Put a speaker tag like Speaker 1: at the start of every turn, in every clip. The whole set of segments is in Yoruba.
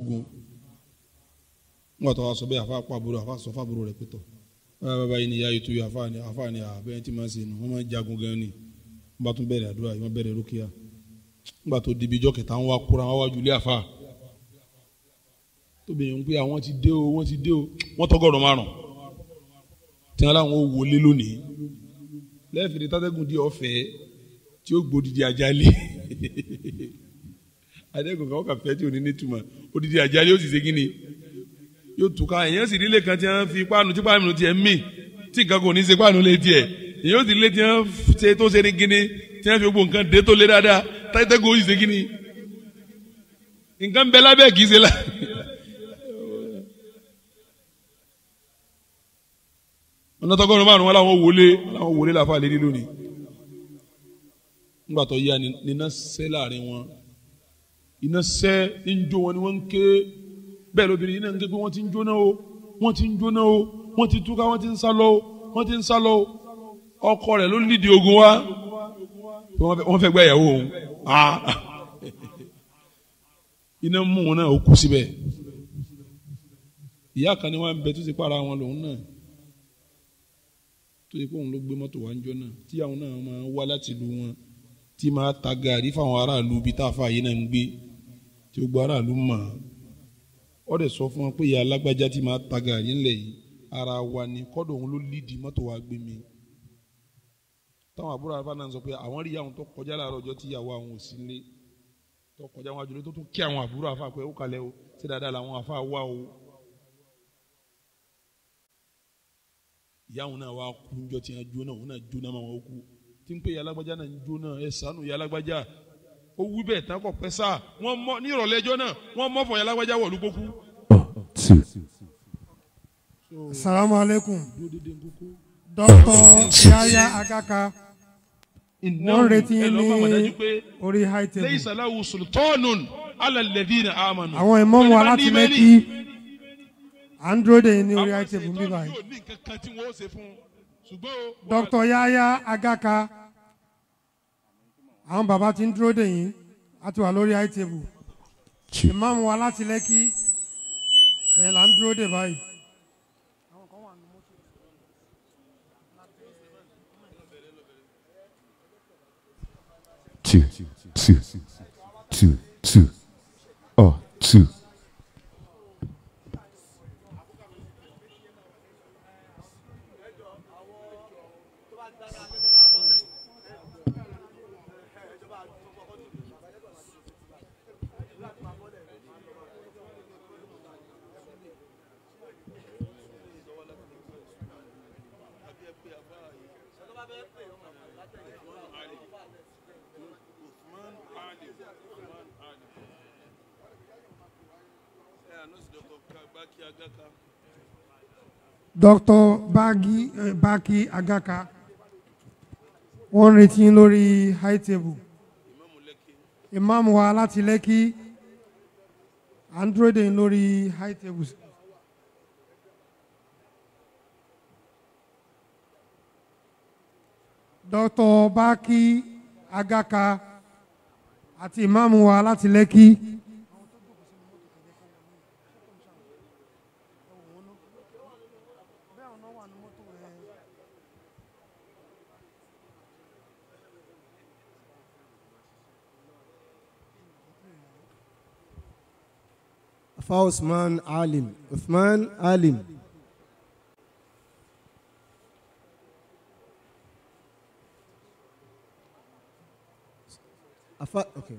Speaker 1: gun nígbà tó a sọ bẹ́ẹ̀ àfa pa àbúrò àfa sọ fábúrò rẹ̀ pẹ̀tọ̀ báyà bàbá yìí ni ìyá yìí tó yọ àfa ni àfa ni àbẹ́yẹn ti máa ń ṣe nu wọ́n máa ń jagun gan ni wọ́n bá tún bẹ̀rẹ̀ àdúrà yìí wọ́n bẹ̀rẹ̀ rókìá nígbà tó dibi ijọ́ kẹta wọn wá kóra wọn wá julẹ̀ àfa tóbi yẹn ń pè ah, ti dé o wọ́n ti dé o wọ́n tọ́gọ̀rọ̀ márùn tí wọn làwọn ò wọlé lónìí lẹ́ẹ̀fìdí tátẹ́gùn di ọ̀fẹ́ tí ó gbòdìdì àjálẹ̀ adẹ́gùn kan ó kà fẹ́ tí ò ní nítumọ̀ odidi àjálù yóò sì ṣe kí ni yóò tù ká èèyàn sì rílé kan tí wọ́n fi páànù tí páànù tiẹ̀ mì tí nǹkan kò ní ṣe páànù lé tiẹ̀ èèyàn ó sì rílé tí wọ́n ṣe tó ṣe ní kíni tí wọ́n fi gbogbo nǹkan dé tó lé dáadáa táyítẹ́gùn ó sì ṣe kíni nǹkan bẹ lábẹ́ kì í ṣe la. ọ̀nà tọgọ́rùn márùn wọn làwọn wọlé làwọn wọlé làfà lé lónìí nígbà tó yá ni iná sẹ́ láàrin wọn iná sẹ́ ń jó wọn ni wọ́n ń ké bẹ́ẹ̀ lóbìnrin iná ń ké pé wọ́n ti ń jóná o wọ́n ti ń jóná o wọ́n ti túká wọ́n ti ń sálọ o wọ́n ti ń sálọ o ọkọ rẹ̀ ló ń lídìí ogun wa wọ́n fẹ́ gbá ìyàwó òun iná mú wọn náà ó kú síbẹ̀ ìyá kan ni wọn bẹ tó ti para wọn lòun náà tó ti pé òun ló gbé mọ́tò wá ń jọ náà tí àwọn náà máa wá láti lu wọn tí máa ta gàrí fáwọn aráàlú bíi tá fa yìí náà ń gbé tí gbogbo aráàlú mọ̀ ọ́ dẹ̀ sọ fún wọn pé ìyá alágbájá tí máa ta gàrí ńlẹ̀ yìí ara wa ni kọ́dọ̀ òun ló lídìí mọ́tò wa gbé mi táwọn àbúrò àbá náà sọ pé àwọn rí àwọn tó kọjá láàárọ̀ ọjọ́ tí ìyàwó àwọn ò sí nílé tó kọjá wọn àjòlè tó tún kí àwọn àbúrò àfa pé ó kalẹ̀ o ṣé dáadáa làwọn àfa wá o. ìyá òun náà wá kú níjọ́ tí wọ́n jóná òun náà jóná máa wọ́n kú tí ń pè ìyá alágbájá náà ń jóná ẹ̀ sànù ìyá alágbájá ó wú bẹ́ẹ̀ tán kọ̀ pẹ́ sá wọ́n mọ ní ìrọ̀lẹ́ ẹjọ́ náà wọ́n mọ fọyín alágbájá wọ̀lú gbókú.
Speaker 2: salamu aleykum dr yaya
Speaker 1: akaka
Speaker 3: wọ́n retí ní
Speaker 1: orí high àwọn
Speaker 3: ìmọ̀mù
Speaker 2: alátìmẹ́kì androde ní orí high table ń yaya agaka àwọn bàbá ti ń dúró dè yín wà lórí high table ìmáàmù wa láti lẹ́kí
Speaker 4: ẹ̀yìn là ń dúró dè báyìí.
Speaker 5: Two, two, two, two, oh, two.
Speaker 2: Dr. Bagi, uh, Baki Agaka one ń retí high table Imam wa láti Lẹ́kì à ń dúró high table. Dr. Baki Agaka àti Imam wa láti Lẹ́kì.
Speaker 6: fa Usman Alim. Uthman Alim. okay.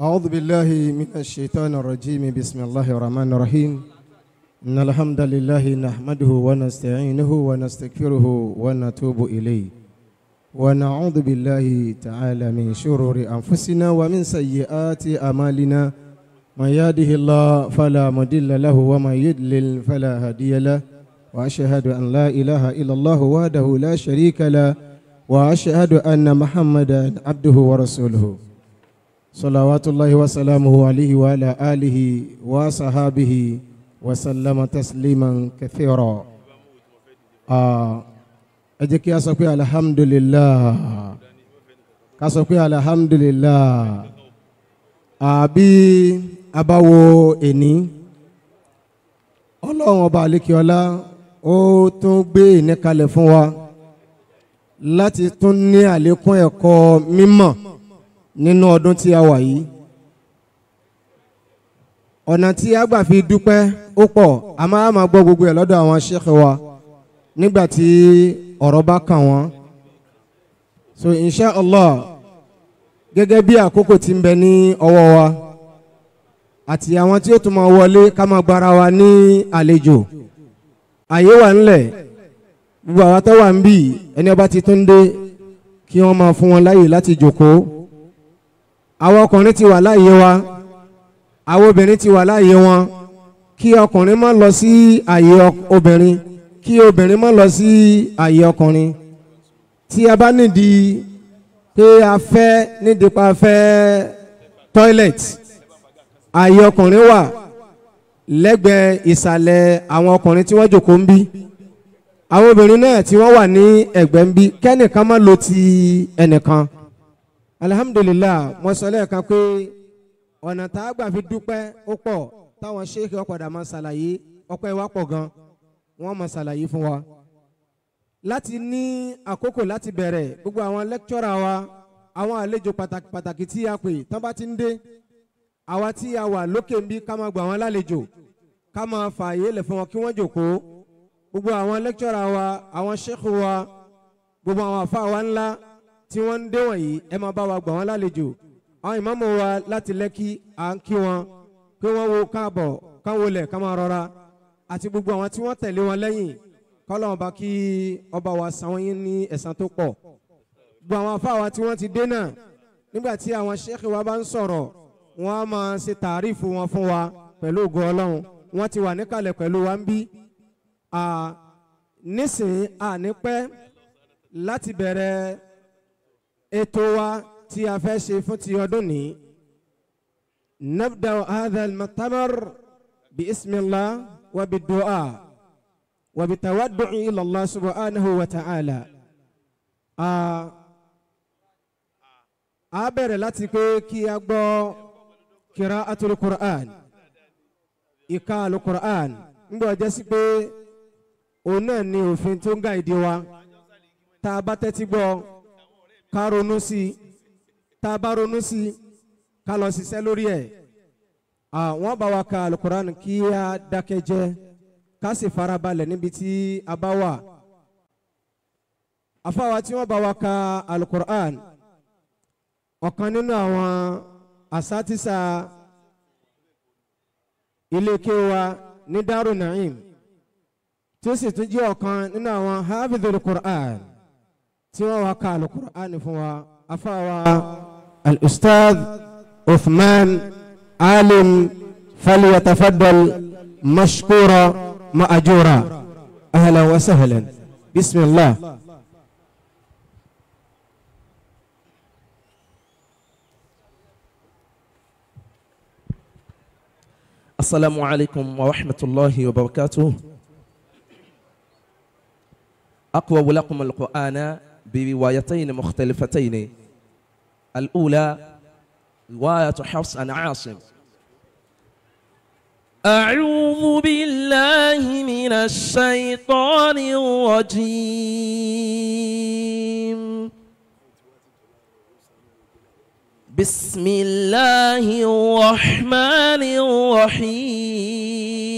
Speaker 6: أعوذ بالله من الشيطان الرجيم بسم الله الرحمن الرحيم إن الحمد لله نحمده ونستعينه ونستغفره ونتوب إليه ونعوذ بالله تعالى من شرور أنفسنا ومن سيئات أعمالنا من يهده الله فلا مضل له ومن يضلل فلا هادي له وأشهد أن لا إله إلا الله وحده لا شريك له وأشهد أن محمدا عبده ورسوله salawatullahi wa salamuhu alayhi wa ala alihi wa sahabihi wa sallama tasliman kathira ẹ jẹ́ kí a sọ pé alhamdulillah ká sọ pé alhamdulillah àbí abáwo ẹni ọlọ́run ọba àlékiọlá ó tún gbé ìníkalẹ̀ fún wa láti tún ní àlékún ẹ̀kọ́ mímọ̀ nínú ọdún tí a wà yìí ọ̀nà tí a gbà fi dúpẹ́ ó pọ̀ a máa ma gbọ́ gbogbo ẹ̀ lọ́dọ̀ àwọn sheikh wa nígbà tí ọ̀rọ̀ bá kàn wọ́n so insha allah gẹ́gẹ́ bí àkókò ti ń bẹ ní ọwọ́ wa àti àwọn tí ó tún máa wọlé ká máa gbára wa ní àlejò àyè wà ńlẹ̀ gbogbo àwọn tó wà ń bì ẹni ọba ti tún dé kí wọ́n máa fún wọn láyè láti jòkó àwọn ọkùnrin ti wà láàyè wa àwọn obìnrin ti wà láàyè wọn kí ọkùnrin má lọ sí àyè obìnrin kí obìnrin má lọ sí àyè ọkùnrin tí a bá nídìí pé a fẹ́ nídìí pa fẹ́ toilet àyè ọkùnrin wà lẹ́gbẹ̀ẹ́ ìsàlẹ̀ àwọn ọkùnrin tí wọ́n jókòó ń bí àwọn obìnrin náà tí wọ́n wà ní ẹ̀gbẹ́ ń bí kẹ́nìkan má lọ ti ẹnìkan alihamudulilayi mo sọ lẹ́ẹ̀kan pé ọ̀nà tá a gbà fi dúpẹ́ ó pọ̀ táwọn ṣéèkì ọ̀padà máa ṣàlàyé ọpẹ́ wa pọ̀ gan wọ́n máa ṣàlàyé fún wa. láti ní àkókò láti bẹ̀rẹ̀ gbogbo àwọn lẹ́kítọ́rà wa àwọn àlejò pàtàkì pàtàkì tí a pè tán bá ti ń dé àwa tí a wà lókè ń bí ká máa gbà wọ́n lálejò ká máa fààyè lẹ̀ fún wọn kí wọ́n jòkóó gbogbo àwọn lẹ́kítọ́rà wa àwọn ṣéèkì wa gbogbo àwọn àfa wa ńlá tí wọ́n ń dé wọ̀nyí ẹ máa bá wa gbà wọ́n lálejò àwọn ìmáàmù wa láti lẹ́kí à ń kí wọn pé wọ́n wo káàbọ̀ káwọn olè ká máa rọra àti gbogbo àwọn tí wọ́n tẹ̀lé wọn lẹ́yìn kọ́lọ́wọ́n bá kí ọba wa san wọ́n yín ní ẹ̀san tó pọ̀ gbogbo àwọn afáwa tí wọ́n ti dé náà nígbà tí àwọn sẹ́ẹ̀kì wa bá ń sọ̀rọ̀ wọ́n á máa ṣe tààrífù wọn fún wa pẹ̀lú ògo ọlọ́run wọ́n ti wà níkàlẹ̀ pẹ̀lú wa ń bí nísìnyí ànípẹ́ láti bẹ̀rẹ̀ ètò wa tí a fẹ́ ṣe fún ti ọdún ní nabda hadha al-mu'tamar bi ismillah wa bi du'a wa bi tawaddu'i ila Allah subhanahu wa ta'ala a bẹ̀rẹ̀ láti pé kí a gbọ́ qira'atul Qur'an ìka al-Qur'an ń gbọ́ jẹ́ sí pé òun náà ni òfin tó ń ga ìdí wa tá a bá tẹ́tí gbọ́ ká ronú sí i tá a bá ronú sí i ká lọ ṣiṣẹ́ lórí ẹ̀ wọ́n bá wa ka alukoran kí a dákẹ́ jẹ́ ká sì farabalẹ̀ níbi tí a bá wà afáwa tí wọ́n bá wa ka alukoran ọ̀kan nínú àwọn asátìsà ilé kéwa ní Daaru Naim tí ó sì tún jẹ́ ọ̀kan nínú àwọn hafidhul Qur'an. سوى وقال القرآن فوا أفاوى الأستاذ عثمان عالم فليتفضل مشكورا مأجورا أهلا وسهلا بسم الله
Speaker 7: السلام عليكم ورحمة الله وبركاته أقوى لكم القرآن بروايتين مختلفتين الأولى رواية حفص عن عاصم أعوذ بالله من الشيطان الرجيم بسم الله الرحمن الرحيم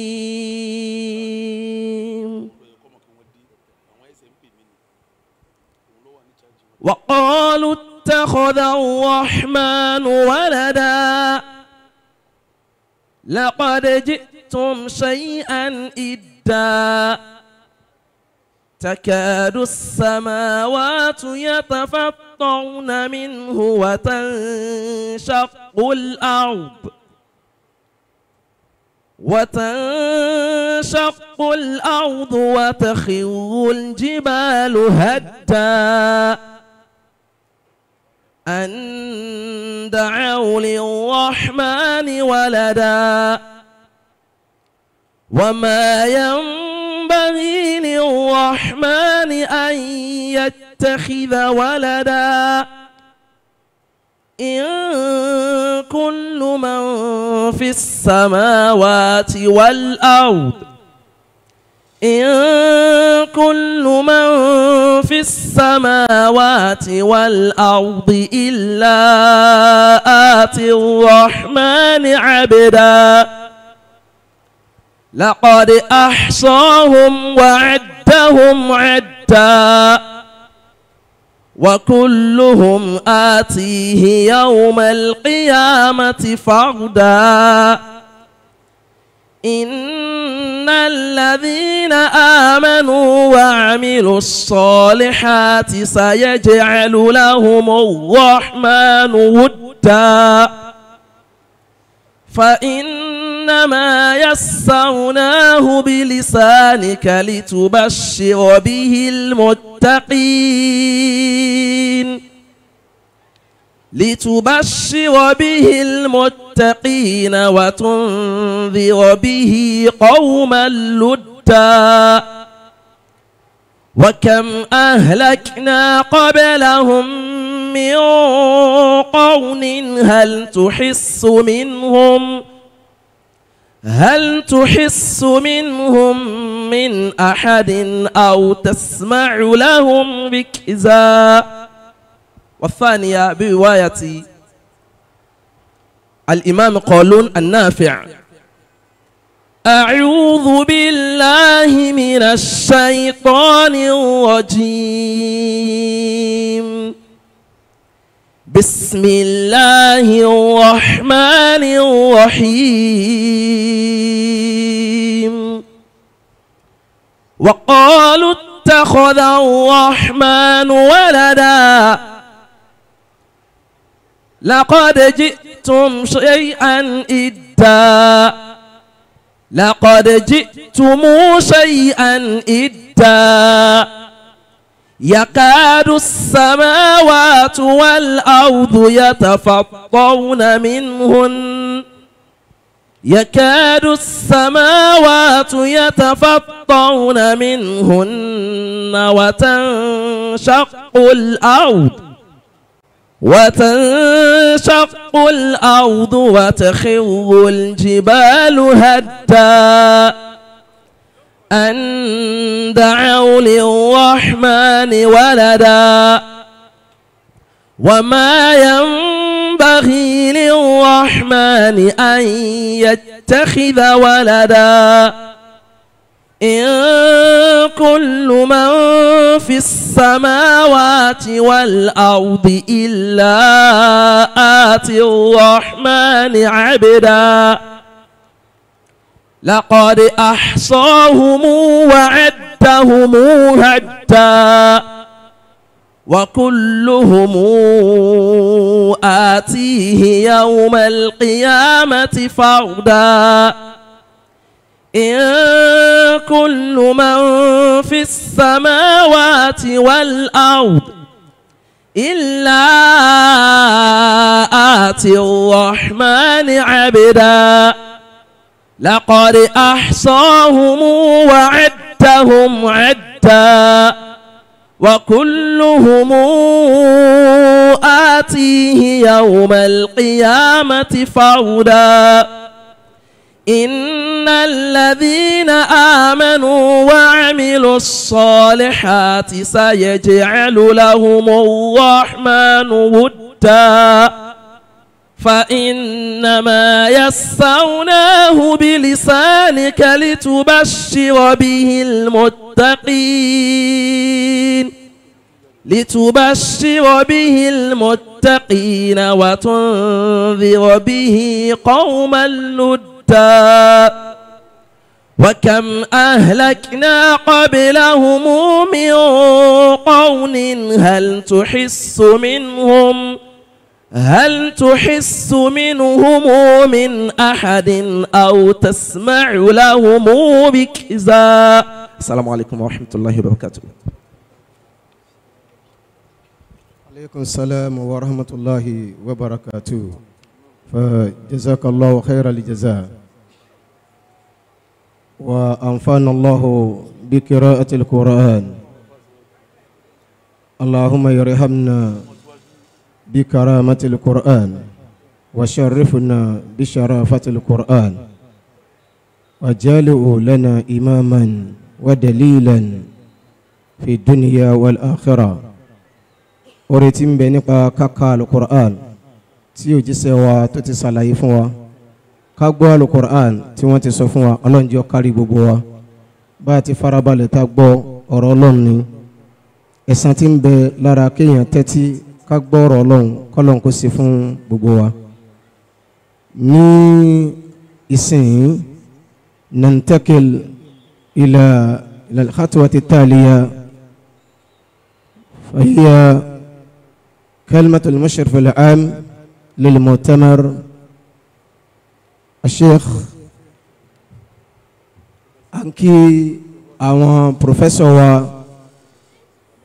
Speaker 7: وقالوا اتخذ الرحمن ولدا لقد جئتم شيئا إدا تكاد السماوات يتفطرن منه وتنشق الأرض وتنشق الأرض وتخر الجبال هدّا أن دعوا للرحمن ولدا وما ينبغي للرحمن أن يتخذ ولدا إن كل من في السماوات والأرض إن كل من في السماوات والأرض إلا آتي الرحمن عبدا لقد أحصاهم وعدهم عدا وكلهم آتيه يوم القيامة فردا إن إن الذين آمنوا وعملوا الصالحات سيجعل لهم الرحمن ودا فإنما يسرناه بلسانك لتبشر به المتقين لتبشر به المتقين وتنذر به قوما لدا وكم أهلكنا قبلهم من قون هل تحس منهم هل تحس منهم من أحد أو تسمع لهم بكذا والثانية برواية الإمام قولون النافع أعوذ بالله من الشيطان الرجيم بسم الله الرحمن الرحيم وقالوا اتخذ الرحمن ولداً لقد جئتم شيئا إدا لقد جئتم شيئا إدا يكاد السماوات والأرض يتفطرن منهن يكاد السماوات يتفطرن منهن وتنشق الأرض وتنشق الأرض وتخر الجبال هدا أن دعوا للرحمن ولدا وما ينبغي للرحمن أن يتخذ ولدا إن كل من في السماوات والأرض إلا آتي الرحمن عبدا لقد أحصاهم وعدهم هدا وكلهم آتيه يوم القيامة فردا إن كل من في السماوات والأرض إلا آتي الرحمن عبدا لقد أحصاهم وعدتهم عدا وكلهم آتيه يوم القيامة فردا إن الذين آمنوا وعملوا الصالحات سيجعل لهم الرحمن ودا فإنما يسرناه بلسانك لتبشر به المتقين لتبشر به المتقين وتنذر به قوما لدا شتى وكم أهلكنا قبلهم من قون هل تحس منهم هل تحس منهم من أحد أو تسمع لهم بكزا السلام عليكم ورحمة الله وبركاته
Speaker 6: عليكم السلام ورحمة الله وبركاته فجزاك الله خير الجزاء وأنفعنا الله بقراءة القرآن اللهم يرحمنا بكرامة القرآن وشرفنا بشرافة القرآن وجعله لنا إماما ودليلا في الدنيا والآخرة أريتم بنقا كقال القرآن tí òjíṣẹ́ wa tó ti ṣàlàyé fún wa ká gbọ́ alukur'an tí wọ́n ti sọ fún wa ọlọ́run jẹ́ ó kárí gbogbo wa bá a ti farabalẹ̀ tá a gbọ́ ọ̀rọ̀ ọlọ́run ni ẹ̀san tí ń bẹ lára kéèyàn tẹ́tí ká gbọ́ ọ̀rọ̀ ọlọ́run kọ́lọ́run kó ṣe fún gbogbo wa. ní ìsìn nantakil ila ila al-khatwati taliya fahiya kalmatul للمؤتمر الشيخ àǹkí àwọn pòfẹ́sọ̀ wa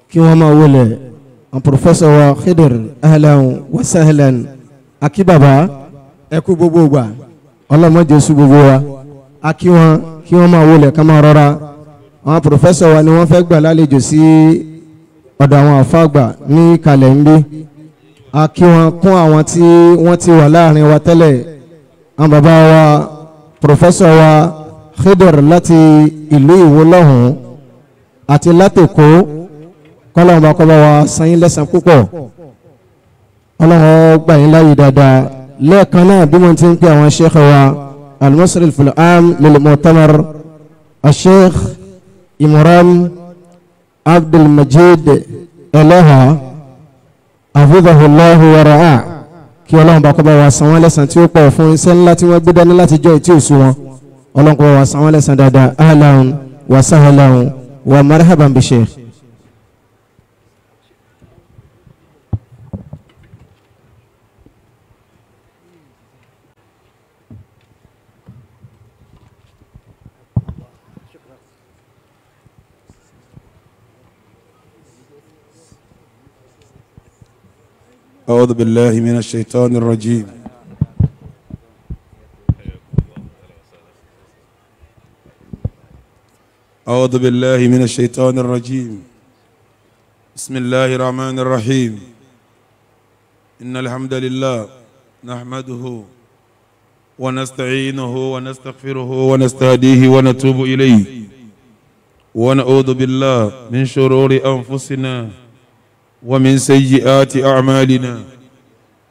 Speaker 6: kí wọ́n máa wọlé àwọn pòfẹ́sọ̀ wa Khidir ahlan wa sahlan akíbàbá ẹkú gbogbo gbà ọlọ́mọdé sùn gbogbo wa akí wọn kí wọ́n máa wọlé ká máa rọra àwọn pòfẹ́sọ̀ wa ni wọ́n fẹ́ gbà lálejò sí ọ̀dọ̀ àwọn àfáàgbà ní kalẹ̀ ń a kí wọn kún àwọn tí wọ́n ti wà láàrin wa tẹ́lẹ̀ àwọn bàbá wa pòfẹ́sọ̀ wa Khidr láti ìlú Ìwó lọ́hùn-ún àti látèkó kọ́lọ́hún bá kọ́ bá wa san yín lẹ́san púpọ̀ gbà yín láàyè dáadáa lẹ́ẹ̀kan náà bí wọ́n ti ń pè àwọn sheikh wa al-Masri al-Ful'am lil-Mu'tamar al Eleha àfihànláhùn wàrà á kí ọlọ́run bá kọ́ bá wa san wọ́n lẹ́sàn tí ó pọ̀ fún iṣẹ́ ńlá tí wọ́n gbé dání láti jọ ìtí òsù wọn ọlọ́run kọ́ bá wa san wọ́n lẹ́sàn dáadáa ahlan wa sahlan wa marhaban bi
Speaker 1: أعوذ بالله من الشيطان الرجيم أعوذ بالله من الشيطان الرجيم بسم الله الرحمن الرحيم إن الحمد لله نحمده ونستعينه ونستغفره ونستهديه ونتوب إليه ونعوذ بالله من شرور أنفسنا ومن سيئات أعمالنا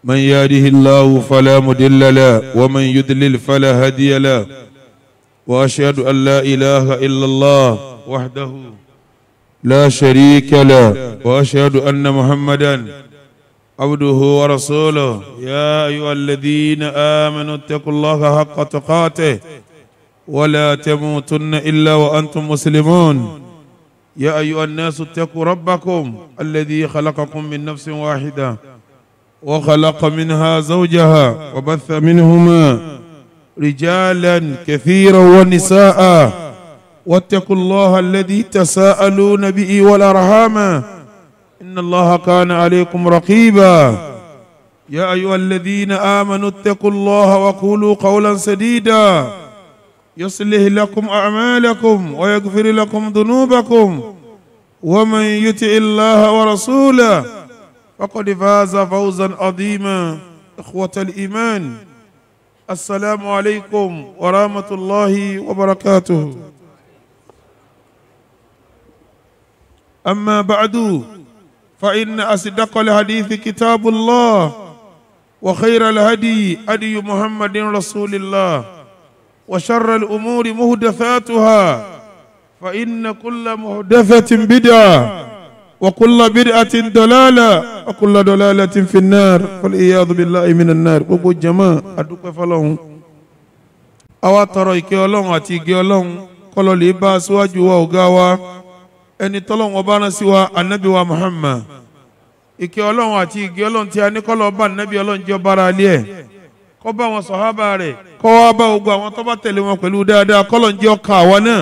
Speaker 1: من يهده الله فلا مضل له ومن يضلل فلا هادي له وأشهد أن لا إله إلا الله وحده لا شريك له وأشهد أن محمدا عبده ورسوله يا أيها الذين آمنوا اتقوا الله حق تقاته ولا تموتن إلا وأنتم مسلمون يا أيها الناس اتقوا ربكم الذي خلقكم من نفس واحدة وخلق منها زوجها وبث منهما رجالا كثيرا ونساء واتقوا الله الذي تساءلون به والأرحام إن الله كان عليكم رقيبا يا أيها الذين آمنوا اتقوا الله وقولوا قولا سديدا يصلح لكم أعمالكم ويغفر لكم ذنوبكم ومن يطع الله ورسوله فقد فاز فوزا عظيما إخوة الإيمان السلام عليكم ورحمة الله وبركاته أما بعد فإن أصدق الحديث كتاب الله وخير الهدي هدي محمد رسول الله وشر الأمور مهدثاتها فإن كل مهدثة بدعة وكل بدعة دلالة وكل دلالة في النار فالعياذ بالله من النار gbogbo jama adúpẹ́ fọlọ́hún àwa tọrọ ìkẹ́ ọlọ́run àti ìgẹ́ ọlọ́run kọlọ lè bá aṣíwájú wa ọ̀gá wa ẹni tọ́lọ́run ọba rán sí wa anabi wa Muhammad ìkẹ́ ọlọ́run àti ìgẹ́ ọlọ́run tí a ní kọ́lọ́ ọba anabi ọlọ́run jẹ́ ọba ara alẹ́ ẹ̀. kó bá wọn sọ̀hábà rẹ̀ kó wá bá àwọn tó bá tẹ̀lé wọn pẹ̀lú dáadáa kọ́lọ̀ jẹ́ ọkàn àwa náà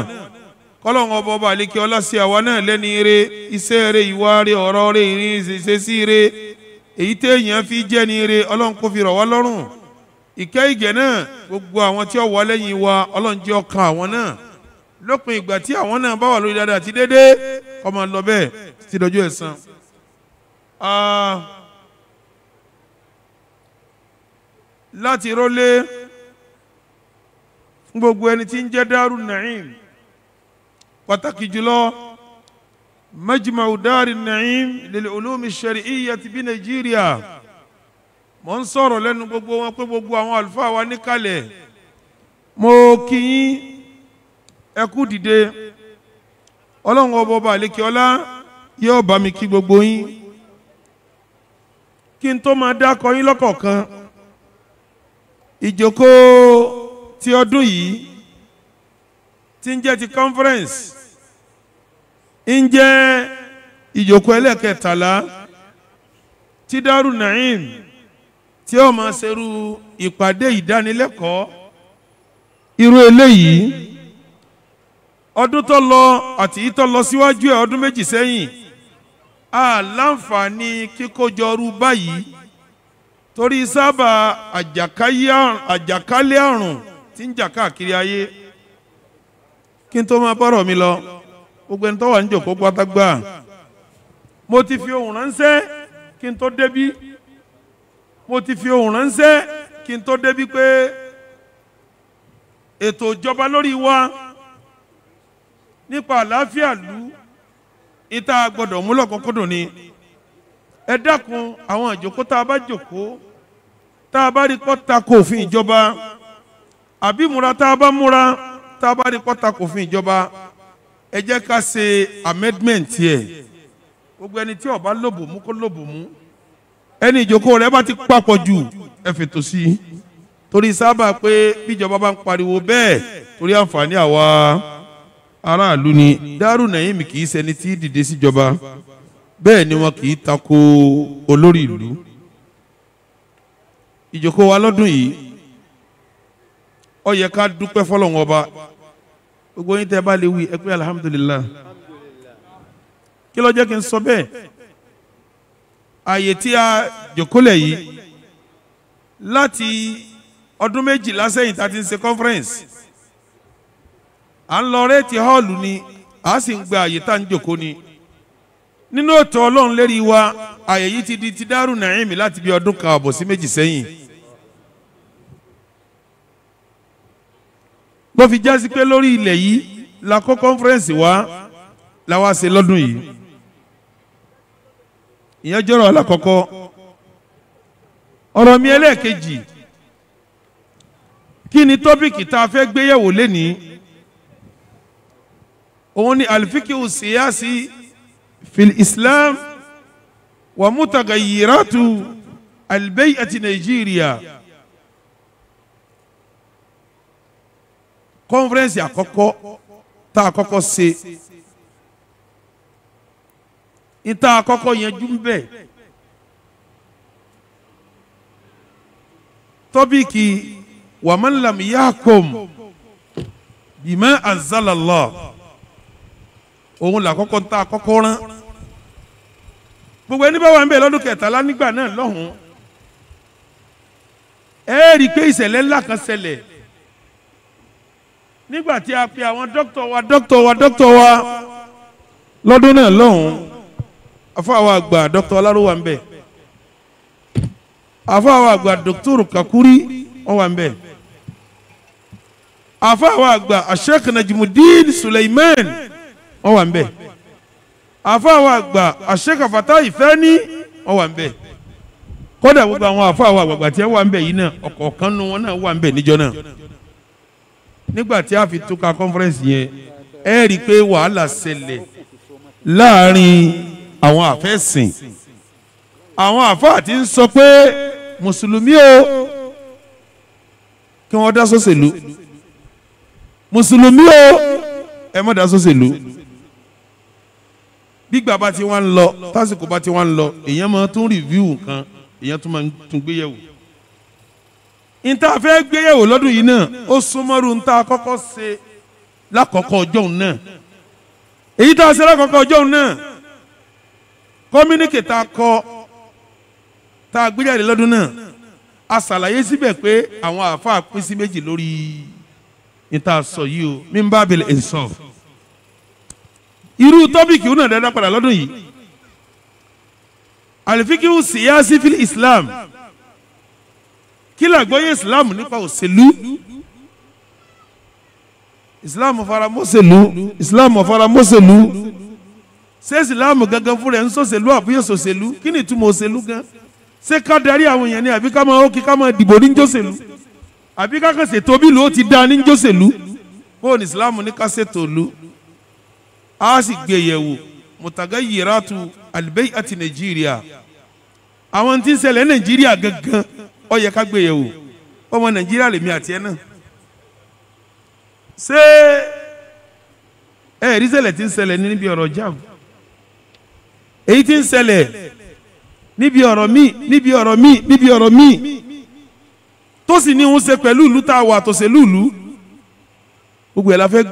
Speaker 1: kọ́lọ̀ ọba ọba àlékè ọlá àwa náà lẹ́ni eré iṣẹ́ rẹ̀ ìwà rẹ̀ ọ̀rọ̀ rẹ̀ ìrìn fi jẹ́ ni eré ọlọ́run kò fi wa ọlọ́run jẹ́ àwọn náà lópin ìgbà tí àwọn náà bá wà lórí dáadáa àti déédéé máa lọ bẹ́ẹ̀ títí láti rólé fún gbogbo ẹni tí ń jẹ́ dáru naim pàtàkì jùlọ majmau dáru naim lil ulumi ti bí nàìjíríà mo ń sọ̀rọ̀ lẹ́nu gbogbo wọn pé gbogbo àwọn àlùfáà wa níkàlẹ̀ mo kí yín ẹ kú dìde ọlọ́run ọba ọba àlekè ọlá yóò bá mi kí gbogbo yín kí n tó máa dákọ yín lọ́kọ̀ọ̀kan. ìjókòó ti ọdún yìí tí ń jẹ́ ti conference ń jẹ́ ìjókòó ẹlẹ́kẹtàlá tí Daaru Naim tí ó máa ṣerú ìpàdé ìdánilẹ́kọ̀ọ́ irú eléyìí ọdún tó lọ àti yìí tó lọ síwájú ẹ̀ ọdún méjì sẹ́yìn a láǹfààní kíkójọ ọrú báyìí torí sábà àjàkálẹ̀ àrùn tí ń jà káàkiri ayé kí n tó máa bọ́rọ̀ mi lọ gbogbo ẹni tó wà níjòkó pátágbà mo ti fi ohùn ránṣẹ́ kí n tó débí mo ti fi ohùn ránṣẹ́ kí n tó débí pé ètò ìjọba lórí wa nípa àlàáfíà lù ìta gbọ́dọ̀ múlò kókó dùn ni ẹ dákun àwọn àjòkó tá a bá jòkó tá a bá rí kọ́ tako òfin ìjọba àbí múra tá a bá múra tá a bá rí kọ́ tako òfin ìjọba ẹ jẹ́ ká ṣe amendment yẹ gbogbo ẹni tí ó bá lóbò mú kó lóbò mú ẹni ìjókòó rẹ bá ti papọ̀ jù ẹ fètò sí i torí sábà pé bíjọba bá ń pariwo bẹ́ẹ̀ torí àǹfààní àwa aráàlú ni Daaru Naim kì í ṣẹni tí dìde síjọba bẹ́ẹ̀ ni wọn kì í tako olórí ìlú ìjókòó wa lọ́dún yìí ó yẹ ká dúpẹ́ fọlọ́wọ́n ọba gbogbo yín tẹ́ bá lè wí ẹ pé alhamdulillah kí ló jẹ́ kí n sọ bẹ́ẹ̀ ààyè tí a jòkólẹ̀ yìí láti ọdún méjìlá sẹ́yìn tá a ti ń ṣe conference à ń lọ rétí hall ni a sì ń gba ààyè tá a ń jòkó ni nínú ètò ọlọ́run lérí wa àyè yìí ti di ti Daaru Naim láti bí ọdún kan àbọ̀ sí méjì sẹ́yìn. bó fi já sí pé lórí ilẹ̀ yìí la kó kọ́nfẹ́rẹ́nsì wa la wá ṣe lọ́dún yìí. ìyẹn jọ̀rọ̀ alákọ̀ọ́kọ́ ọ̀rọ̀ mi ẹlẹ́ẹ̀kejì kí ni tọ́pìkì tá a fẹ́ gbéyẹ̀wò lénìí òun ni alifikiu síyáàsì. Si في الإسلام ومتغيرات البيئة نيجيريا conference àkọ́kọ́ tá a kọ́kọ́ ṣe ìta àkọ́kọ́ yanjú ń bẹ̀ tọ́bíkì wàmánlámiyàkùm bìmọ̀ anzalallah òun là kọ́kọ́ tá a kọ́kọ́ rán gbogbo ẹni bá wà ń bẹ lọ́dún kẹtàlá nígbà náà lọ́hùn-ún ẹ rí i pé ìṣẹ̀lẹ̀ ńlá kan ṣẹlẹ̀ nígbà tí a pe àwọn dókítà wa dókítà wa dókítà wa lọ́dún náà lọ́hùn-ún afáwa àgbà dókítà aláròwà ń bẹ afáwa àgbà dókítà kakuri wọn wà ń bẹ afáwa àgbà Sheikh Najmudeen Suleiman wọ́n wà ń bẹ̀ àfáàwọ̀ àgbà àṣekàfàtà ìfẹ́ ní wọ́n wà ń bẹ̀ kódà gbogbo àwọn àfáàwọ̀ àgbàgbà tí wọ́n wà ń bẹ̀ yìí náà ọ̀kọ̀ọ̀kan nu wọn náà wà ń bẹ̀ níjọ náà nígbà tí a fi túká kọ́nfẹ́rẹ́nsì yẹn ẹ rí i pé wàhálà ṣẹlẹ̀ láàrin àwọn àfẹ́sìn àwọn àfáà ti ń sọ pé mùsùlùmí o kí wọ́n dá sọ́sẹ̀lú mùsùlùmí o ẹ má dá sọ́sẹ̀lú gbígbà bá ti wá ń lọ tásìkò bá ti wá ń lọ èèyàn máa tún rìvíw nǹkan èèyàn tún máa tún gbéyẹ̀wò. níta fẹ́ gbéyẹ̀wò lọ́dún yìí náà ó súnmọ́rù níta kọ́kọ́ ṣe lákọ̀ọ́kọ́ ọjọ́ òun náà èyí tá a ṣe lákọ̀ọ́kọ́ ọjọ́ òun náà kọ́míníkì tá a kọ tá lọ́dún náà a ṣàlàyé síbẹ̀ pé àwọn àáfàá pín sí méjì lórí níta sọ yìí o mímbàbílẹ̀ ìsọ̀fù irú tọ́pìkì ó náà dáadáa padà lọ́dún yìí àlìfíkìú síyáàsì fílì islam kí làgbọ́yé islam nípa òṣèlú islam fara mọ́sẹ̀lú islam fara mọ́sẹ̀lú ṣé islam gangan fúnra ẹ̀ ń sọ̀sẹ̀lú àbúyẹ̀ sọ̀sẹ̀lú kí ni ìtumọ̀ òṣèlú gan ṣé ká darí àwọn èèyàn ni àbí ká máa ókè ká máa dìbò ní jọ́sẹ̀lú àbí ká kàn ṣètò bí ó ti dá ní jọ́sẹ̀lú bóun islam ní ká ṣètò ìlú asi gbeyewu mutagayyiratu albay'ati nigeria awon tin sele nigeria gangan o ye ka gbeyewu omo nigeria le mi ati ena se e eh, risele tin sele ni bi oro jam e tin sele ni mi ni mi ni mi to si ni un se pelu ilu ta wa to se lulu gbogbo e la fe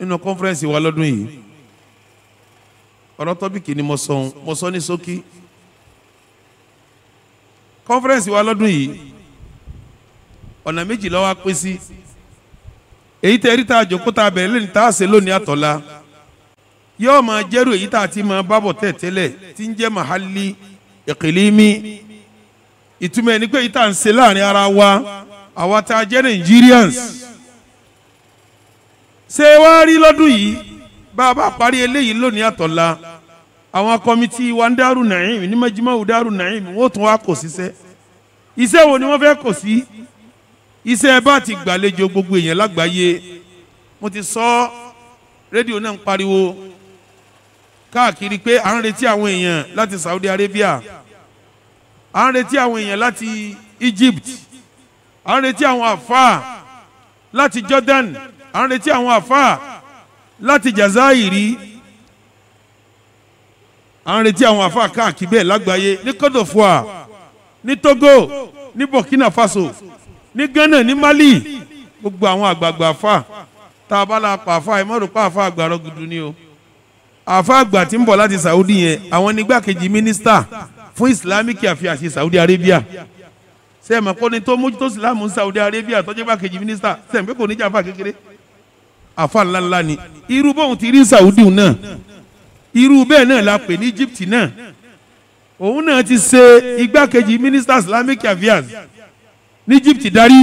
Speaker 1: nínú kọ́nfẹ́rẹ́nsì wa lọ́dún yìí ọ̀rọ̀ tọ́pìkì ni mo sọ mo sọ ní ṣókí kọ́nfẹ́rẹ́nsì wa lọ́dún yìí ọ̀nà méjì ló wá pín sí èyí tẹ́ rí tá a jókòó tá a bẹ̀rẹ̀ lónìí tá a ṣe lónìí àtọ̀la yóò máa jẹ́rù èyí tá a ti máa bábọ̀ tẹ̀ tẹ́lẹ̀ tí ń jẹ́ mahali ìkìlímì ìtumọ̀ ẹni pé èyí tá a ń ṣe láàrin ara wa àwa tá a jẹ́ Nigerians ṣé wá rí lọ́dún yìí bá a bá parí eléyìí lónìí àtọ̀la àwọn kọmitì wa ń dárú nàìm ní mẹjìmáwù dárú nàìm wọ́n tún wá kò síṣẹ́ iṣẹ́ wo ni wọ́n fẹ́ kò sí iṣẹ́ bá ti gbàlejò gbogbo èèyàn lágbàáyé mo ti sọ rédíò náà ń pariwo káàkiri pé à ń retí àwọn èèyàn láti Saudi Arabia à ń retí àwọn èèyàn láti Egypt à ń retí àwọn àfáà láti Jordan à ń retí àwọn àfáà láti Jazairi à ń retí àwọn àfáà káàkiri bẹ́ẹ̀ lágbàáyé ní Côte d'Ivoire ní Togo ní Burkina Faso ní Ghana ní Mali gbogbo àwọn àgbààgbà àfáà tá a bá la pa àfáà ẹ má rò pa àfáà àgbàrọ gudu ni o àfáà àgbà tí ń bọ̀ láti Saudi yẹn àwọn nígbàkejì mínísítà fún Islamic Affairs Saudi Arabia sẹ́ẹ̀mọ̀ kọ́ni tó mójútó Islam Saudi Arabia tọ́jú bá kejì mínísítà sẹ́ẹ̀mọ̀ pé kò ní jàǹfà kékeré àfa ńláńlá ni irú bóun ti rí Saudi náà irú bẹ́ẹ̀ náà la pè ní Egypt náà òun náà ti ṣe igbákejì minister Islamic affairs ní Egypt darí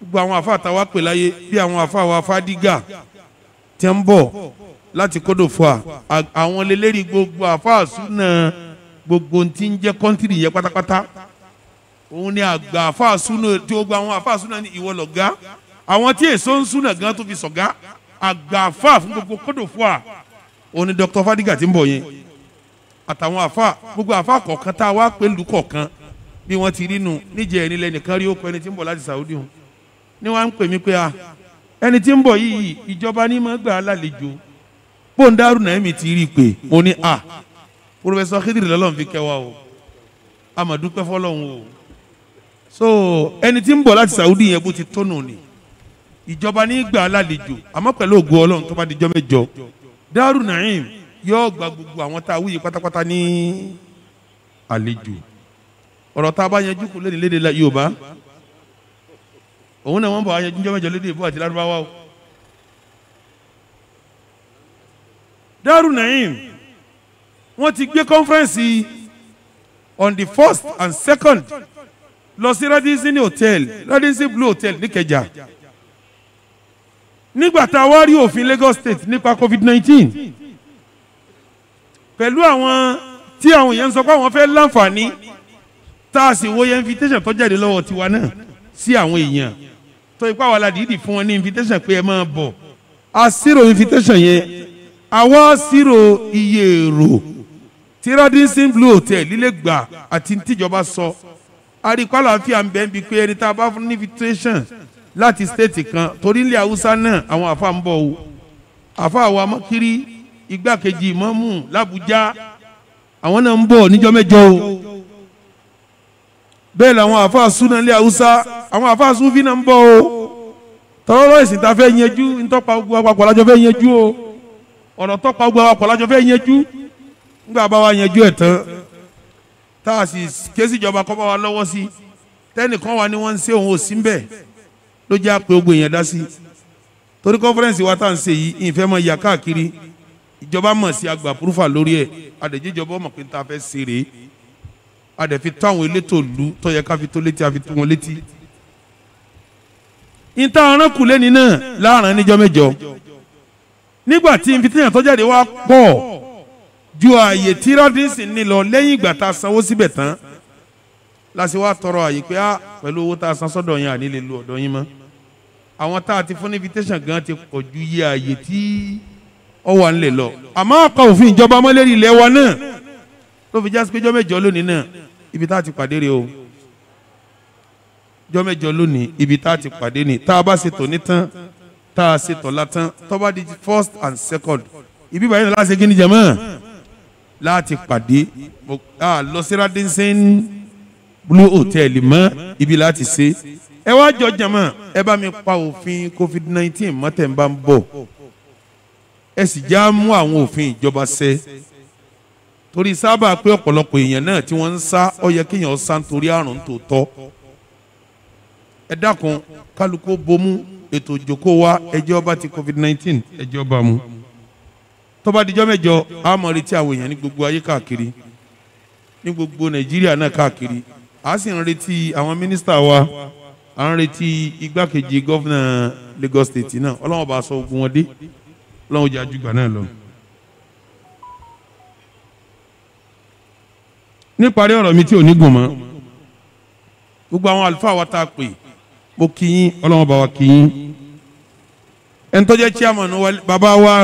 Speaker 1: gbogbo àwọn àfa àtàwa pè láyé bí àwọn àfa wa Fadiga tẹ́ ń bọ̀ láti kódò fún wa àwọn lélẹ́rìí gbogbo àfa àsúná gbogbo ti ń jẹ́ kọ́ńtìrì yẹn pátápátá òun ni àgbà àfa súnà tí ó gba àwọn àfa ní ìwọ lọ̀gá àwọn tí èso ń súnà gan tó fi sọ̀gá àgbà àfa fún gbogbo kódò fún wa òun ni Dr. Fadiga ti ń bọ̀ yẹn àtàwọn àfa gbogbo àfa kọ̀ọ̀kan tá a wá pé lù kọ̀ọ̀kan bí wọ́n ti rí nu níjẹ́ ẹni lẹ́nìkan rí ó kọ ẹni tí ń bọ̀ láti Saudi hàn ni wọ́n á ń pè mí pé a ah, ẹni tí ń bọ̀ yìí ìjọba ní máa gbà á lálejò bóńdàrú náà mi ti rí i pé mo ní a ah, pòfẹsọ Khidri lọ́lọ́run fi kẹwàá o amadu pẹ́ o so ẹni tí ń bọ̀ láti Saudi yẹn bó ti tónù ni ìjọba ní gbà lálejò àmọ́ pẹ̀lú ògùn ọlọ́run tó bá di jọ́mẹ́jọ Daaru Naim yóò gba gbogbo àwọn tá a wúyi pátápátá ní àlejò ọ̀rọ̀ tá a bá yanjú kò lẹ́nu lédè Yorùbá òun náà wọ́n bọ̀ ayanjú jọ́mẹ́jọ lédè ìbò àti lárúbáwá o. Daaru Naim wọ́n ti gbé kọ́nfẹ́rẹ́nsì on the first and second lọ sí Radisson hotel Radisson blue hotel níkẹjà nígbà tá a wá rí òfin Lagos state nípa covid nineteen pẹ̀lú àwọn tí àwọn èèyàn ń sọ pé àwọn fẹ́ láǹfààní tá a sì wòye invitation tó jáde lọ́wọ́ tiwa náà sí àwọn èèyàn tó ipá wa la dìídì fún wọn ní invitation pé ẹ máa bọ̀ a ṣírò invitation yẹn àwa ṣírò iye èrò tí Radisson blue hotel lílẹ̀ gbà àti tíjọba sọ. So àríkọ́ àlàáfíà ń bẹ́ ń bi pé ẹni tá a bá fún ní invitation láti stéètì kan torí ilé haúsá náà àwọn àfa ń bọ̀ o àfa àwọn amákiri igbákejì ìmọ̀mù làbújá àwọn náà ń bọ̀ níjọ́ mẹ́jọ o bẹ́ẹ̀ làwọn àfa súná ilé haúsá àwọn àfa súnfì náà ń bọ̀ o tọ́lọ́lọ́ ìsìn tá a fẹ́ yanjú ntọ́pa ogun apapọ̀ lájọ fẹ́ yanjú o ọ̀rọ̀ tọ́pa ogun apapọ̀ lájọ fẹ́ yanjú ńgbà bá wa yanjú ẹ̀ tán tá a sì ké síjọba kọ́ bá wa lọ́wọ́ sí tẹ́nìkan wa ni wọ́n ń ṣe òun ò sí mbẹ́ ló jẹ́ àpè ogun èèyàn dá sí torí kọ́fẹ́rẹ́nsì wa tá à ń ṣe yìí ìfẹ́ mọ ìyá káàkiri ìjọba mọ̀ sí àgbà púrúfà lórí ẹ̀ àdèjìjọba ọmọ pé n ta fẹ́ ṣe rèé àdèfi tó àwọn elétò lu tó yẹ ká fi tó létí àfi tó wọn létí. ìta ọ̀ràn kùlé ni náà láàrin níjọ́ mẹ́jọ nígbà tí n fi tẹ̀yàn tọ́jáde wá pọ̀ ju ààyè tí rọ́dínsì ní lọ lẹ́yìn ìgbà tá a sanwó síbẹ̀ tán láti wá tọrọ ààyè pé á ah, pẹ̀lú owó tá a san sọ́dọ̀ yẹn àní lè lu ọ̀dọ̀ yín mọ́ àwọn tá a ti fún invitation gan ti pọ̀ ju iye ààyè tí ó wà ń lè lọ àmọ́ ọkọ̀ òfin ìjọba mọ́lẹ́rì ilé wa náà ló fi jásí pé jọ́ mẹ́jọ lónìí náà ibi tá a ti pàdé rèé o jọ́ mẹ́jọ lónìí ibi tá a ti pàdé ni tá a bá ṣe tòní tán tá a ṣe tọ̀la tán tó bá di first and second ibi báyìí náà láti ṣe kí ni jẹ̀mọ́ láti pàdé lọ sí Radisson Blue Hotel mọ́ ibi láti ṣe ẹ wá jọ jàmọ́ ẹ bá mi pa òfin covid nineteen mọ́tẹ̀ ń bá ń bọ̀ ẹ sì já mú àwọn òfin ìjọba ṣẹ torí sábà pé ọ̀pọ̀lọpọ̀ èèyàn náà tí wọ́n ń sá ọ yẹ kéèyàn sá nítorí àrùn tó tọ́ ẹ dákun kálukú bomú ètò ìjókòó wa ẹjẹ́ ọba ti covid nineteen ẹjẹ́ ọba mu tó bá dijọ́ mẹ́jọ a máa retí àwọn èèyàn ní gbogbo ayé káàkiri ní gbogbo nàìjíríà náà káàkiri a sì ń retí àwọn mínísítà wa à ń retí igbákejì gọ́fìnà Lagos State náà ọlọ́wọ́n bá sọ ogun wọn dé ọlọ́wọ́n jẹ́ àjùgbà náà lọ. níparí ọ̀rọ̀ mi tí ò ní gùn mọ́ gbogbo àwọn àlùfáà wa tá a pè mo kí yín ọlọ́wọ́n bá wa kí yín ẹni tó jẹ́ chairman wa bàbá wa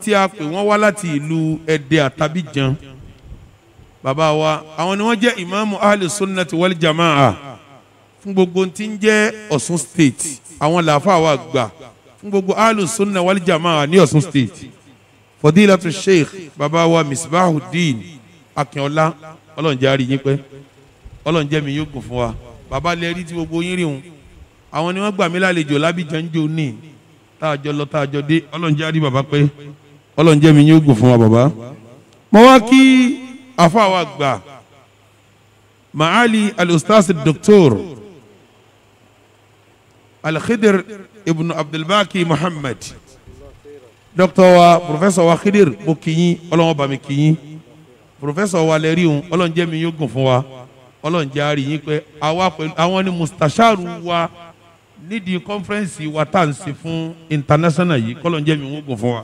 Speaker 1: tí a pè wọ́n wá láti ìlú Ẹdẹ àtàbíjan bàbá wa àwọn ni wọ́n jẹ́ ìmáàmù ahlus sunnati wal jamaa fún gbogbo tí ń jẹ́ Ọ̀ṣun state àwọn làáfà wa gbà fún gbogbo ahlus sunna wal jamaa ní Ọ̀ṣun state fadilatu sheikh bàbá wa misbahuddin akínọlá ọlọ́njẹ́ àrí yín pẹ́ ọlọ́njẹ́ mi yóò gùn fún wa bàbá lẹ́rí tí gbogbo yín rí wọn àwọn ni wọ́n gbà mí lálejò lábìjọ́ ń jò ní tààjọ lọ tààjọ dé ọlọ́njẹ́ àrí bàbá pẹ́ ọlọ́run jẹ́ mi yóò gùn fún wa bàbá. mo wá kí àfàwà gbà maali alustasi doctor alkhidir ibn abdulbaki muhammad dókítà wa professor wa khidir mo kí yín ọlọ́run bá mi kí yín professor wa lẹ́rí òun ọlọ́run jẹ́ mi yóò gùn fún wa ọlọ́run jẹ́ yín pé àwọn ni mustasharu wa nídìí kọ́nfẹ́rẹ́nsì wa tá à ń ṣe fún international yìí kọ́lọ́run yóò gùn fún wa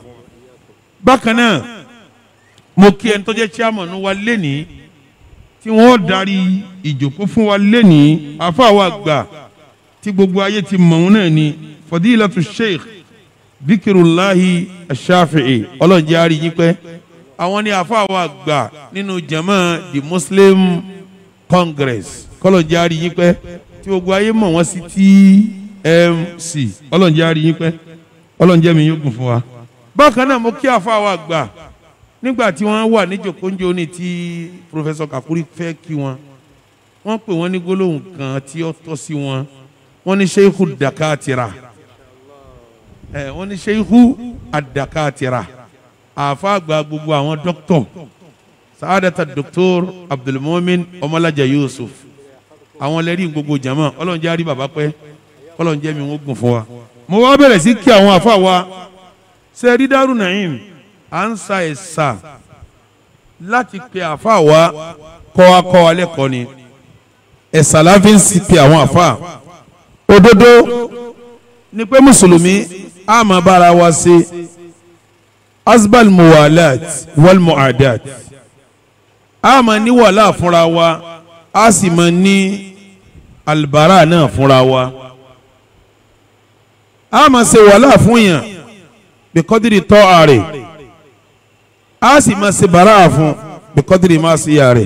Speaker 1: bákan náà mo kí ẹni tó jẹ́ chairman wa lénìí tí wọ́n darí ìjókòó fún wa lénìí àfa wa gbà tí gbogbo ayé ti mọ̀ ọ́n náà ni fadilatu sheikh bikirulahi ashafi'i ọlọ́jà àrí yín pẹ́ àwọn ni àfa wa gbà nínú jama the muslim congress kọ́lọ́jà àrí yín pẹ́ tí gbogbo ayé mọ̀ wọ́n sí tmc ọlọ́jà àrí yín pẹ́ ọlọ́njẹ́ mi yóò gùn fún wa bákan náà mo kí àfàwọ̀ àgbà nígbà tí wọ́n wà níjòkóńjò ní ti professor kakuri fẹ́ kí wọn wọ́n pè wọ́n ní gbólóhùn kan tí ó tọ́ sí wọn wọ́n ní seyiku dakatira ẹ wọ́n ní seyiku adakatira àfa àgbà gbogbo àwọn dókítọ̀ sàádàtà dr abdulmumin ọmọlájà yusuf àwọn lẹ́rìí gbogbo jama ọlọ́run jẹ́ àrí bàbá pẹ́ kọ́lọ́run jẹ́ mi wọ́n gùn fún wa mo wá bẹ̀rẹ̀ sí kí àwọn àfa ṣe rí Daaru Naim à ń sa ẹ̀sà láti pe àfa wa kọ́ wa kọ́ wa lẹ́kọ̀ọ́ ni ẹ̀sà la fi ń si pe àwọn àfa òdodo ni pé mùsùlùmí a máa bára wa ṣe asbal muwalat wal muadat a máa ní wàhálà fúnra wa a sì máa ní albara náà fúnra wa a máa ṣe wàhálà fún yàn bíkọ́dìrì tọ́ ààrẹ a sì máa ṣe bàrà fún bíkọ́dìrì máa ṣe ààrẹ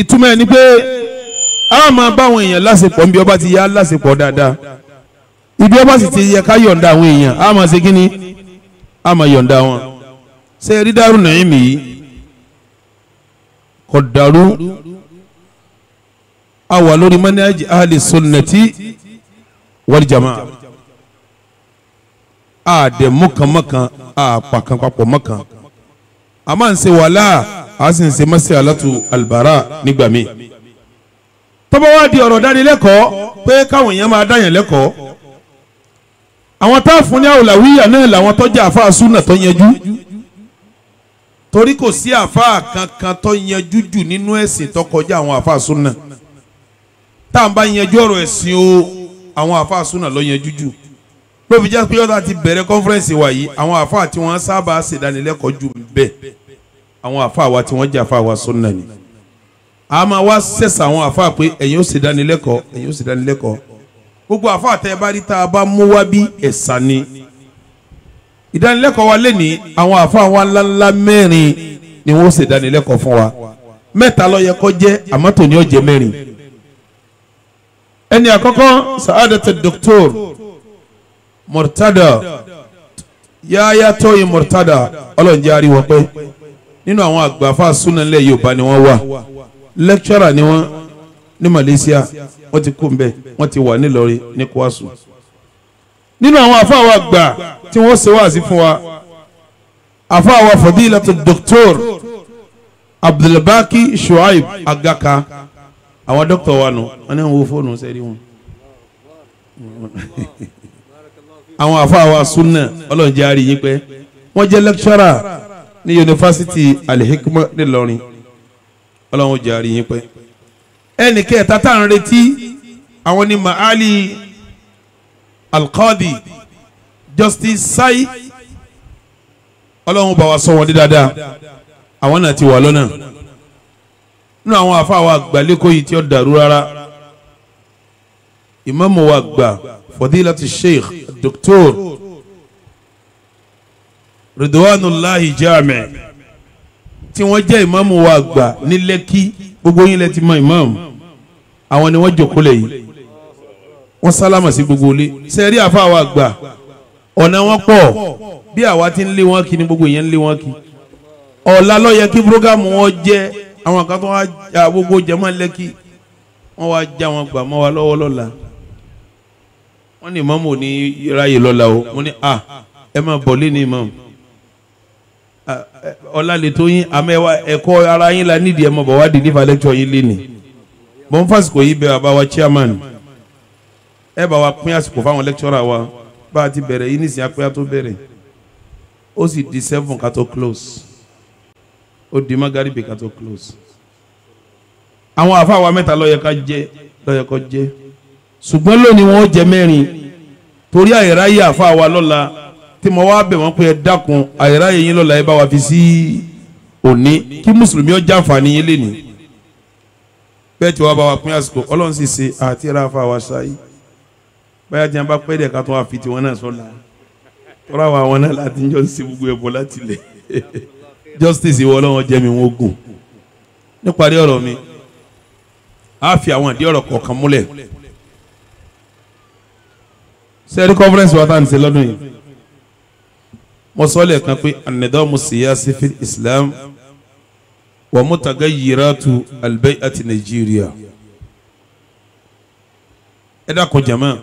Speaker 1: ìtumọ̀ ẹ̀ ni pé a máa báwọn èèyàn lásìpọ̀ níbi ọba ti yá lásìpọ̀ dáadáa ibi ọba sì ti yẹ ká yọ̀ǹda àwọn èèyàn a máa ṣe kíni a máa yọ̀ǹda wọn ṣe rí Daaru Naim yìí kò dàrú a wà lórí manhaj ahli sunnati wal jamaa a dẹ̀ mọ́kàn mọ́kàn a pàkan papọ̀ mọ́kàn a máa ń ṣe wàhálà a sì ń ṣe mọ́sẹ̀ alátu alibara nígbà míì tọ́ba wa di ọ̀rọ̀ dánilẹ́kọ̀ọ́ pé káwọn èèyàn máa dáyàn lẹ́kọ̀ọ́ àwọn tá a fún ní àwòlàwíyà náà làwọn tọ́jà àfáà súnà tó yanjú torí kò sí àfáà kankan tó yanjú jù nínú ẹ̀sìn tó kọjá àwọn àfáà súnà tá à bá yanjú ọ̀rọ̀ ẹ̀sìn o àwọn àfáà súnà ló yanjú jù ló fi jẹ́ pé yọ́dà ti bẹ̀rẹ̀ kọ́nfẹ́rẹ́nsì wa yìí àwọn àfa tí wọ́n sábà ṣèdánilẹ́kọ̀ọ́ jù bẹ́ẹ̀ àwọn àfa wa tí wọ́n jẹ́ àfa wa sunna ni a máa wá sẹ̀sà àwọn àfa pé ẹ̀yin ó ṣèdánilẹ́kọ̀ọ́ ẹ̀yin ó ṣèdánilẹ́kọ̀ọ́ gbogbo àfa tẹ bá rí tá a bá mú wá bí ẹ̀sà ni ìdánilẹ́kọ̀ọ́ wa lẹ́ni àwọn àfa wa ńláńlá mẹ́rin ni wọ́n ṣèdánilẹ́kọ̀ọ́ fún wa mẹ́ta ló yẹ kó jẹ́ àmọ́ tòní ó jẹ́ mẹ́rin ẹni àkọ́kọ́ sa'adatu doctor murtada yáyá tóyin murtada ọlọ́njẹ́ ariwo pé nínú àwọn àgbàfà súnilẹ̀ yorùbá ni wọ́n wà lẹ́kítọ́rà ni wọ́n ní Malaysia wọ́n ti kú mbẹ́ wọ́n ti wà nílọrin ní kwasu nínú àwọn àfáàwọ̀ àgbà tí wọ́n ṣe wáàsí fún wa àfáàwọ̀ fadilatu doctor abdulbaki shuaib agaka àwọn dókítà wa nù wọ́n ní àwọn wo fóònù sẹ́ni wọn àwọn àfáàwà súnà ọlọ́njẹ́ àárí yín pẹ́ wọ́n jẹ́ lẹ́kṣọ́rà ní yunifásitì alihikma nìlọrin ọlọ́run àárí yín pẹ́ ẹnì kẹta tá à ń retí àwọn ni maali alqadi justice sai ọlọ́run bá wa sọ wọn dé dáadáa àwọn náà ti wà lọ́nà nínú àwọn àfáàwà àgbàlékò yìí tí ó dàrú rárá ìmáàmù wa gbà fọdílà ti sheikh Dr. Ridwanullahi Jami tí wọ́n jẹ́ ìmáàmù wa àgbà ní Lẹ́kí gbogbo yín lẹ́ ti mọ ìmáàmù àwọn ni wọ́n jòkó lẹ̀ yìí wọ́n sálámà sí gbogbo ilé sẹ́rí àfa wa àgbà ọ̀nà wọn pọ̀ bí àwa ti ń lé wọn kí ni gbogbo yẹn ń lé wọn kí ọ̀la ló yẹ kí búrógámù wọn jẹ́ kan tó wá gbogbo jẹ́ máa Lẹ́kí wọ́n wá já wọn gbà mọ́ wa lọ́wọ́ lọ́la wọ́n ní mọ́mù ní ráyè lọ́la o mo ní à ah, ẹ máa bọ̀ lé ní mọ́mù ah, eh, ọ̀la yín àmọ́ ẹ̀kọ́ ara yín la nídìí ẹ̀ mọ̀ bọ̀ wá di nífa lẹ́kítọ̀ yín lé ní bọ́n fásitì yìí bẹ̀rẹ̀ àbáwá chairman ẹ bá wa pín àsìkò fáwọn lẹ́kítọ̀rà wa bá a ti bẹ̀rẹ̀ yín nísìnyí apẹ́yà tó bẹ̀rẹ̀ ó sì di seven ká close ó di magaribi ká close àwọn àfa wa mẹ́ta ló yẹ ká jẹ ṣùgbọ́n lónìí wọn ó jẹ mẹ́rin torí àìráyè àfa wa lọ́la tí mo wá bẹ̀ wọ́n pé ẹ dákun àìráyè yín lọ́la ẹ bá wa fi sí òní kí mùsùlùmí ó jàǹfààní yín lẹ́nu bẹ́ẹ̀ tí wọ́n bá wa pín àsìkò ọlọ́run sì ṣe àti ra àfa wa ṣáyé báyà tí wọn bá pẹ́ dẹ̀ ká tó wá fi tiwọn náà sọ́la tọ́ra wa wọn náà láti jọ ṣe gbogbo ẹ̀bọ láti lẹ̀ justice ìwọ ọlọ́run jẹ́ mi wọ́n gùn níparí ọ̀rọ̀ mi a àwọn àdí ọ̀rọ̀ kọ̀ọ̀kan múlẹ̀ sẹ́rí conference wa tá à ń ṣe lọ́dún yìí mo sọ lẹ́ẹ̀kan pé an-nidamu siyasi fi islam wa mutagayyiratu al-bay'ati nàìjíríà ẹ dákun jama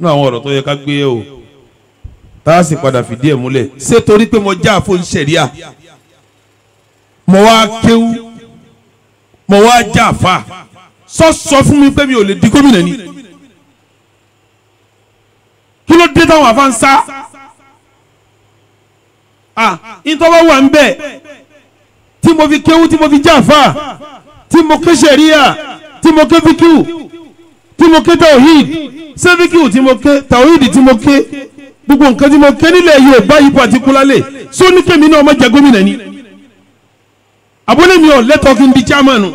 Speaker 1: ní àwọn ọ̀rọ̀ tó yẹ ká gbé o tá a sì padà fìdí ẹ̀ múlẹ̀ ṣé torí pé mo já àfo ìṣẹ̀ríà mo wá kéwú mo wá já àfa sọ sọ fún mi pé mi ò lè di gómìnà ni kí ló dé táwọn afa ń sá ah ntọ́wọ́ wà ń bẹ̀ tí mo fi kéwú tí mo fi jáfa tí mo ké sẹ̀ríà tí mo ké fíkìú tí mo ké tawhid ṣé fíkìú tí mo ké tawhid tí mo ké gbogbo nǹkan tí mo ké nílẹ̀ Yorùbá yìí pàtíkúlálẹ̀ sóníkèmí náà ọmọ jẹ gómìnà ni abúlé mi ò lẹ́tọ̀ọ́ kí n di chairmanu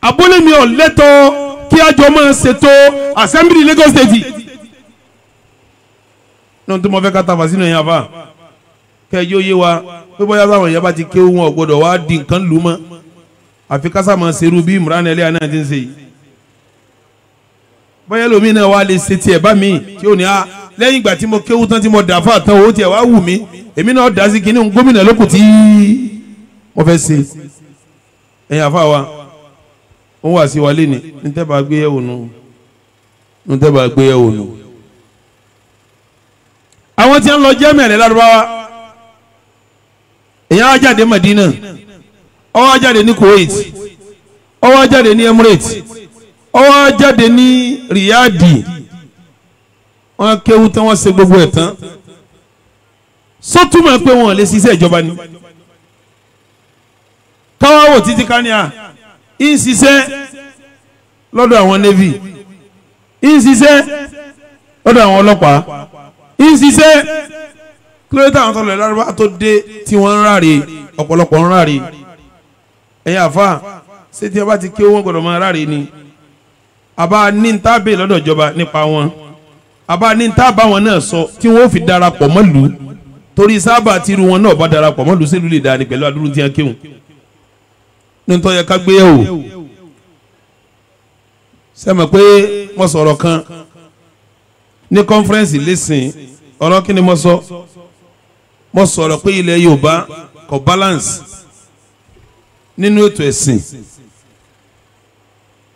Speaker 1: abúlé mi ò lẹ́tọ̀ọ́ kí a jọ máa ṣètò assembly Lagos State nínú tó mọ fẹ́ ká ta fàṣínà yẹn àfa kẹjọ yé wa pé bóyá sáwọn yẹn bá ti kéwù wọn gbọ́dọ̀ wá di nǹkan lù mọ́ àfi kásá máa serú bí imran ẹlẹ́yà náà ti ń ṣe yìí bóyá lómi náà wà lè ṣe tiẹ̀ bá mi tí ò ní a ah, lẹ́yìn ìgbà tí mo kéwù tán tí mo dà fún àtàn owó tiẹ̀ wá wù mí èmi náà dá sí kinní gómìnà lókù tí mo fẹ́ ṣe ẹ̀yìn àfa wa wọ́n wà sí wa lé ní ní tẹ́ bá gbé yẹ̀wò nù ní tẹ́ bá gbé yẹ̀wò nù àwọn tí ń lọ jẹ́ mẹ́rin lárúbáwá èèyàn á jáde Madina ó wá jáde ní Kuwait ó wá jáde ní Emirates ó wá jáde ní Riyadh wọ́n kéwú tán wọ́n ṣe gbogbo ẹ̀ tán sótúmọ̀ pé wọ́n lè ṣiṣẹ́ ìjọba ni káwá wò títí ká ní à ń ṣiṣẹ́ lọ́dọ̀ àwọn navy ń ṣiṣẹ́ lọ́dọ̀ àwọn ọlọ́pàá ń ṣiṣẹ́ kílódé àwọn tọ́lọ̀ lárúbá tó dé tí wọ́n ń ráre ọ̀pọ̀lọpọ̀ ń ráre ẹ̀yin àfa ṣé tí a bá ti kí owó gbọ́dọ̀ máa ráre ni àbá ní ń tábè lọ́dọ̀ ìjọba nípa wọn àbá ní ń tábà wọn náà sọ tí wọ́n fi darapọ̀ mọ́lù torí sábà tírú wọn náà bá darapọ̀ mọ́lù sílùú lè dáa pẹ̀lú àdúró tí wọ́n kéwòn nítorí yẹ ká gbé yẹ̀wò sẹ́mi pé wọ́n sọ̀rọ̀ kan ní kọ́nfẹ́rẹ́nsì lẹ́sìn ọ̀rọ̀ kí ni mo sọ mo sọ̀rọ̀ pé ilẹ̀ Yorùbá kò balance nínú ètò ẹ̀sìn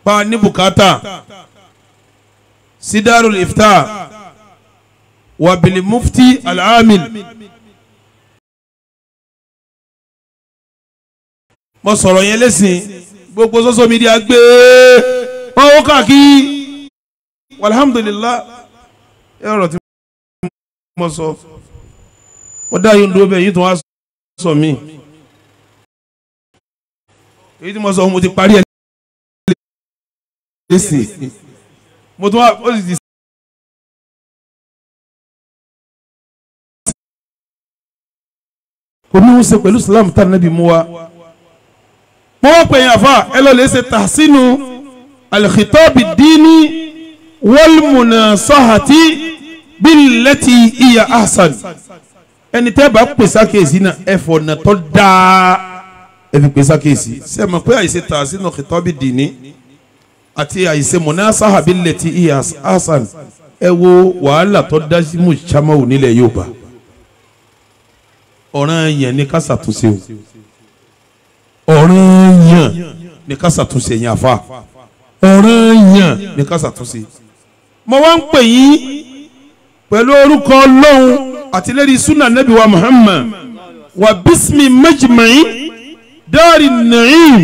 Speaker 1: pa ní bùkátà sidarul ifta wabili mufti alamin amil mo sọ̀rọ̀ yẹn lẹ́sìn gbogbo sọ́sọ́ mi di agbé wọ́n ó kàkí ẹ ọ̀rọ̀ tí mo sọ mo dá yín dúró bẹ́ẹ̀ yìí tó wá sọ mí
Speaker 2: èyí tí mo sọ mo ti parí ẹ̀
Speaker 4: lẹ́sìn mo tún wá ó sì ti oníhun ṣe pẹ̀lú Islam tá
Speaker 1: nàbì mú wa mo wọ́n pè yàn fà ẹ lọ lè ṣe tàṣínú al-khitab ad-dini wọ́lmùnà sọ́hàtì bílẹ̀tì ìyá hasan ẹni tẹ́ bá pè sákèsí náà ẹ fọ̀nà tó dáa ẹ fi pè sákèsí sẹ́mi pé àìsè tà sínú kìtọ́bì dìní àti àìsè mùnà sọ́hàbí lẹ̀tì ìyá hasan ẹ wo wàhálà tó dá sí mùsàmáwò nílẹ̀ Yorùbá ọ̀ràn yẹn ni ká ṣàtúnṣe o ọ̀ràn yẹn ni ká ṣàtúnṣe yẹn àfa ọ̀ràn yẹn ni ká ṣàtúnṣe mo wá ń pè yín pẹ̀lú orúkọ ọlọ́run àti lérí sunna nabi wa muhammad wa bismi majmai dari na'im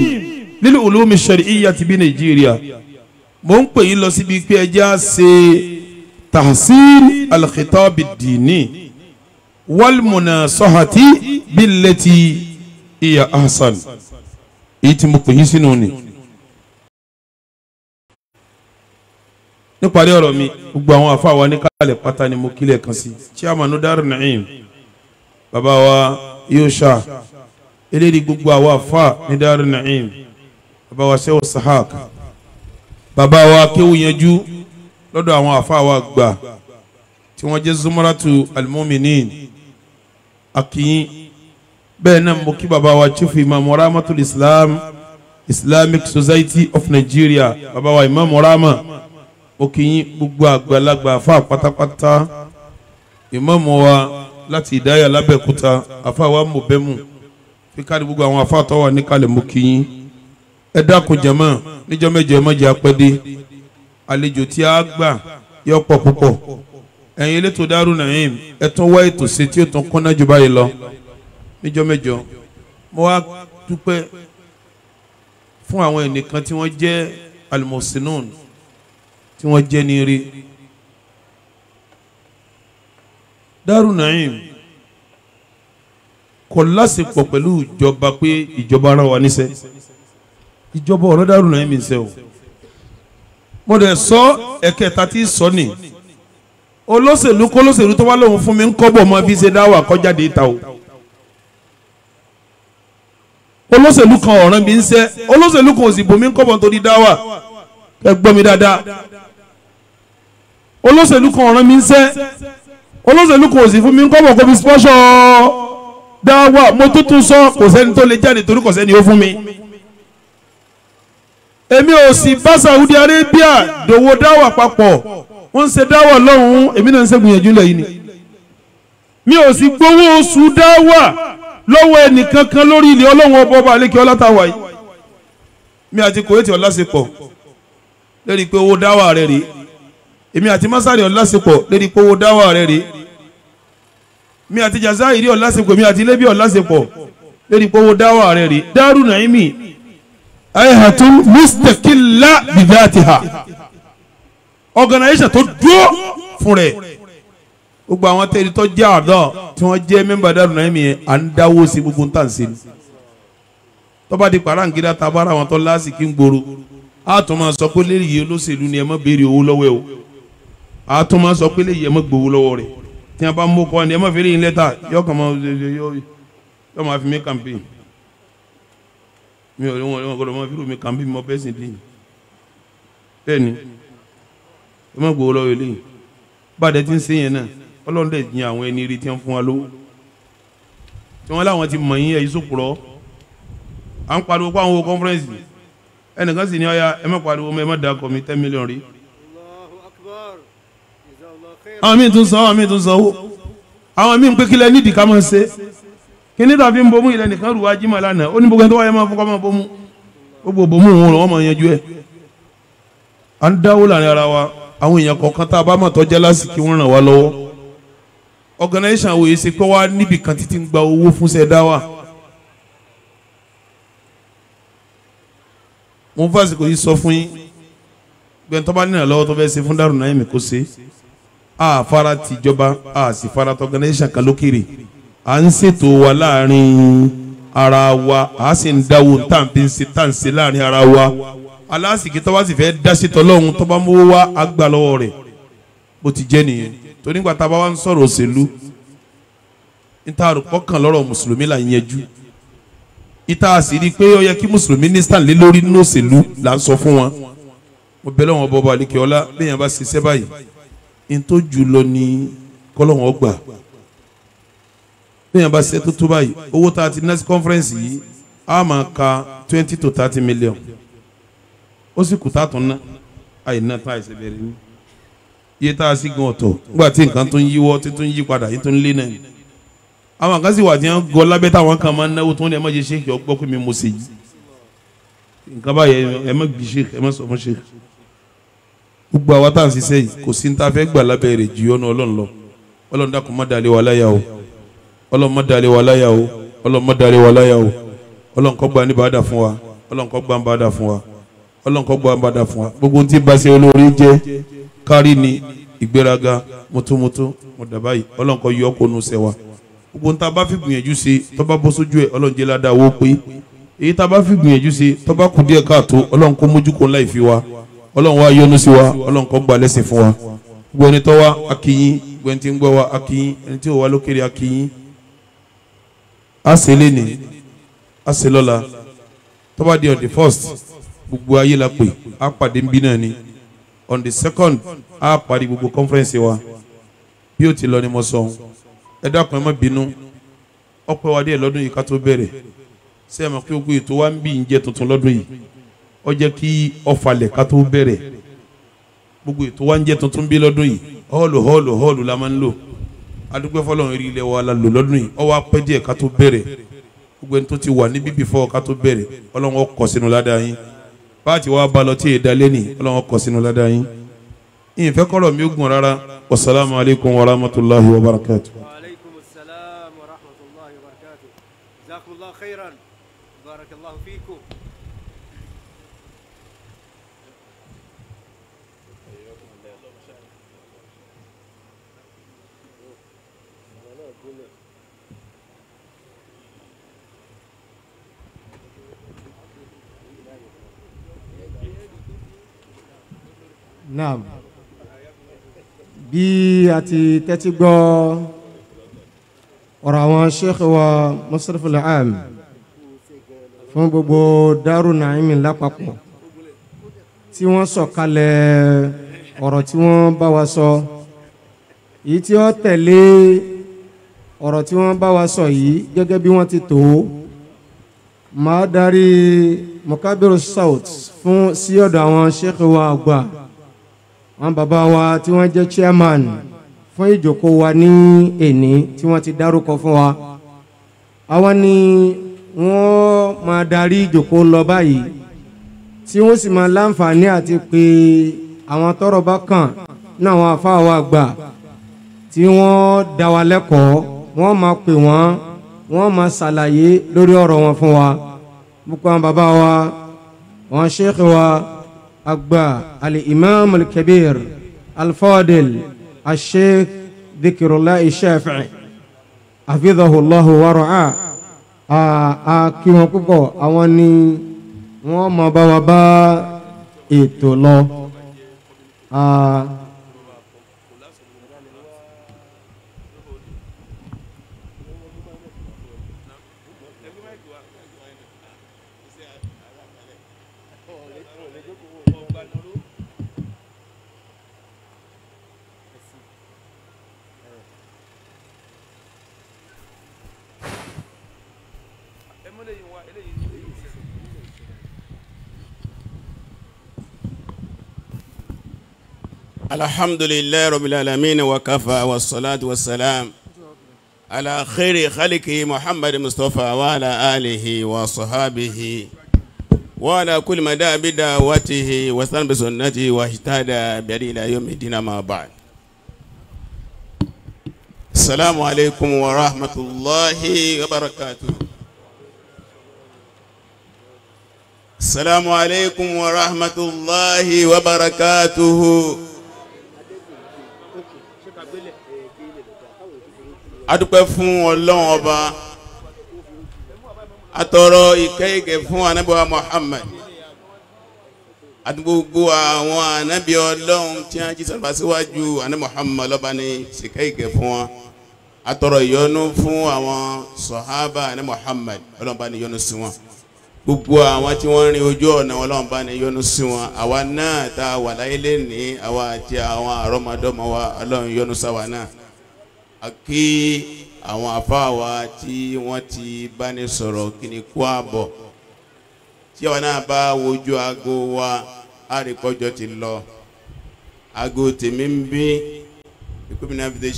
Speaker 1: lil ulumi shari'iyyati bi nàìjíríà mo ń pè yín lọ síbi pé ẹja ṣe tahsil al-khitab dini wal munasahati billati iya ahsan èyí tí mo pè yín sínú ni. níparí ọ̀rọ̀ mi gbogbo àwọn àfa wa ní kálẹ̀ pátá ni mo kílẹ̀ kan sí chairman nodar naim bàbá wa yosha eléyìí gbogbo àwọn àfa ní dar naim bàbá wa sẹ́wọ̀ sahak Baba wa kéwù yanjú lọ́dọ̀ àwọn àfa wa gbà tí wọ́n jẹ́ zumaratu almominin akiyin bẹ́ẹ̀ náà mo kí bàbá wa chief imam rahmatul islam islamic society of nigeria Baba wa imam rahma mo kì í gbogbo àgbàlagbà àfa pátápátá ìmáàmù wa láti ìdáyà lábẹ́kúta àfa wa mọ̀ bẹ́mù fíkàdé gbogbo àwọn àfa tó wà níkàlẹ̀ mo kì í ẹ dákun jàmá níjọ́ mẹ́jọ ẹ mọ̀jẹ̀ apẹ́dé àlejò tí a gbà yọ pọ̀ púpọ̀ ẹ̀yin elétò Daaru Naim ẹ tún wá ètò ṣe tí ó tún kọ́ná jù báyìí lọ níjọ́ mẹ́jọ mo wá dúpẹ́ fún àwọn ẹnìkan tí wọ́n jẹ́ almosinun tí wọ́n jẹ́ ní rí Daaru Naim kò lásìpọ̀ pẹ̀lú ìjọba pé ìjọba ara wa níṣẹ́ ìjọba ọ̀rọ̀ Daaru Naim níṣẹ́ o mo dẹ̀ sọ ẹ̀kẹta tí sọ ni olóṣèlú kólóṣèlú tó wá lóhun fún mi ń kọ́bọ̀ mọ́ fi ṣe dáwà kọjá dé ta o olóṣèlú kan ọ̀ràn mi ń ṣe olóṣèlú kan òsì bòmí ń kọ́bọ̀ nítorí dáwà ẹ gbọ́ mi dáadáa olóṣèlú kan ọ̀ràn mi ń sẹ́ olóṣèlú kan ò sì fún mi ń kọ́bọ̀ kó fi spọ́ṣọ́ dáwà mo tuntun sọ kò sẹ́ni tó lè jáde torí kò sẹ́ni ó fún mi. èmi ò sì bá Saudi Arabia dòwò dáwà papọ̀ wọ́n ń ṣe dáwà lọ́hùn-ún èmi náà ń ṣe gbìyànjú lẹ́yìn ni. mi ò sì gbowó oṣù dáwà lọ́wọ́ ẹnìkan kan lórí ilẹ̀ ọlọ́run ọba ọba àlékè ọlá táwa yìí. mi àti kòwé tí ọlá ṣe pọ̀ lẹ́rìí pé owó dáwà rẹ̀ rèé èmi àti masari ọ̀làsìpọ̀ lédi kówó dáwà rẹ̀ rí mi àti jazairi ọ̀làsìpọ̀ mi àti lebi ọ̀làsìpọ̀ lédi kówó dáwà rẹ̀ rí Daaru Naimi ayhatun mustaqilla bidhatiha organisation tó dúró fún rẹ̀ gbogbo àwọn tẹ́lẹ̀ tó jẹ́ àdán tí wọ́n jẹ́ mẹ́mbà Daaru Naimi yẹn à ń dáwó sí gbogbo ń tàn sí ni tọ́ba di parangida tabara àwọn tó láàsì kí ń gbòòrò a sọ pé lérí olóṣèlú ni ẹ má béèrè owó lọ́wọ́ ẹ o a tún máa sọ pé lè yẹ mọ́ gbowó lọ́wọ́ rẹ̀ tí a bá mú kọ́ ni ẹ má fi rí yín lẹ́tà yọ kàn máa yọ máa fi mí campaign mi ò rí wọn wọn gbọdọ̀ máa fi rú mi campaign mọ́ bẹ́sìn dín bẹ́ẹ̀ ni ẹ má gbowó lọ́wọ́ eléyìí bàdẹ ti ń ṣe yẹn náà ọlọ́run dẹ̀ yin àwọn ẹni rí tí wọ́n fún wa lówó tí wọ́n láwọn ti mọ̀ yín ẹ̀yìn sòpùrọ̀ à ń pariwo pé àwọn wo conference ẹnìkan sì ní ọ̀ya ẹ má pariwo mọ́ ẹ má da ọkọ̀ mi ten million rí àwọn míì tún sanwó àwọn míì tún sanwó àwọn míì ń pé kílẹ̀ nídìí ká máa ṣe kí ní tàbí ń bomú ilẹ̀ nìkan rù wá jimá lánàá ó ní gbogbo ẹni tó wáyé máa fún ká máa bomú gbogbo bomú òun wọn máa yanjú ẹ. à ń dáwó láàrin ara wa àwọn èèyàn kọ̀ọ̀kan tá a bá máa tọ́jà lásìkò wọn ràn wá lọ́wọ́ organisation wo èsì pé wá níbì kan títí ń gba owó fúnṣẹ́ dá wa. mo fásitì kò yí sọ fún yín gbẹ̀ntọ́ bá nínú àlọ́wọ́ tó fẹ́ ṣe fún Daaru Naim kó ṣe é a fara tìjọba a sì fara tọganẹ́sàn kalókèrè à ń ṣètò wa láàrin ara wa a sì ń dáwọ́ táǹfin ṣe táǹṣe láàrin ara wa aláṣìkí tó bá sì fẹ́ dá sí tọ́lọ́hún tó bá mówó wá àgbà lọ́wọ́ rẹ̀ bó ti jẹ́ nìyẹn tó nígbà tá a bá wá ń sọ̀rọ̀ òṣèlú níta àrùpọ̀ kan lọ́rọ̀ mùsùlùmí là ń yẹjú ìta àsì rí i pé ó yẹ kí mùsùlùmí ní stanley lórí nínú òṣèlú là ń sọ fún wọn mo bẹ̀ lọ́wọ́ bọ́ba àlekè ọlá bẹ́ẹ̀ yẹn bá ṣiṣẹ́ báyìí ntó jùlọ ní kọ́lọ́wọ́n ọgbà lẹ́yìn bá ṣe tó báyìí owó tá a ti nurse conference yìí a máa ka twenty to thirty million ó sì kù tààtún ná àyè náà tá àìsè bẹ̀rẹ̀ ní iye tá a sì gan ọ̀tọ̀ nígbà tí nǹkan tó ń yíwọ́ tí tó ń yí padà yìí tó ń lé náà àwọn kan sì wà tí wọ́n gọ lábẹ́ táwọn kan máa ń náwó tó ń lé má ṣe ṣe é kí mi mo ṣe yìí nǹkan báyìí ẹ má gbé ṣe ẹ má sọ fún ṣe gbogbo àwa tá à ń ṣiṣẹ́ yìí kò sí ní ta fẹ́ gbà lábẹ́ rẹ̀ jù ọ́nà ọlọ́run lọ ọlọ́run dákun má dalẹ̀ wà láyà o ọlọ́run má dalẹ̀ wà láyà o ọlọ́run má dalẹ̀ wà láyà o ọlọ́run kó gba ní bàdà fún wa ọlọ́run kó gba ní bàdà fún wa ọlọ́run kó gba ní bàdà fún wa gbogbo tí bá ṣe olórí jẹ́ kárí ni ìgbéraga mutumutu mọ̀dàbá yìí ọlọ́run kó yọ ọkọ̀ nù sẹ́ wa gbogbo tá a bá fi gbìyànjú ṣe tó wa ọlọ́run wa yọ́nú sí wa ọlọ́run kó gbà lẹ́sìn fún wa gbogbo ẹni tó wá akínyín gbogbo ẹni tí ń gbọ́ wa akínyín ẹni tí ò wá lókèrè akínyín á ṣe léni á ṣe lọ́la tó di on the first gbogbo ayé la pè á pàdé nbí náà ni on the second á parí gbogbo conference wa bí ó ti lọ ni mo sọ ohun ẹ dákun ẹ má bínú ọpẹ́ wa díẹ̀ lọ́dún yìí ká tó bẹ̀rẹ̀ ṣé mọ̀ pé gbogbo ètò wa ń bí ìjẹ tuntun lọ́dún yìí ó jẹ́ kí ọ̀falẹ̀ ká tó bẹ̀rẹ̀ gbogbo ètò wa ń jẹ́ tuntun bí lọ́dún yìí họ́ọ̀lù họ́ọ̀lù họ́ọ̀lù la máa ń lò adúgbò fọlọ́run eré ilẹ̀ wa la lò lọ́dún yìí ó wá pẹ́ díẹ̀ ká tó bẹ̀rẹ̀ gbogbo ẹni tó ti wà ní bíbí fọ́ ká tó bẹ̀rẹ̀ ọlọ́run ọkọ̀ yín báàtì wa bá tí èdè alẹ́ nì ọlọ́run ọkọ̀ sínú yín ìyẹn fẹ́ kọ́rọ̀ mi gùn rárá wasalaamualeykum wa rahmatulahi wa barakatuh.
Speaker 6: naam bí a ti tẹ́tí gbọ́ ọ̀rọ̀ àwọn sheikh wa musrif al-am fún gbogbo Daaru Naim lápapọ̀ tí wọ́n sọ̀kalẹ̀ ọ̀rọ̀ tí wọ́n bá wa sọ èyí tí ó tẹ̀lé ọ̀rọ̀ tí wọ́n bá wa sọ yìí gẹ́gẹ́ bí wọ́n ti tó máa darí mukabiru south fún sí ọ̀dọ̀ àwọn sheikh wa àgbà àwọn bàbá wa tí wọ́n jẹ́ chairman fún ìjókòó wa ní èní tí wọ́n ti dárúkọ fún wa àwọn ni wọ́n máa darí ìjókòó lọ báyìí tí wọ́n sì máa láǹfààní àti pé àwọn tọ́rọ̀ bá kàn náà àwọn àfáà gbà tí wọ́n dá wa lẹ́kọ̀ọ́ wọ́n máa pè wọ́n wọ́n máa ṣàlàyé lórí ọ̀rọ̀ wọn fún wa gbogbo àwọn bàbá wa wọn ṣéèkì wa àgbà al-imam al-kabir al-fadil al-sheikh dhikrullahi al-shafi'i hafidhahullahu wa ra'ah a kí wọn púpọ̀ àwọn ni wọ́n máa bá wa bá ètò lọ.
Speaker 8: الحمد لله رب العالمين وكفى والصلاة والسلام على خير خلقه محمد مصطفى وعلى آله وصحابه وعلى كل مدى بدعوته وسلم بسنته واجتهد بهدي إلى يوم الدين ما بعد السلام عليكم ورحمة الله وبركاته السلام عليكم ورحمة الله وبركاته adúpẹ́ fún ọlọ́run ọba atọrọ ìkẹ́ ìkẹ́ fún anábíwá Muhammad àti gbogbo àwọn anábí ọlọ́run tí a jí sọ̀rọ̀ síwájú anábí Muhammad lọ́ba ní ìkẹ́ ìkẹ́ fún wa atọrọ ìyọ́nú fún àwọn sọ̀hábà anábí Muhammad ọlọ́ba ní ìyọ́nú sí wọn gbogbo àwọn tí wọ́n rin ojú ọ̀nà ọlọ́run bá ní yọ́nú sí wọn àwa náà tá a lé ní àwa àti àwọn àrọ́mọdọ́mọ wa ọlọ́run yọ́nú sáwa náà àkí àwọn afáwa tí wọ́n ti bá ní sọ̀rọ̀ kíni kú àbọ̀ tí àwọn náà bá wojú aago wa á rí pọ́jọ́ ti lọ aago tèmi ń bí ìpínlẹ̀ of the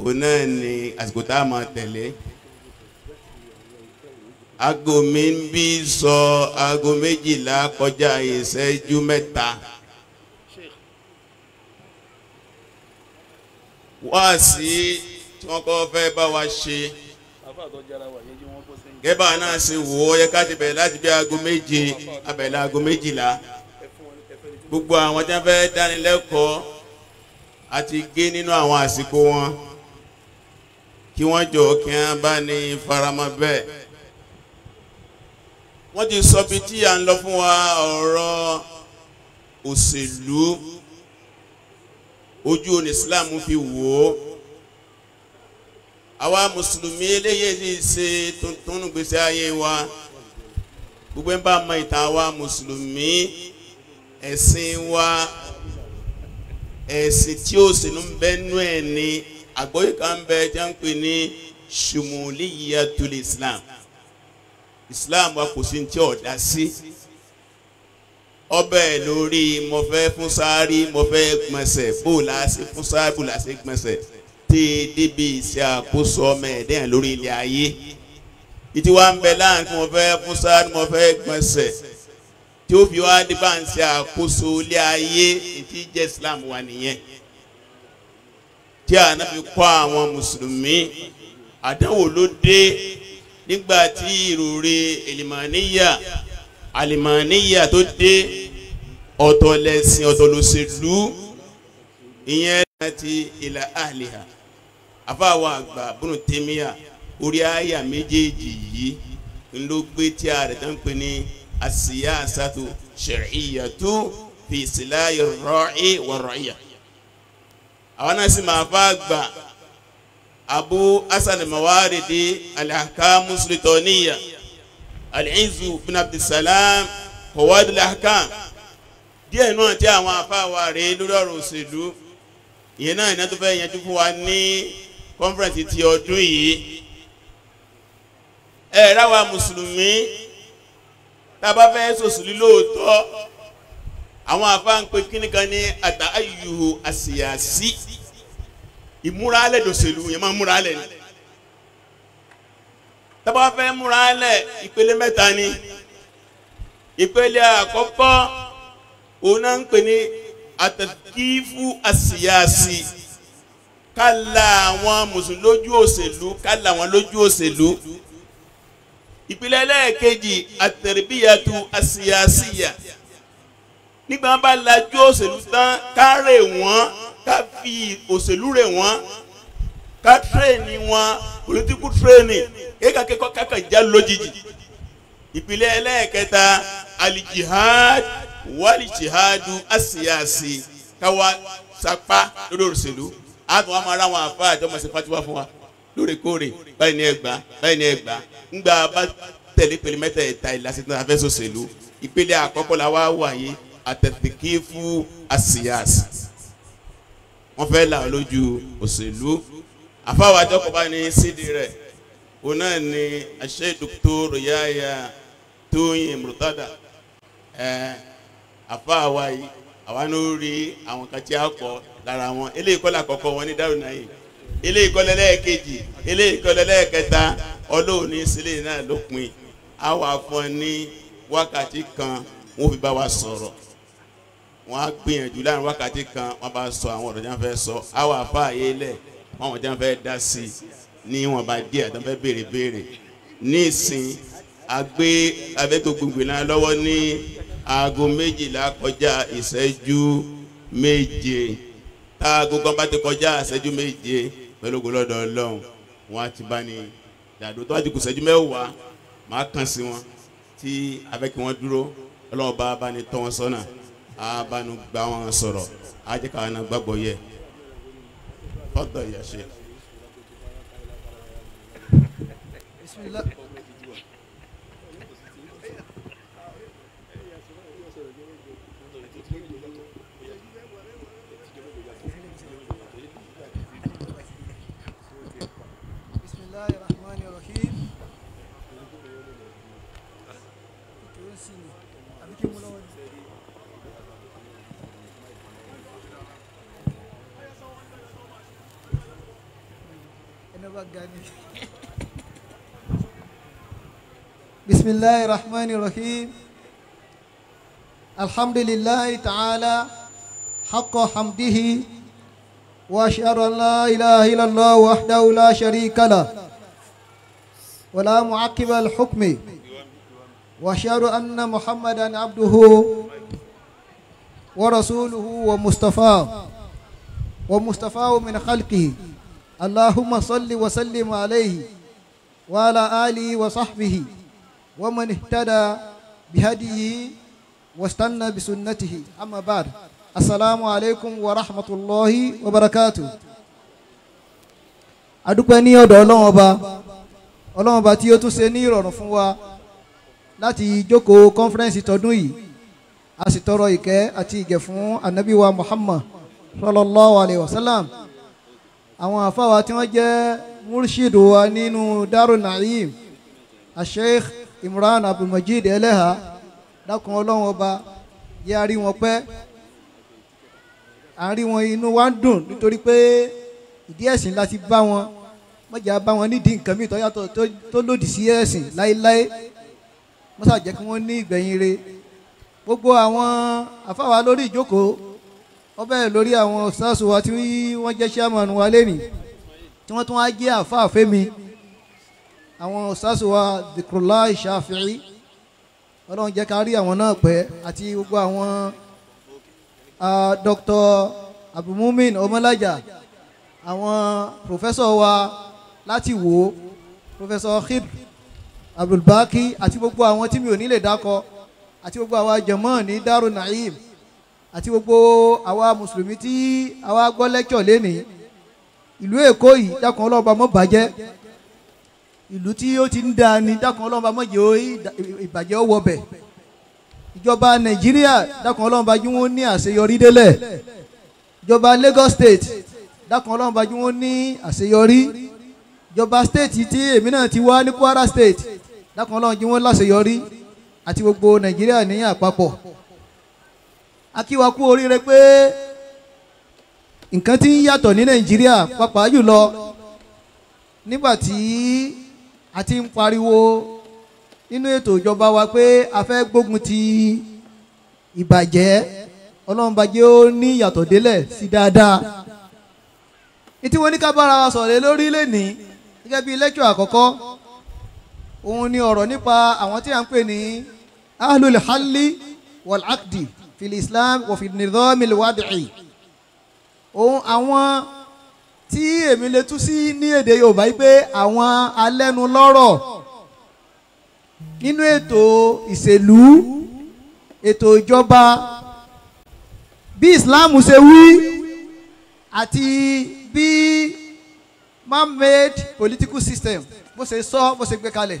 Speaker 8: òun náà ni àsìkò tá a máa tẹ̀lé aago mi ń bí sọ aago méjìlá kọjá ìṣẹ́jú mẹ́ta. So, wá sí tí wọ́n kọ́ fẹ́ bá wa ṣe. gẹ́bà náà ṣe wò ó yẹ ká ti bẹ̀rẹ̀ láti bí aago méje abẹ̀lẹ̀ aago méjìlá gbogbo àwọn tí wọ́n fẹ́ dánilẹ́kọ̀ọ́ àti gé nínú àwọn àsìkò wọn kí wọ́n jọ kí wọ́n bá ní faramọ́ bẹ́ẹ̀ wọ́n ti sọ bí tí à ń lọ fún wa ọ̀rọ̀ òṣèlú ojú òní islam fi wò ó àwa mùsùlùmí eléyìí ṣe tuntun gbèsè ayé wa gbogbo ẹ̀ ń bá mọ ìtàn àwa mùsùlùmí ẹ̀sìn wa ẹ̀sìn tí ó sì ń bẹ́nu ẹ̀ ni àgbọ́yé kan bẹ tí a ń pè ní ṣùmùlíyàtúlẹ̀ islam islam wa kò sí ní tí ọ̀dá sí. Si ọbẹ̀ lórí mo fẹ́ fún sáré mo fẹ́ gbọ̀nsẹ̀ bó la ṣe fún sáré bó la ṣe gbọ̀nsẹ̀ tí débi ìṣe àkóso ọmọ ẹ̀dẹ́yìn lórí ilẹ̀ ayé ìtí wá ń bẹ láàrin mo fẹ́ fún sáré mo fẹ́ gbọ̀nsẹ̀ tí ó fi wá dé bá ń ṣe àkóso ilé ayé ìtí jẹ́ Islam wà nìyẹn tí ànábi kọ́ àwọn mùsùlùmí àdánwò ló dé nígbà tí ìròrí èlìmọ̀níyà àlìmọ̀níyà tó dé ọ̀tọ̀ lẹ́sìn ọ̀tọ̀ lòṣèlú ìyẹn láti ìlà àlìhà àfàwọn àgbà bùnú tèmíà orí àyà méjèèjì yìí ló gbé tí a rẹ̀ tán pé ní asiyasatu shar'iyyatu fi silahi ra'i wa ra'iya àwọn náà sì máa fa àgbà abu hasan mawaridi alahakamu sultaniya alizu bin abdulsalam kọwadi díẹ̀ náà tí àwọn afáwa rèé lórí ọ̀rọ̀ òṣèlú ìyẹn náà iná tó fẹ́ yanjú fún wa ní kọ́nfẹ̀rẹ̀nsì ti ọdún yìí ẹ ráwa mùsùlùmí tá a bá fẹ́ sòsùlú lóòótọ́ àwọn afá ń pe kíní kan ní àtà ayùhù àṣìyàsí ìmúralẹ̀ dòṣèlú yẹn máa múralẹ̀ ni tá a bá fẹ́ múralẹ̀ ìpele mẹ́ta ni ìpele àkọ́kọ́ òun náà ń pè ní àtàkìfù àsíyàsí ká la àwọn mùsùlùmí lójú òṣèlú ká la wọn lójú òṣèlú ìpìlẹ̀ ẹlẹ́ẹ̀kejì àtẹ̀rẹ̀bíyàtú àsíyàsíyà nígbà wọn bá lajú òṣèlú tán ká rè wọ́n ká fi òṣèlú rè wọ́n ká tírèèni wọn politiku tírèèni kéka kéka kàkà já lójijì ìpìlẹ̀ ẹlẹ́ẹ̀kẹta alijihad wàlìjìhádù àṣìyàṣì káwa sapá lórí òṣèlú àbí wọn máa ráwọn àfa àjọmọ sí fatiwa fún wa lóòrèkóòrè báyìí ní ẹgbà báyìí ní ẹgbà ńgbà bá tẹ̀lé pẹ̀lú mẹ́ta ẹ̀ta ìlàsí tó ta fẹ́ sòṣèlú ìpele àkọ́kọ́ la wá wáyé àtẹ̀tẹ̀kí fún àṣìyàṣì wọ́n fẹ́ là lójú òṣèlú àfáwọn àjọkọ̀bá ní sídìí rẹ̀ òun náà ni àṣẹ dókítà Yahya Tóyìn Murtada ẹ̀ẹ́ àfa wa yìí àwa ní ó rí àwọn kan tí a kọ lára wọn eléyìí kọ́ làkọ́kọ́ wọn ní Daaru Naim eléyìí kọ́ lẹ́lẹ́ẹ̀kejì eléyìí kọ́ lẹ́lẹ́ẹ̀kẹta ọlọ́run ní sílẹ̀ náà ló pin a wà fún ọ ní wákàtí kan wọn fi bá wa sọ̀rọ̀ wọn á gbìyànjú láàrin wákàtí kan wọn bá sọ àwọn ọ̀rọ̀ fẹ́ sọ a wà fún àyè lẹ̀ wọn àwọn fẹ́ dá sí i ní wọn bá díẹ̀ tí wọn fẹ́ béèrè béèrè ní ìsìn àgbé abẹ́tò gbogbo náà lọ́wọ́ ní aago méjìlá kọjá ìṣẹ́jú méje táago kan bá ti kọjá ìṣẹ́jú méje pẹ̀lú ògbólọ́dọ̀ ọlọ́run wọn á ti bá ní dàdó tó bá ti kù ìṣẹ́jú mẹ́wàá máa kàn sí wọn tí abẹ́ kí wọ́n dúró ọlọ́run bá bá ní tọ́ wọn sọ́nà á bá nu gbà wọn sọ̀rọ̀ á jẹ́ káwọn náà gbàgbọ́ yẹ fọ́tọ̀ yẹ
Speaker 9: بسم الله الرحمن الرحيم الحمد لله تعالى حق حمده وأشهد أن لا إله إلا الله وحده لا شريك له ولا معقب الحكم وأشهد أن محمدا عبده ورسوله ومصطفاه ومصطفاه من خلقه اللهم صل وسلم عليه وعلى آله وصحبه ومن اهتدى بهديه واستنى بسنته أما بعد السلام عليكم ورحمة الله وبركاته adúpẹ́ ní ọ̀dọ̀ ọlọ́run ọba ọlọ́run ọba tí ó tún ṣe ní ìrọ̀rùn fún wa láti jókòó kọ́nfẹ́rẹ́nsì tọdún yìí a sì tọrọ ìkẹ́ àti ìgẹ̀ fún anabi wa muhammad sallallahu alayhi wa sallam àwọn àfáwà tí wọ́n jẹ́ murshid wa nínú Darul Naim asheikh Imran Abdulmajid Eleha dákun ọlọ́run ọba yẹ́ a rí wọn pẹ́ à ń rí wọn inú wa ń dùn nítorí pé ìdí ẹ̀sìn la ti bá wọn mọ̀jà bá wọn nídìí nǹkan mìíràn yàtọ̀ tó lòdì sí ẹ̀sìn láéláé mọ́sàjẹ́ kí wọ́n ní ìgbẹ̀yìn re gbogbo àwọn àfáwà lórí ìjókòó wọ́n bẹ̀rẹ̀ lórí àwọn ọ̀sáàsù wa tí wọ́n jẹ́ chairman wa lẹ́nìí tí wọ́n tún wá jẹ́ àfáàfẹ́ mi àwọn ọ̀sáàsù wa dìkùrọ̀lá ìṣàfihì ọlọ́run jẹ́ ká rí àwọn náà pẹ́ àti gbogbo àwọn Dr. abdulmumin ọmọlájà àwọn professor wa láti wò professor khid abdulbaki àti gbogbo àwọn tí mi ò ní lè dákọ àti gbogbo àwọn jẹ̀mọ́ ní Darul Naim àti gbogbo àwa mùsùlùmí tí àwa gbọ́ lẹ́kṣọ̀ lénìí ìlú èkó yìí dákun ọlọ́ba mọ́ bàjẹ́ ìlú tí ó ti ń da ni dákun ọlọ́ba mọ́ jẹ́ ìbàjẹ́ ó wọbẹ̀ ìjọba nàìjíríà dákun ọlọ́ba jí wọ́n ní àṣeyọrí délẹ̀ ìjọba Lagos state dákun ọlọ́ba jí wọ́n ní àṣeyọrí ìjọba state tí èmi náà ti wá ní Kwara state dákun ọlọ́ba jí wọ́n láṣeyọrí àti gbogbo nàìjíríà ní àpapọ̀ akíwa kú oríire pé nǹkan tí ń yàtọ̀ ní nàìjíríà pàápàá jùlọ nígbà tí a ti ń pariwo nínú ètò ìjọba wa pé a fẹ́ gbógun ti ìbàjẹ́ ọlọ́run bá jẹ́ ó ní ìyàtọ̀ délẹ̀ sí dáadáa ìtí wọn ní ká bára wa sọ̀rọ̀ lórí lẹ́nìí gẹ́gẹ́ bíi lẹ́kọ̀ọ́ àkọ́kọ́ òun ni ọ̀rọ̀ nípa àwọn tí a ń pè ní ahlul halli wal aqdi fil islam wa fi nidham al wad'i òun àwọn tí èmi lè tú sí ní èdè yorùbá pé àwọn alẹ́nulọ́rọ̀ nínú ètò ìṣèlú ètò ìjọba bí islam ṣe wí àti bí man-made political system bó ṣe sọ bó ṣe gbé kalẹ̀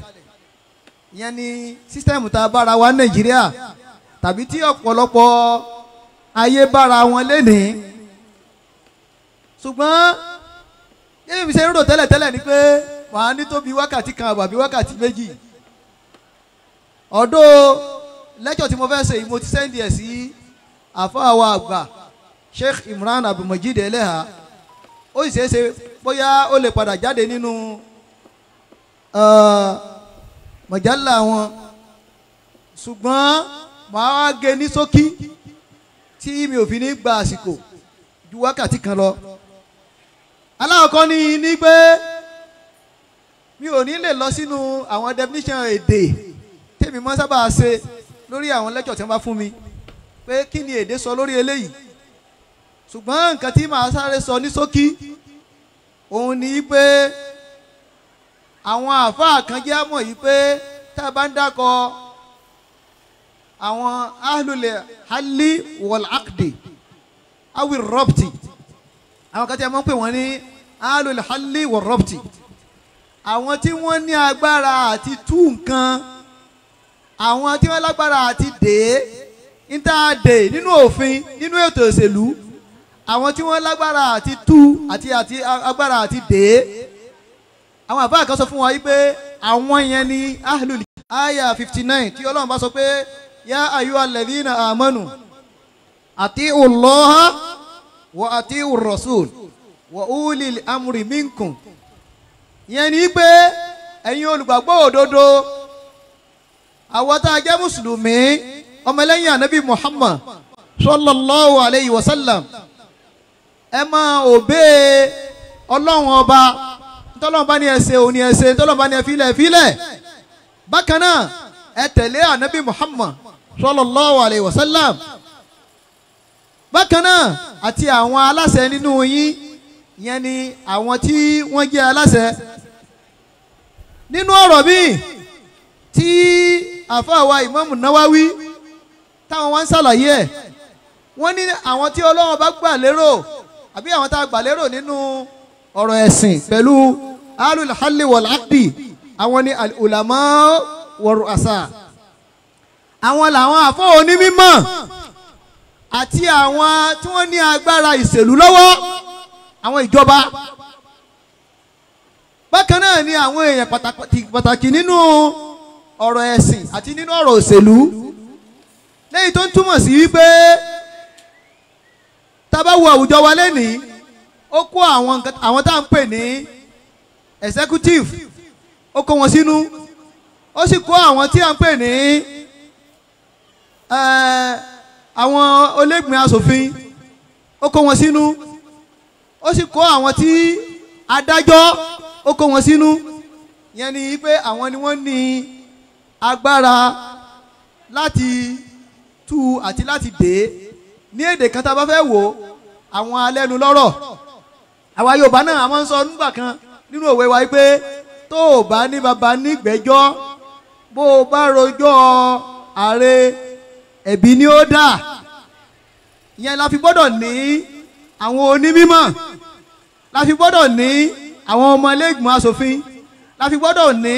Speaker 9: ìyẹn ni sísítẹ́ẹ̀mù tá a bára wa nàìjíríà tàbí tí ọ̀pọ̀lọpọ̀ ayé bára wọn lénìí ṣùgbọ́n yẹ́nìí mi ṣe ń rò tẹ́lẹ̀tẹ́lẹ̀ ni pé màá ní tó bí wákàtí kan àbọ̀ àbí wákàtí méjì ọ̀dọ́ lẹ́jọ̀ tí mo fẹ́ ṣe yìí mo ti sẹ́ndì ẹ̀ sí àfáà wa àgbà Sheikh Imran Abdulmajid Eleha ó sì ṣeé ṣe bóyá ó lè padà jáde nínú uh, mọ̀jálà wọn ṣùgbọ́n màá gé ní ṣókí tí mi ò fi ní gba àsìkò ju wákàtí kan lọ aláwọ̀kọ́ ni ní pé mi ò ní lè lọ sínú àwọn definition èdè tèmi mọ́ sábà ṣe lórí àwọn lẹ́jọ̀ tí wọ́n bá fún mi pé kí ni èdè sọ lórí eléyìí ṣùgbọ́n nǹkan tí màá sáré sọ ní ṣókí òun ni pé àwọn àáfàá kan àmọ̀ yìí pé tá a bá ń dákọ̀ọ́ àwọn ahlulẹ̀ hali wọláàkìdì awi rọ́pìtì àwọn kan tí a máa ń pè wọ́n ní ahlulẹ̀ hali wọ̀rọ́pìtì àwọn tí wọ́n ní agbára àti tú nǹkan àwọn tí wọ́n lágbára àti dè é níta dè nínú òfin nínú ètò òṣèlú àwọn tí wọ́n lágbára àti tú àti àti agbára àti dè é àwọn àbá kan fún wa yìí pé àwọn yẹn ni ahlul aya fifty nine tí ọlọ́run bá sọ pé. يا أيها الذين آمنوا أطيعوا الله وأطيعوا الرسول وأولي الأمر منكم يعني ni pé ẹ̀yin olùgbàgbọ́ òdodo àwọn tá a jẹ́ mùsùlùmí ọmọlẹ́yìn anabi Muhammad sallallahu alayhi wa sallam ẹ máa òbé ọlọ́run ọba tọ́lọ́run bá ní ẹ ṣe òní ẹ ṣe tọ́lọ́run bá ní ẹ filẹ̀ bákan náà ẹ tẹ̀lé anabi Muhammad sallallahu alayhi wa sallam bákan náà àti àwọn aláṣẹ nínú yín yẹn ni àwọn tí wọ́n jẹ́ aláṣẹ nínú ọ̀rọ̀ míì tí àfáàwa ìmáàmù náwáwí táwọn wá ń ṣàlàyé ẹ̀ wọ́n ní àwọn tí Ọlọ́run bá gbà lérò àbí àwọn tá a gbà lérò nínú ọ̀rọ̀ ẹ̀sìn pẹ̀lú alul halli àwọn ni al ulama wa àwọn làwọn àfọ́ onímọ̀ àti àwọn tí wọ́n ní agbára ìṣèlú lọ́wọ́ àwọn ìjọba bákan náà ni àwọn èèyàn pàtàkì nínú ọ̀rọ̀ ẹ̀sìn àti nínú ọ̀rọ̀ òṣèlú lẹ́yìn tó ń túmọ̀ sí wípé tá a bá wo àwùjọ wa lẹ́nìí ó kó àwọn tá à ń pè ní executive ó kó wọn sínú ó sì kó àwọn tí à ń pè ní. Eh, àwọn olóògbé asòfin ó kó wọn sínú ó sì kó àwọn tí adájọ́ ó kó wọn sínú yẹn ni pé àwọn ni wọ́n ní agbára láti tú àti láti dé ní èdè kan tá a bá fẹ́ wò àwọn alẹ́nu lọ́rọ̀ àwa Yorùbá náà a máa ń sọ nígbà kan nínú òwe wa pé tó o bá ní baba nígbẹ́jọ́ bó o bá rojọ́ ààrẹ ẹ̀bi ni ó dà ìyẹn la fi gbọ́dọ̀ ní àwọn onímọ̀ la fi gbọ́dọ̀ ní àwọn ọmọ iléègbìmọ̀ asòfin la fi gbọ́dọ̀ ní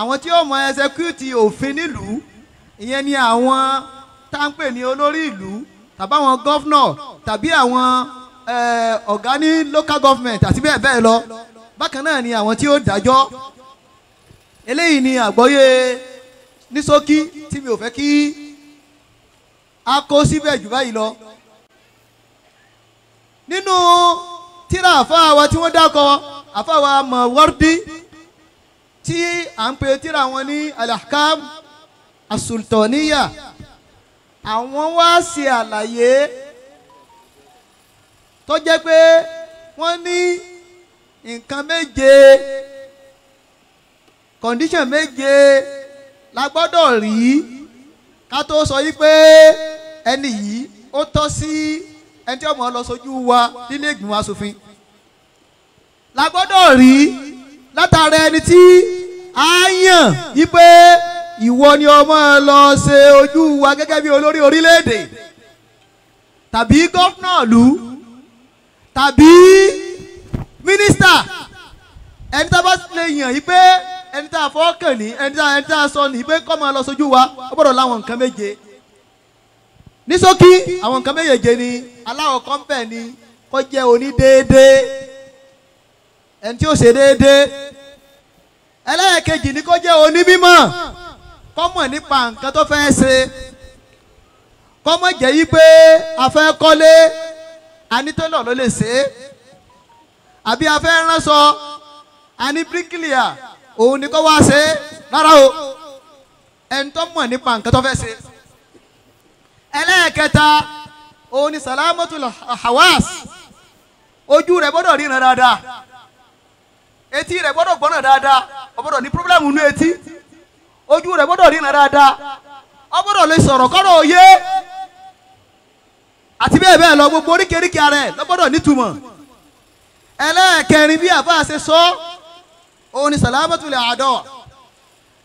Speaker 9: àwọn tí ó mọ ẹsẹkúùtì òfin nílùú ìyẹn ni àwọn tá ń pè ní olórí ìlú tàbí àwọn gọ́fúnọ̀ tàbí àwọn ọ̀gá ní local government àti bẹ́ẹ̀ bẹ́ẹ̀ lọ bákan náà ni àwọn tí ó dájọ́ eléyìí ni àgbọ́yé ní ṣókí tí mi ò fẹ́ kí a kó síbẹ̀ jù báyìí lọ nínú tíra àfáà wa tí wọ́n dákọ àfáà wa mọ̀ wọ́rdí tí à ń pe tíra wọn ní alahkam asultaniya àwọn wá ṣe àlàyé tó jẹ́ pé wọ́n ní nǹkan méje condition méje la gbọ́dọ̀ rí ká tó sọ yí pé ẹni yìí ó tọ́ sí ẹni tí ọmọ lọ sójú wa nílé ìgbìmọ̀ asòfin la gbọ́dọ̀ rí látara ẹni tí a yàn wípé ìwọ ni ọmọ lọ ṣe ojú wa gẹ́gẹ́ bí olórí orílẹ̀-èdè tàbí gómìnà ìlú tàbí mínísítà ẹni tá a bá lè yàn wípé ẹni tá a fọ́ kàn ní ẹni tá a sọ ní wípé kọ́ máa lọ sójú wa ó gbọ́dọ̀ láwọn nǹkan méje ní ṣókí àwọn nǹkan méjèèjì ni aláwọ̀ kan bẹ̀ ni kó jẹ́ onídéédé ẹni tí ó ṣe déédé ẹlẹ́ẹ̀kejì ni kó jẹ́ onímímọ̀ kó mọ̀ nípa nǹkan tó fẹ́ ṣe kó mọ̀ jẹ́ yí pé a fẹ́ kọ́lé anítọ́lọ̀ ló lè ṣe é àbí a fẹ́ ránṣọ ani bíríkìlìà òun ni kó wá ṣe é rárá o ẹni tó mọ̀ nípa nǹkan tó fẹ́ ṣe é ẹlẹ́ẹ̀kẹta òun ni salamatul hawas ojú rẹ̀ gbọ́dọ̀ ríran dáadáa etí rẹ̀ gbọ́dọ̀ gbọ́nà dáadáa ó gbọ́dọ̀ ní pírọ́blẹ́mù nú etí ojú rẹ̀ gbọ́dọ̀ ríran dáadáa ó gbọ́dọ̀ lè sọ̀rọ̀ kọ́rọ̀ òye àti bẹ́ẹ̀ bẹ́ẹ̀ lọ gbogbo oríkèéríkèé ara ẹ̀ ló nítumọ̀ ẹlẹ́ẹ̀kẹrin bí àbá ṣe sọ òun ni salamatul àdọ́wà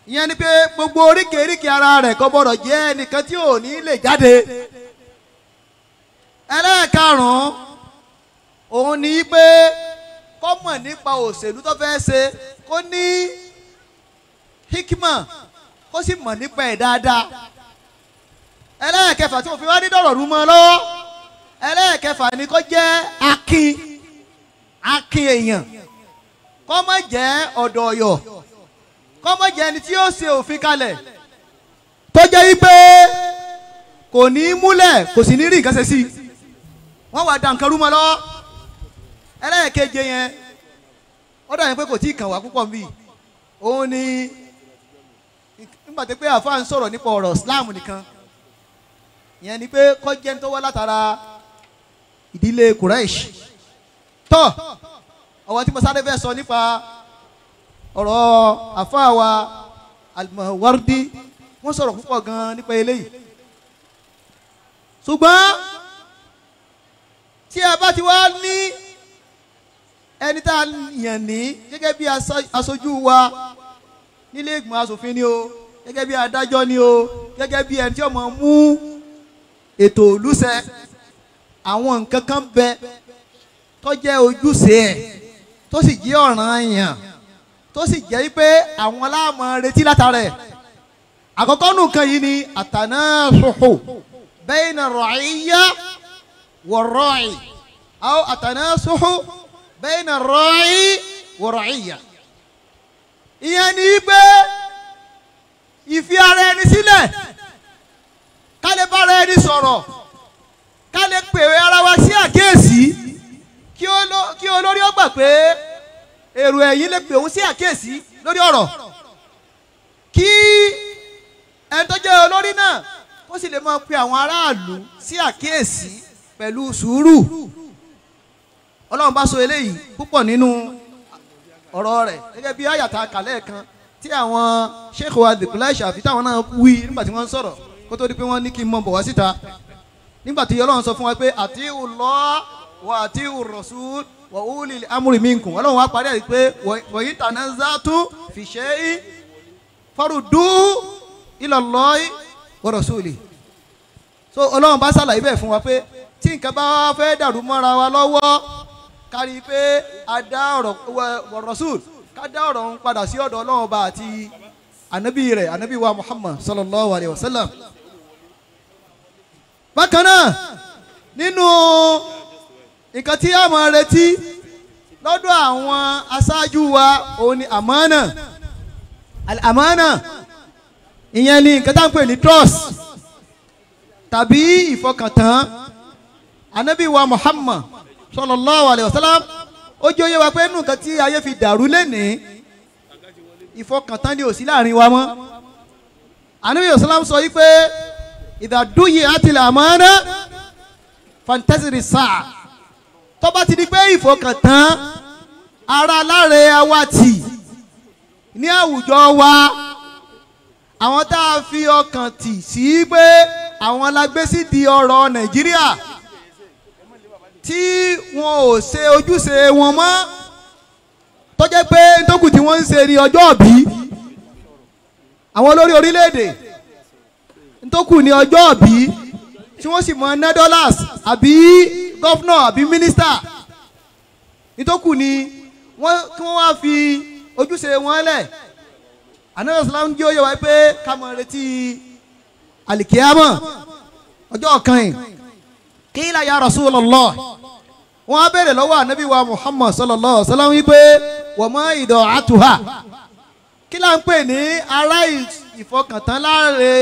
Speaker 9: ìyẹn ni pé gbogbo oríkèéríkèé ara rẹ̀ kò gbọ́dọ̀ jẹ́ ẹnìkan tí ò ní lè jáde ẹlẹ́ẹ̀karùn-ún òun ni pé kó mọ̀ nípa òṣèlú tó fẹ́ ṣe kó ní hikima kó sì mọ̀ nípa ẹ̀ dáadáa ẹlẹ́ẹ̀kẹfà tí mo fi wá ní dọ̀rọ̀ rú mọ́ lọ́wọ́ ẹlẹ́ẹ̀kẹfà ni kó jẹ́ akin akin èèyàn kó má jẹ́ ọ̀dọ̀ ọ̀yọ̀ kọ́mọ jẹ́ ẹni tí yóò ṣe òfin kalẹ̀ tó jẹ́ wípé kò ní í múlẹ̀ kò sì ní rí nǹkan ṣe sí i wọ́n wá da nǹkan rú mọ́ lọ́wọ́ ẹlẹ́ẹ̀keje yẹn ó dà yẹn pé kò tí ì kàn wá púpọ̀ bíi òun ni nígbà tó pé àfa ń sọ̀rọ̀ nípa ọ̀rọ̀ Islam nìkan yẹn ni pé kọ́jẹ́ tó wá látara ìdílé Quraysh tó ọ̀wọ́n tí mo sáré fẹ́ sọ nípa ọ̀rọ̀ àfáàwà Al-Mawardi wọ́n sọ̀rọ̀ púpọ̀ gan-an nípa eléyìí ṣùgbọ́n tí a bá ti wá ní ẹni tá a yàn ní gẹ́gẹ́ bí aṣojú wa nílé ìgbìmọ̀ asòfin ni o gẹ́gẹ́ bí adájọ́ ni o gẹ́gẹ́ bí ẹni tí ó máa mú ètò olùṣe àwọn nǹkan kan bẹ tó jẹ́ ojúṣe ẹ̀ tó sì jẹ́ ọ̀ranyàn tó sì jẹ́ pé àwọn láàmú retí látara ẹ̀ àkọ́kọ́ nùkan yìí ni àtànáṣùhù bayna ra'iyya wa ra'i aw àtànáṣùhù bayna ra'i wa ra'iyya ìyẹn ni pé ìfi ara ẹni sílẹ̀ ká lè bára ẹni sọ̀rọ̀ ká pèwé ara wa sí àkíyèsí kí olórí ó gbà pé èrò ẹ̀yìn lè pè òun sí àkíyèsí lórí ọ̀rọ̀ kí ẹni tó jẹ́ olórí náà kó sì lè máa pe àwọn aráàlú sí àkíyèsí pẹ̀lú sùúrù ọlọ́run bá sọ eléyìí púpọ̀ nínú ọ̀rọ̀ rẹ̀ gẹ́gẹ́ bí àyàtà kàlẹ́ kan tí àwọn sheikh wa dìkúlá ìṣàfi táwọn náà wí nígbà tí wọ́n ń sọ̀rọ̀ kó tó di pé wọ́n ní kí n mọ bọ̀ wá síta nígbà tí ọlọ́run sọ fún wa pé àti ùlọ́ wà àti ùrọ̀sùn wọ́n ó lè amúrì mí nkùn ọlọ́run wá parí ẹ̀ pé wọ̀nyí tànà zátú fìṣẹ́ yìí fọ́rù dúú ilallahi wa rasuli so ọlọ́run bá ṣàlàyé bẹ́ẹ̀ fún wa pé tí nǹkan bá fẹ́ dàrú mọ́ra wa lọ́wọ́ kárí pé a dá ọ̀rọ̀ wa rasul ká dá ọ̀rọ̀ ń padà sí ọ̀dọ̀ ọlọ́run ọba àti anabi rẹ̀ anabi wa muhammad sallallahu alayhi wa sallam bákan náà nínú. No nǹkan tí a máa retí lọ́dọ̀ àwọn aṣáájú wa òun ni àmánà àmánà ìyẹn ni nǹkan tá à ń pè ní trust tàbí ìfọkàntán anabi wa Muhammad sallallahu alayhi wa sallam ó jẹ́ òye wa pé nínú nǹkan tí ayé fi dàrú lénìí ìfọkàntán ni ò sí láàrin wa mọ́ anabi wa sallam sọ yìí pé ìdàdúyè àti làmánà fantasy research tó bá ti di pé ìfọkàntán ara láre awàtì ní àwùjọ wa àwọn tá a fi ọkàn tì sí pé àwọn lágbésí di ọ̀rọ̀ Nàìjíríà tí wọn ò ṣe ojúṣe wọn mọ́ tó jẹ́ pé ntókù tí wọ́n ń ṣe ní ọjọ́ òbí àwọn olórí orílẹ̀-èdè ní ọjọ́ òbí tí wọ́n sì mọ ná dollars àbí gọ́fúnà àbí mínísítà nítòkù ni wọ́n kí wọ́n wá fi ojúṣe wọn lẹ̀ anadol salam jẹ́ òye wa pé ká mọ̀ retí alikiyama ọjọ́ kan yìí kíla ya Rasulullah wọ́n á béèrè lọ́wọ́ anabi wa Muhammad sallallahu alaihi wasallam wípé wọ́n mọ ìdọ̀ àtúhà kí là ń pè ní ará ìfọkàntán láre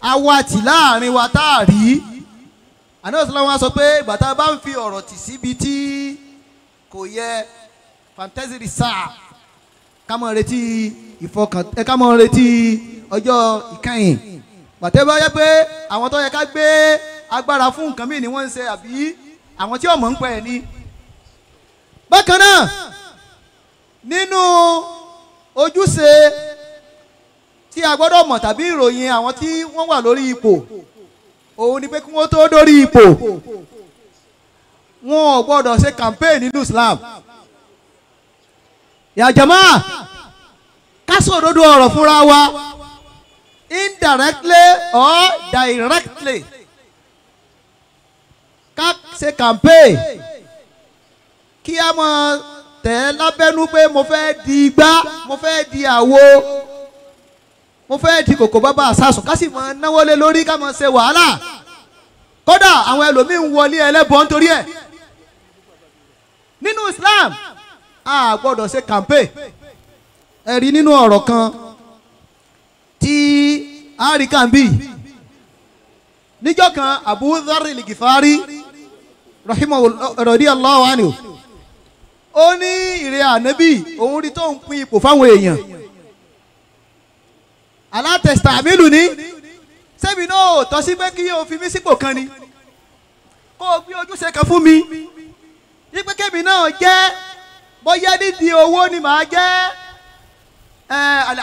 Speaker 9: Awati láàrin wa tá a rí àná ìsọlá wọn sọ pé ìgbà tá a bá ń fi ọ̀rọ̀ tì síbi tí kò yẹ fantasy research ká mọ̀ retí ìfọkàn ẹ ká mọ̀ retí ọjọ́ ìkẹyìn pàtẹ́ bá yẹ pé àwọn tó yẹ ká gbé agbára fún nǹkan míì ni wọ́n ń ṣe àbí àwọn tí ọmọ ń pẹ́ ẹ bákan náà nínú ojúṣe tí a gbọ́dọ̀ mọ̀ tàbí ìròyìn àwọn tí wọ́n wà lórí ipò òun ni pé kí wọ́n tó dórí ipò wọn ò gbọ́dọ̀ ṣe campaign nínú Islam yàjàmá ká sọ òdodo ọ̀rọ̀ fúnra wa indirectly or directly ká ṣe campaign kí a mọ̀ tẹ̀ lábẹ́nú pé mo fẹ́ di igbá mo fẹ́ di àwo mo fẹ́ di kòkó bàbá àsásùn ká sì máa náwó lé lórí ká máa ṣe wàhálà kódà àwọn ẹlòmíín ń wọlé ẹlẹ́bọ̀n nítorí ẹ̀ nínú Islam a gbọ́dọ̀ ṣe kàmpé ẹ̀rí nínú ọ̀rọ̀ kan tí àríkàmbì níjọ́ kan Abu Dharr al-Ghifari radiyallahu anhu ó ní ìrẹ́ ànábì òun rí tó ń pín ipò fáwọn èèyàn alátẹ̀sítà àmìlù ni sẹ́mi náà tọ́ sí pé kí o fi mí sípò kan ni kó o gbé ojúṣe kan fún mi yípe kẹ́mi náà jẹ́ bóyá nídìí owó ni màá jẹ́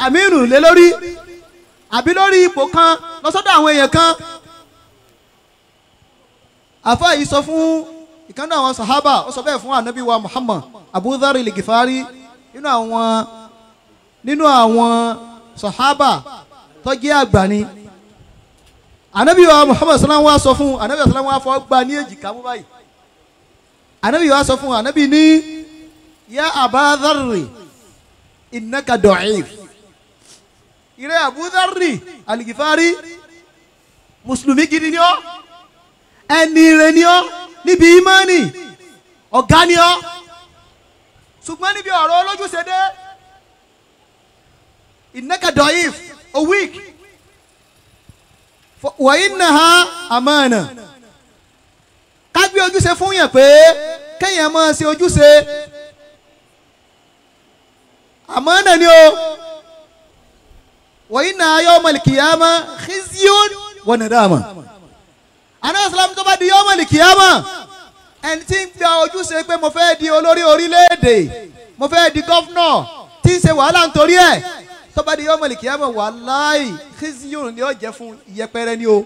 Speaker 9: àmìlù lé lórí àbí lórí ipò kan lọ́sọ́dọ̀ àwọn èèyàn kan àfa yìí sọ fún ìkànnì àwọn sahaba ó sọ bẹ́ẹ̀ fún anabi Muhammad Abu Dharr al-Ghifari nínú àwọn nínú àwọn sahaba tọ́jú àgbà ni anabi wa muhammad sallam wa sọ fún anabi wa sallam wa fọ gba ní èjìká mú báyìí anabi wa sọ fún anabi ní ya abadharri innaka da'if ìrẹ́ abudharri aligifari mùsùlùmí gidi ni ọ́ ẹni ire ni ọ́ níbi ìmánì ọ̀gá ni ọ́ ṣùgbọ́n níbi ọ̀rọ̀ olójúṣe dé innaka da'if a week. وإنها أمانة ká gbé ojúṣe fún yàn pé kéèyàn máa ṣe ojúṣe àmánà ni o wa inna yawmal qiyamah khizyun wa nadama anásàlámù tó bá di yawmal qiyamah ẹni tí ń gba ojúṣe pé mo fẹ́ di olórí orílẹ̀-èdè mo fẹ́ di gọ́fúnọ̀ tí ń ṣe wàhálà nítorí ẹ̀ tọ́ba di yọmọlì kìyàmọ̀ wàláì khizyun ni ó jẹ́ fún ìyẹpẹrẹ ni o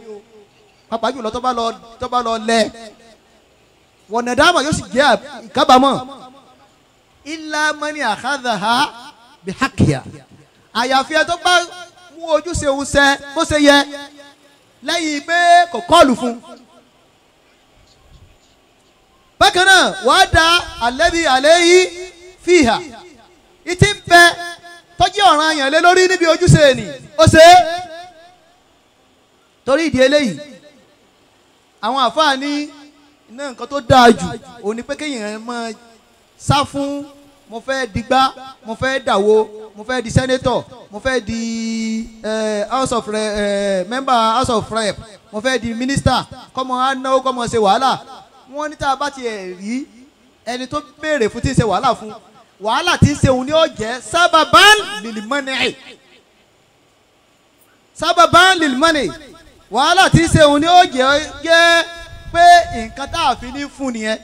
Speaker 9: pàápàá jùlọ tọ́ba lọ tọ́ba lọ lẹ̀ wọ̀nà dáàmà yóò sì jẹ́ ìkábàámọ̀ illa mani akhadhaha bihaqqiha àyàfi ẹ tó bá mú ojúṣe òun ṣẹ bó ṣe yẹ lẹ́yìn pé kò kọ́ọ̀lù fún bákan náà wàá da alẹ́bí alẹ́ yìí fìhà ìtì ń tọ́jú ọ̀ràn yàn lé lórí níbi ojúṣe ènì ó ṣe é torí ìdí eléyìí àwọn àfáà ní iná nǹkan tó dáa jù òun ni pé kéèyàn máa sá fún mo fẹ́ digbá mo fẹ́ dàwo mo fẹ́ di senator mo fẹ́ di house of member house of rep mo fẹ́ di minister kọ́mọ anáwó kọ́mọ ṣe wàhálà wọ́n ní tá a bá tiẹ̀ rí ẹni tó béèrè fún tí ń ṣe wàhálà fún wàhálà tí ń ṣe òun ni ó jẹ́ sábàbán lìlìmọ́nì sábàbán lìlìmọ́nì wàhálà tí ń ṣe òun ni ó jẹ́ jẹ́ pé nǹkan tá a fi ní fún nìyẹn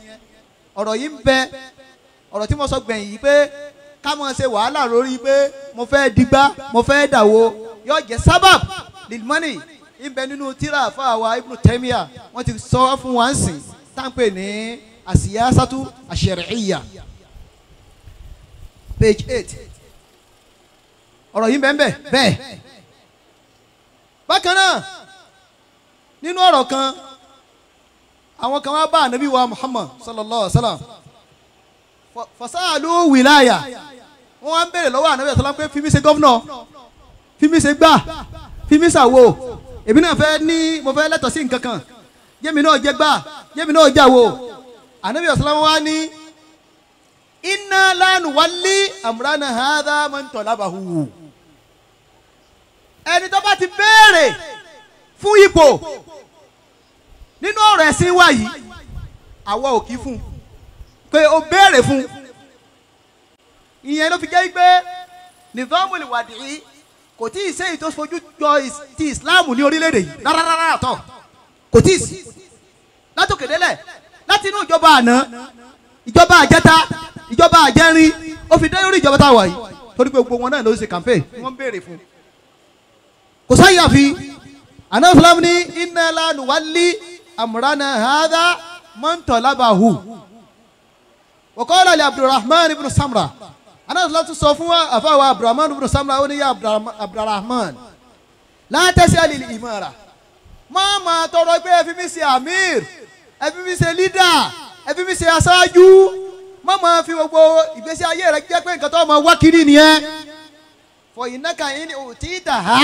Speaker 9: ọ̀rọ̀ yìí ń bẹ ọ̀rọ̀ tí mo sọ gbẹ̀yìn yìí pé ká mọ̀ ṣe wàhálà lórí pé mo fẹ́ digbá mo fẹ́ dàwó yóò jẹ́ sábàb lìlìmọ́nì ń bẹ nínú tíra àfàwà ibnu tẹ́míà wọ́n ti sọ fún wa ń sìn táǹpẹ̀ ní àsìyá sátú àṣẹ̀rẹ̀ page eight ọ̀rọ̀ yìí bẹ́ẹ̀ bẹ́ẹ̀ bákan náà nínú ọ̀rọ̀ kan àwọn kan wá bá ànábì wa Muhammad sallallahu alaihi wa sallam fasalu wilaya wọn wá ń béèrè lọ́wọ́ ànábì wa sallam pé fi mí ṣe gọ́fúnà fi mí ṣe gbà fi mí ṣàwo èmi náà fẹ́ ní mo fẹ́ lẹ́tọ̀ọ́ sí nǹkan kan yémi náà jẹ gbà yémi náà jà wo ànábì wa sallam wá ní inna la nuwalli amrana hadha man talabahu. ẹni tó bá ti béèrè fún ipò nínú ọ̀rọ̀ ẹ̀sìn wa yìí àwa ò kí fún un pé o béèrè fún un ìyẹn ló fi jẹ́ pé nizamul wadi'i kò tí ì sẹ́yìn tó fojú jọ ti islam ní orílẹ̀-èdè yìí rárá àtọ̀ kò tí ì sí látòkèdélẹ̀ láti ìjọba àná ìjọba àjẹta ìjọba àjẹrin ó fi dé lórí ìjọba tá a wà yìí torí pé gbogbo wọn náà ló ṣe campaign wọ́n béèrè fún kò sáyé àfi àná fúlàmù ní iná lánàá wà lí àmúránà hàdá mọ́ntàlábàhù wọ́kọ́lá lè abdulrahman ibn samra àná fúlàmù tún sọ fún àfàwọ̀ abdulrahman ibn samra ó ní yá abdulrahman látẹ̀sí àlìlì ìmọ̀ra máa tọrọ pé ẹ fi mí ṣe amir ẹ fi mí ṣe leader ẹ fi mí ṣe aṣáájú má máa fi gbogbo ìgbésí ayé rẹ jẹ́ pé nǹkan tó máa wá kiri nìyẹn fọyín náà kàn yín ni ò tí ì dà á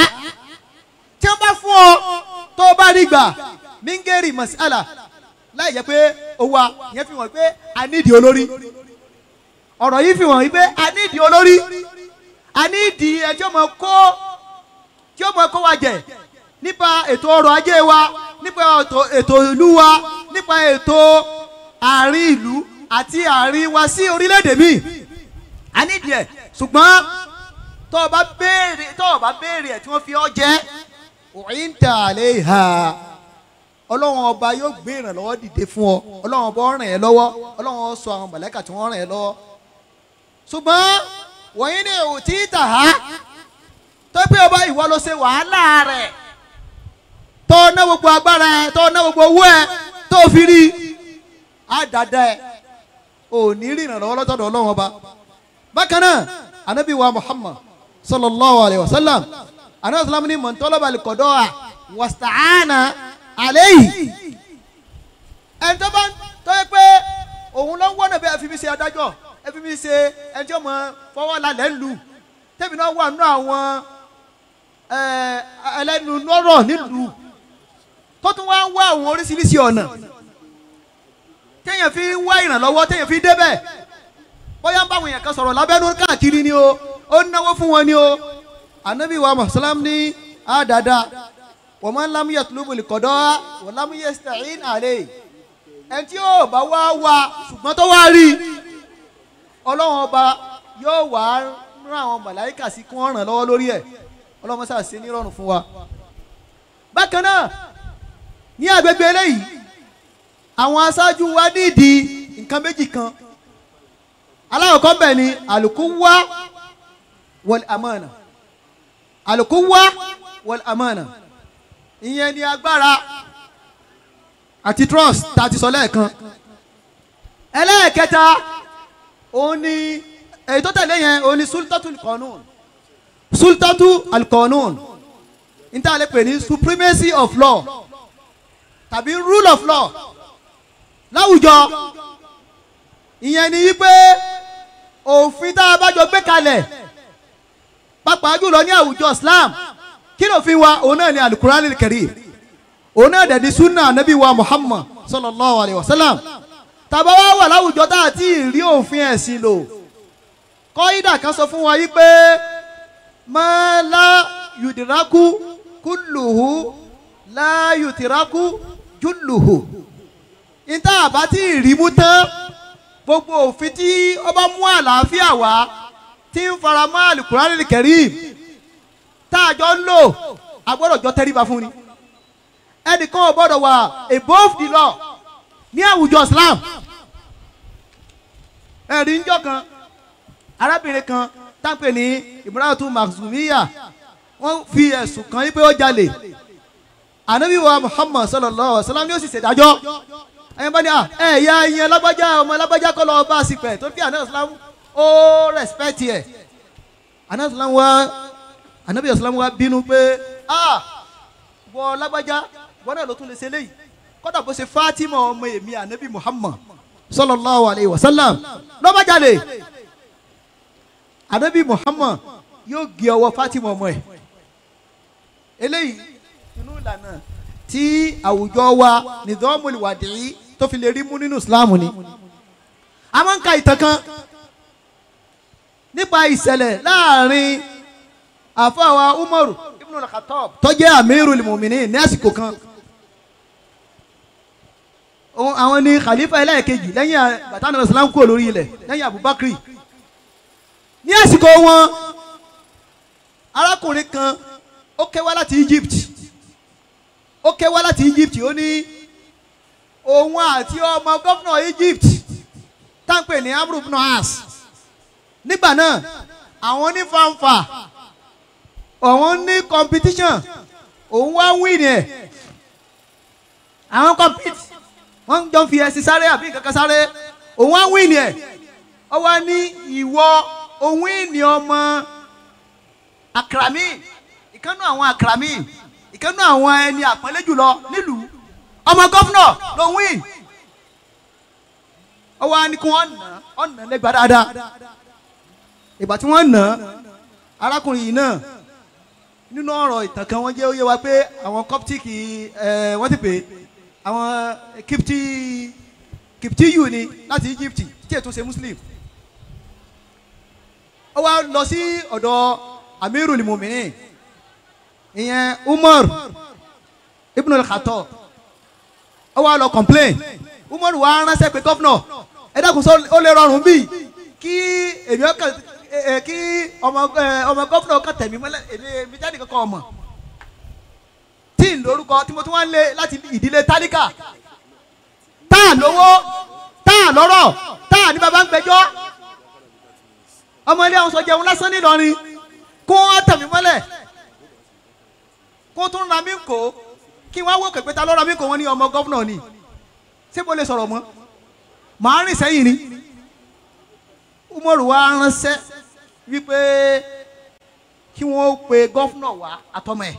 Speaker 9: tí wọ́n bá fún ọ tó bá rí gbà mingeri masala láì jẹ́ pé ó wà ìyẹn fi hàn pé a nídìí olórí ọ̀rọ̀ yìí fi hàn pé a nídìí olórí a nídìí ẹ tí ó máa kó tí ó máa kó wa jẹ nípa ètò ọrọ̀ ajé wa nípa ètò ìlú wa nípa ètò àárín ìlú àti àárín wa sí orílẹ̀-èdè mi a nídìí ẹ̀ ṣùgbọ́n tó o bá béèrè tó o bá béèrè ẹ̀ tí wọ́n fi ọ́ jẹ́ òyìn tà lè hà ọlọ́run ọba yóò gbé ìrànlọ́wọ́ dìde fún ọ ọlọ́run ọba ràn ẹ́ lọ́wọ́ ọlọ́run sọ àwọn mọ̀lẹ́kà tí wọ́n ràn ẹ́ lọ́wọ́ ṣùgbọ́n wọ̀nyí ni ò tí ì tà á tó pé ọba ìwọ ló ṣe wàhálà rẹ̀ tó ná gbogbo agbára ẹ̀ tó ná gbogbo owó ẹ̀ tó fi rí àdàdà ẹ̀ ò ní rí ìrànlọ́wọ́ lọ́tọ̀dọ̀ ọlọ́run ọba bákan náà anabi wa muhammad sallallahu alayhi wa sallam anabi sallam ni mọ̀ntọ́lọ́bàlì kọ̀dọ́ à wàstáàánà àléyìí ẹni tó bá tó yẹ pé òun ló ń wọ́nà bí ẹfi mi ṣe adájọ́ ẹfi mi ṣe ẹni tí ó mọ lu tẹ́bi náà wà nínú àwọn ẹlẹ́nu lọ́rọ̀ nílùú tó tún wá ń wá àwọn oríṣiríṣi ọ̀nà téèyàn fi wá ìrànlọ́wọ́ téèyàn fi débẹ̀ bóyá ń bá àwọn èèyàn kan sọ̀rọ̀ lábẹ́nu káàkiri ni o ó náwó fún wọn ni o anabi wa mọ̀sálám ní àdàdà wọ́n máa ń lámúyẹ̀ tùlùbùlì kọ̀dọ́ wọ́n lámúyẹ̀ stẹ̀yìn àlẹ́ ẹni tí yóò bá wá wa ṣùgbọ́n tó wá rí ọlọ́run ọba yóò wá rán àwọn màláìkà sí kí wọ́n ràn lọ́wọ́ lórí ẹ̀ ọlọ́run sàṣe nírọ̀rùn fún wa bákan náà ní agbègbè eléyìí àwọn aṣáájú wa nídìí nǹkan méjì kan aláwọ̀kọ́ bẹ̀ ni àlùkùwà wal amana àlùkùwà wal amana ìyẹn ni agbára àti trust tá a ti sọ lẹ́ẹ̀kan ẹlẹ́ẹ̀kẹta òun ni èyí tó tẹ̀lé yẹn òun ni sultatul qanun sultatu alqanun níta lè pè ní supremacy of law tàbí rule of law láwùjọ ìyẹn ni wípé òfin tá a bá jọ gbé kalẹ̀ pàápàá jùlọ ní àwùjọ Islam kí ló fi wa òun náà ni alukurani karim òun náà dẹ̀ ni sunna anabi wa Muhammad sallallahu alayhi wa sallam tàbá wá wà láwùjọ tá a ti rí òfin ẹ̀sìn lò kọ́ídà kan sọ fún wa yí mọ́lá yùdìrákú kúlùhù láyùtìrákú júlùhù níta àbá tí ìrìmú tán gbogbo òfin tí ó bá mú àlàáfíà wá tí ń fara mọ́ àlùkùránì kẹrìm tá ń lò a gbọ́dọ̀ fún ni ẹnìkan ò gbọ́dọ̀ wà above the law ní àwùjọ Islam ẹ̀rí ń jọ kan arábìnrin kan táǹpẹ̀ ní ìmúratù Makhzumiyya wọ́n fi ẹ̀sùn kan yí pé ó jalè ànábì Muhammad sallallahu alaihi wa sallam ni ó sì ṣèdájọ́ ẹ̀yin bá ní ah, ẹ̀yà ẹ̀yin alágbájá ọmọ alágbájá kọ́ lọ́ọ́ bá a sì pẹ̀ tó fi àná ìsìlámù ó rẹ̀spẹ̀tì ẹ̀ àná ìsìlámù wa ànábì ìsìlámù wa bínú pé ah, wọ alágbájá wọn náà ló tún lè ṣe léyìí kọ́dà bó ṣe Fatima ọmọ èmi ànábì Muhammad sallallahu alayhi wa sallam lọ́bàjálè ànábì Muhammad yóò gé ọwọ́ Fatima ọmọ ẹ̀ eléyìí inú ìlànà tí àwùjọ wa nìdánmọ̀lì tó fi lè rí mú nínú Islam ni a máa ń ka ìtàn kan nípa ìṣẹ̀lẹ̀ láàrin àfọwà Umaru ibn al-Khattab tó jẹ́ Amirul Mu'minin ní àsìkò kan àwọn ni khalifa ẹlẹ́ẹ̀kejì lẹ́yìn bàtà nàbẹ̀ sàlám kúrò ilẹ̀ lẹ́yìn Abubakar ní àsìkò wọn arákùnrin kan ó kẹ́wá láti Egypt ó kẹ́wá láti Egypt ó ní òun àti ọmọ gọ́fúnà Egypt táǹpẹ̀ ní amru ibn as nígbà náà àwọn ní fanfa òun ní competition òun wá win ẹ̀ àwọn compete wọ́n jọ fi ẹsìn sáré àbí kankan sáré òun wá win ẹ̀ ọ wá ní ìwọ òun ìní ọmọ Akrami. ìkànnù àwọn akrami. ìkànnù àwọn ẹni àpọ́nlé jùlọ nílùú ọmọ gọ́fúnà ló ń wí ọwọ́ anìkún ọ̀nà ọ̀nà lẹ́gbàá dáadáa ìgbà tí wọ́n nà arákùnrin yìí náà nínú ọ̀rọ̀ ìtàn kan wọ́n jẹ́ ó yé wa pé àwọn Coptic wọ́n ti pè àwọn kipti kipti yu ni láti Egypt tí ètò ṣe Muslim ó wá lọ sí ọ̀dọ̀ Amirul Muminin ìyẹn Umar ibn al-Khattab ó wá lọ complain umaru wa ránṣẹ́ pé gọ́fúnà ẹ dákun sọ ó lè rọrùn bíi kí èmi ọkàn kí ọmọ ọmọ gọ́fúnà ọkàn tẹ̀mí mọ́lẹ̀ èmi jáde kankan ọmọ tí n lórúkọ tí mo tún wá ń lé láti ìdílé tálíkà tá à lówó tá à lọ́rọ̀ tá à ní baba ń gbẹjọ́ ọmọ ilé ọ̀hún sọ jẹun lásán nílọrin kó wọn tẹ̀mí mọ́lẹ̀ kó tún ra mí kó kí wọ́n á wò kẹ̀pẹ́ ta lọ́ra mi kò wọ́n ní ọmọ gọ́fúnà ni ṣé mo lè sọ̀rọ̀ mọ́ màá rìn sẹ́yìn ni Umaru wa ránṣẹ́ wípé kí wọ́n pe gọ́fúnà wa àtọmọ ẹ̀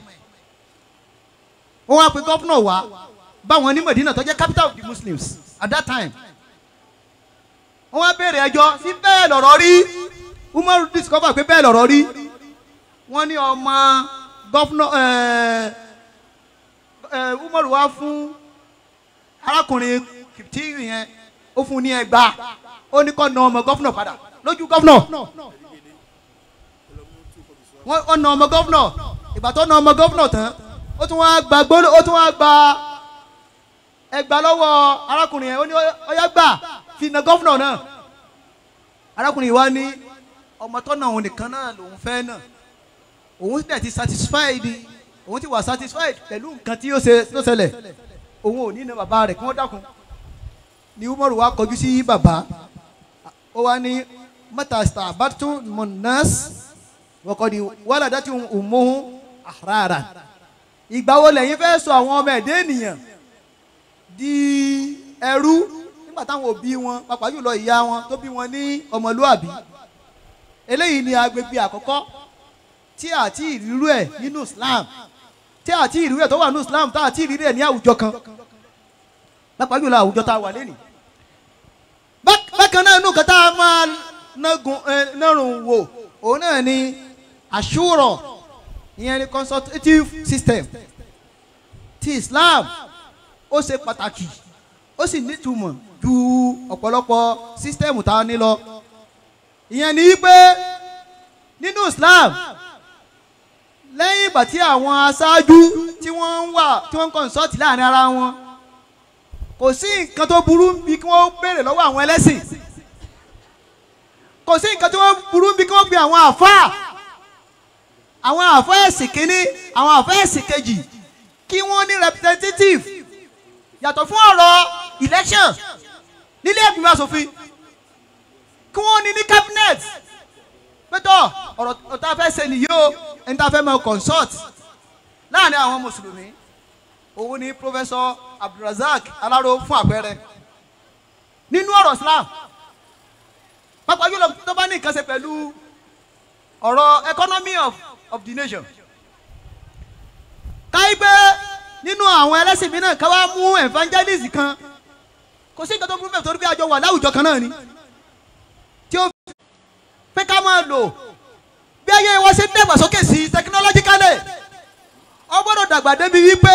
Speaker 9: wọ́n wá pe gọ́fúnà wá báwọn ní Medina tó jẹ́ capital of the Muslims at that time wọ́n wá béèrè ẹjọ́ sí bẹ́ẹ̀ lọ̀rọ̀ rí Umaru discover pé bẹ́ẹ̀ lọ̀rọ̀ rí wọ́n ní ọmọ gọ́fúnà ẹ̀ẹ́. Eh, Umar wá fún arákùnrin kìtìyù yẹn ó fún un ní ẹgbàá ó ní kó na ọmọ gọ́fúnà padà lójú gọ́fúnà wọ́n ó na ọmọ gọ́fúnà ìgbà tó na ọmọ gọ́fúnà tán ó tún wá gba gbóló ó tún wá gba ẹgbàá lọ́wọ́ arákùnrin yẹn ó ní ọyá gbà fi na gọ́fúnà náà arákùnrin yìí wá ní ọmọ tọ́nà òun nìkan náà lòun fẹ́ náà òun sì dẹ̀ ti satisfied òun ti wà satisfied pẹ̀lú nǹkan tí yóò ṣe ló ṣẹlẹ̀ òun ò ní na bàbá rẹ̀ kí wọ́n dákun ni umaru wa kọjú sí bàbá ó wá ní mọ́tàsítà àbátú mọ̀nàs wọ́kọ̀ ní wàhálà dátì òmùhún àràrà ìgbà wo lẹ́yìn fẹ́ sọ àwọn ọmọ ẹ̀dẹ́ ènìyàn di ẹrú nígbà táwọn òbí wọn pàápàá jùlọ ìyá wọn tó bí wọn ní ọmọlúàbí eléyìí ni agbègbè àkọ́kọ́ tí àti ìrírú ẹ̀ nínú Islam tẹ́ àti ìlú rẹ̀ tó wà ní Islam tá àti ìlú rẹ̀ ní àwùjọ kan lápá jùlọ àwùjọ tá a wà lẹ́nìí. bákan náà nù kan tá a máa nárùn wò òun náà ni àṣùrọ̀ ìyẹn ni consultative system ti Islam ó ṣe pàtàkì ó sì nítumọ̀ ju ọ̀pọ̀lọpọ̀ sísítẹ́ẹ̀mù tá a ní lọ ìyẹn ni wípé nínú Islam. Islam lẹ́yìn ìgbà tí àwọn aṣáájú tí wọ́n ń wà tí wọ́n ń consult láàrin ara wọn kò sí nǹkan tó burú bí kí wọ́n béèrè lọ́wọ́ àwọn ẹlẹ́sìn kò sí nǹkan tó burú bí kí wọ́n pe àwọn àfáà àwọn àfáà ẹ̀sìn kínní àwọn àfáà ẹ̀sìn kejì kí wọ́n ní representative yàtọ̀ fún ọ̀rọ̀ election nílé ìgbìmọ̀ asòfin kí wọ́n ní ní cabinet pétọ́ ọ̀rọ̀ tá a fẹ́ ṣe nìyí o ẹni tá a fẹ́ máa consult láàrin àwọn mùsùlùmí òun ni professor abdulrasaq alaro fún àpẹẹrẹ nínú ọ̀rọ̀ islam pápá yóò lọ tó bá ní nǹkan ṣe pẹ̀lú ọ̀rọ̀ economy of of the nation káyipẹ́ nínú àwọn ẹlẹ́sìn mìíràn ká wá mú evangelist kan kò sí nǹkan tó burú bẹ́ẹ̀ torí bí àjọ wà láwùjọ kan náà ni pé ká máa lò bí ayé wa ṣe ń dàgbàsókè sí technologically ó gbọ́dọ̀ dàgbà débi wípé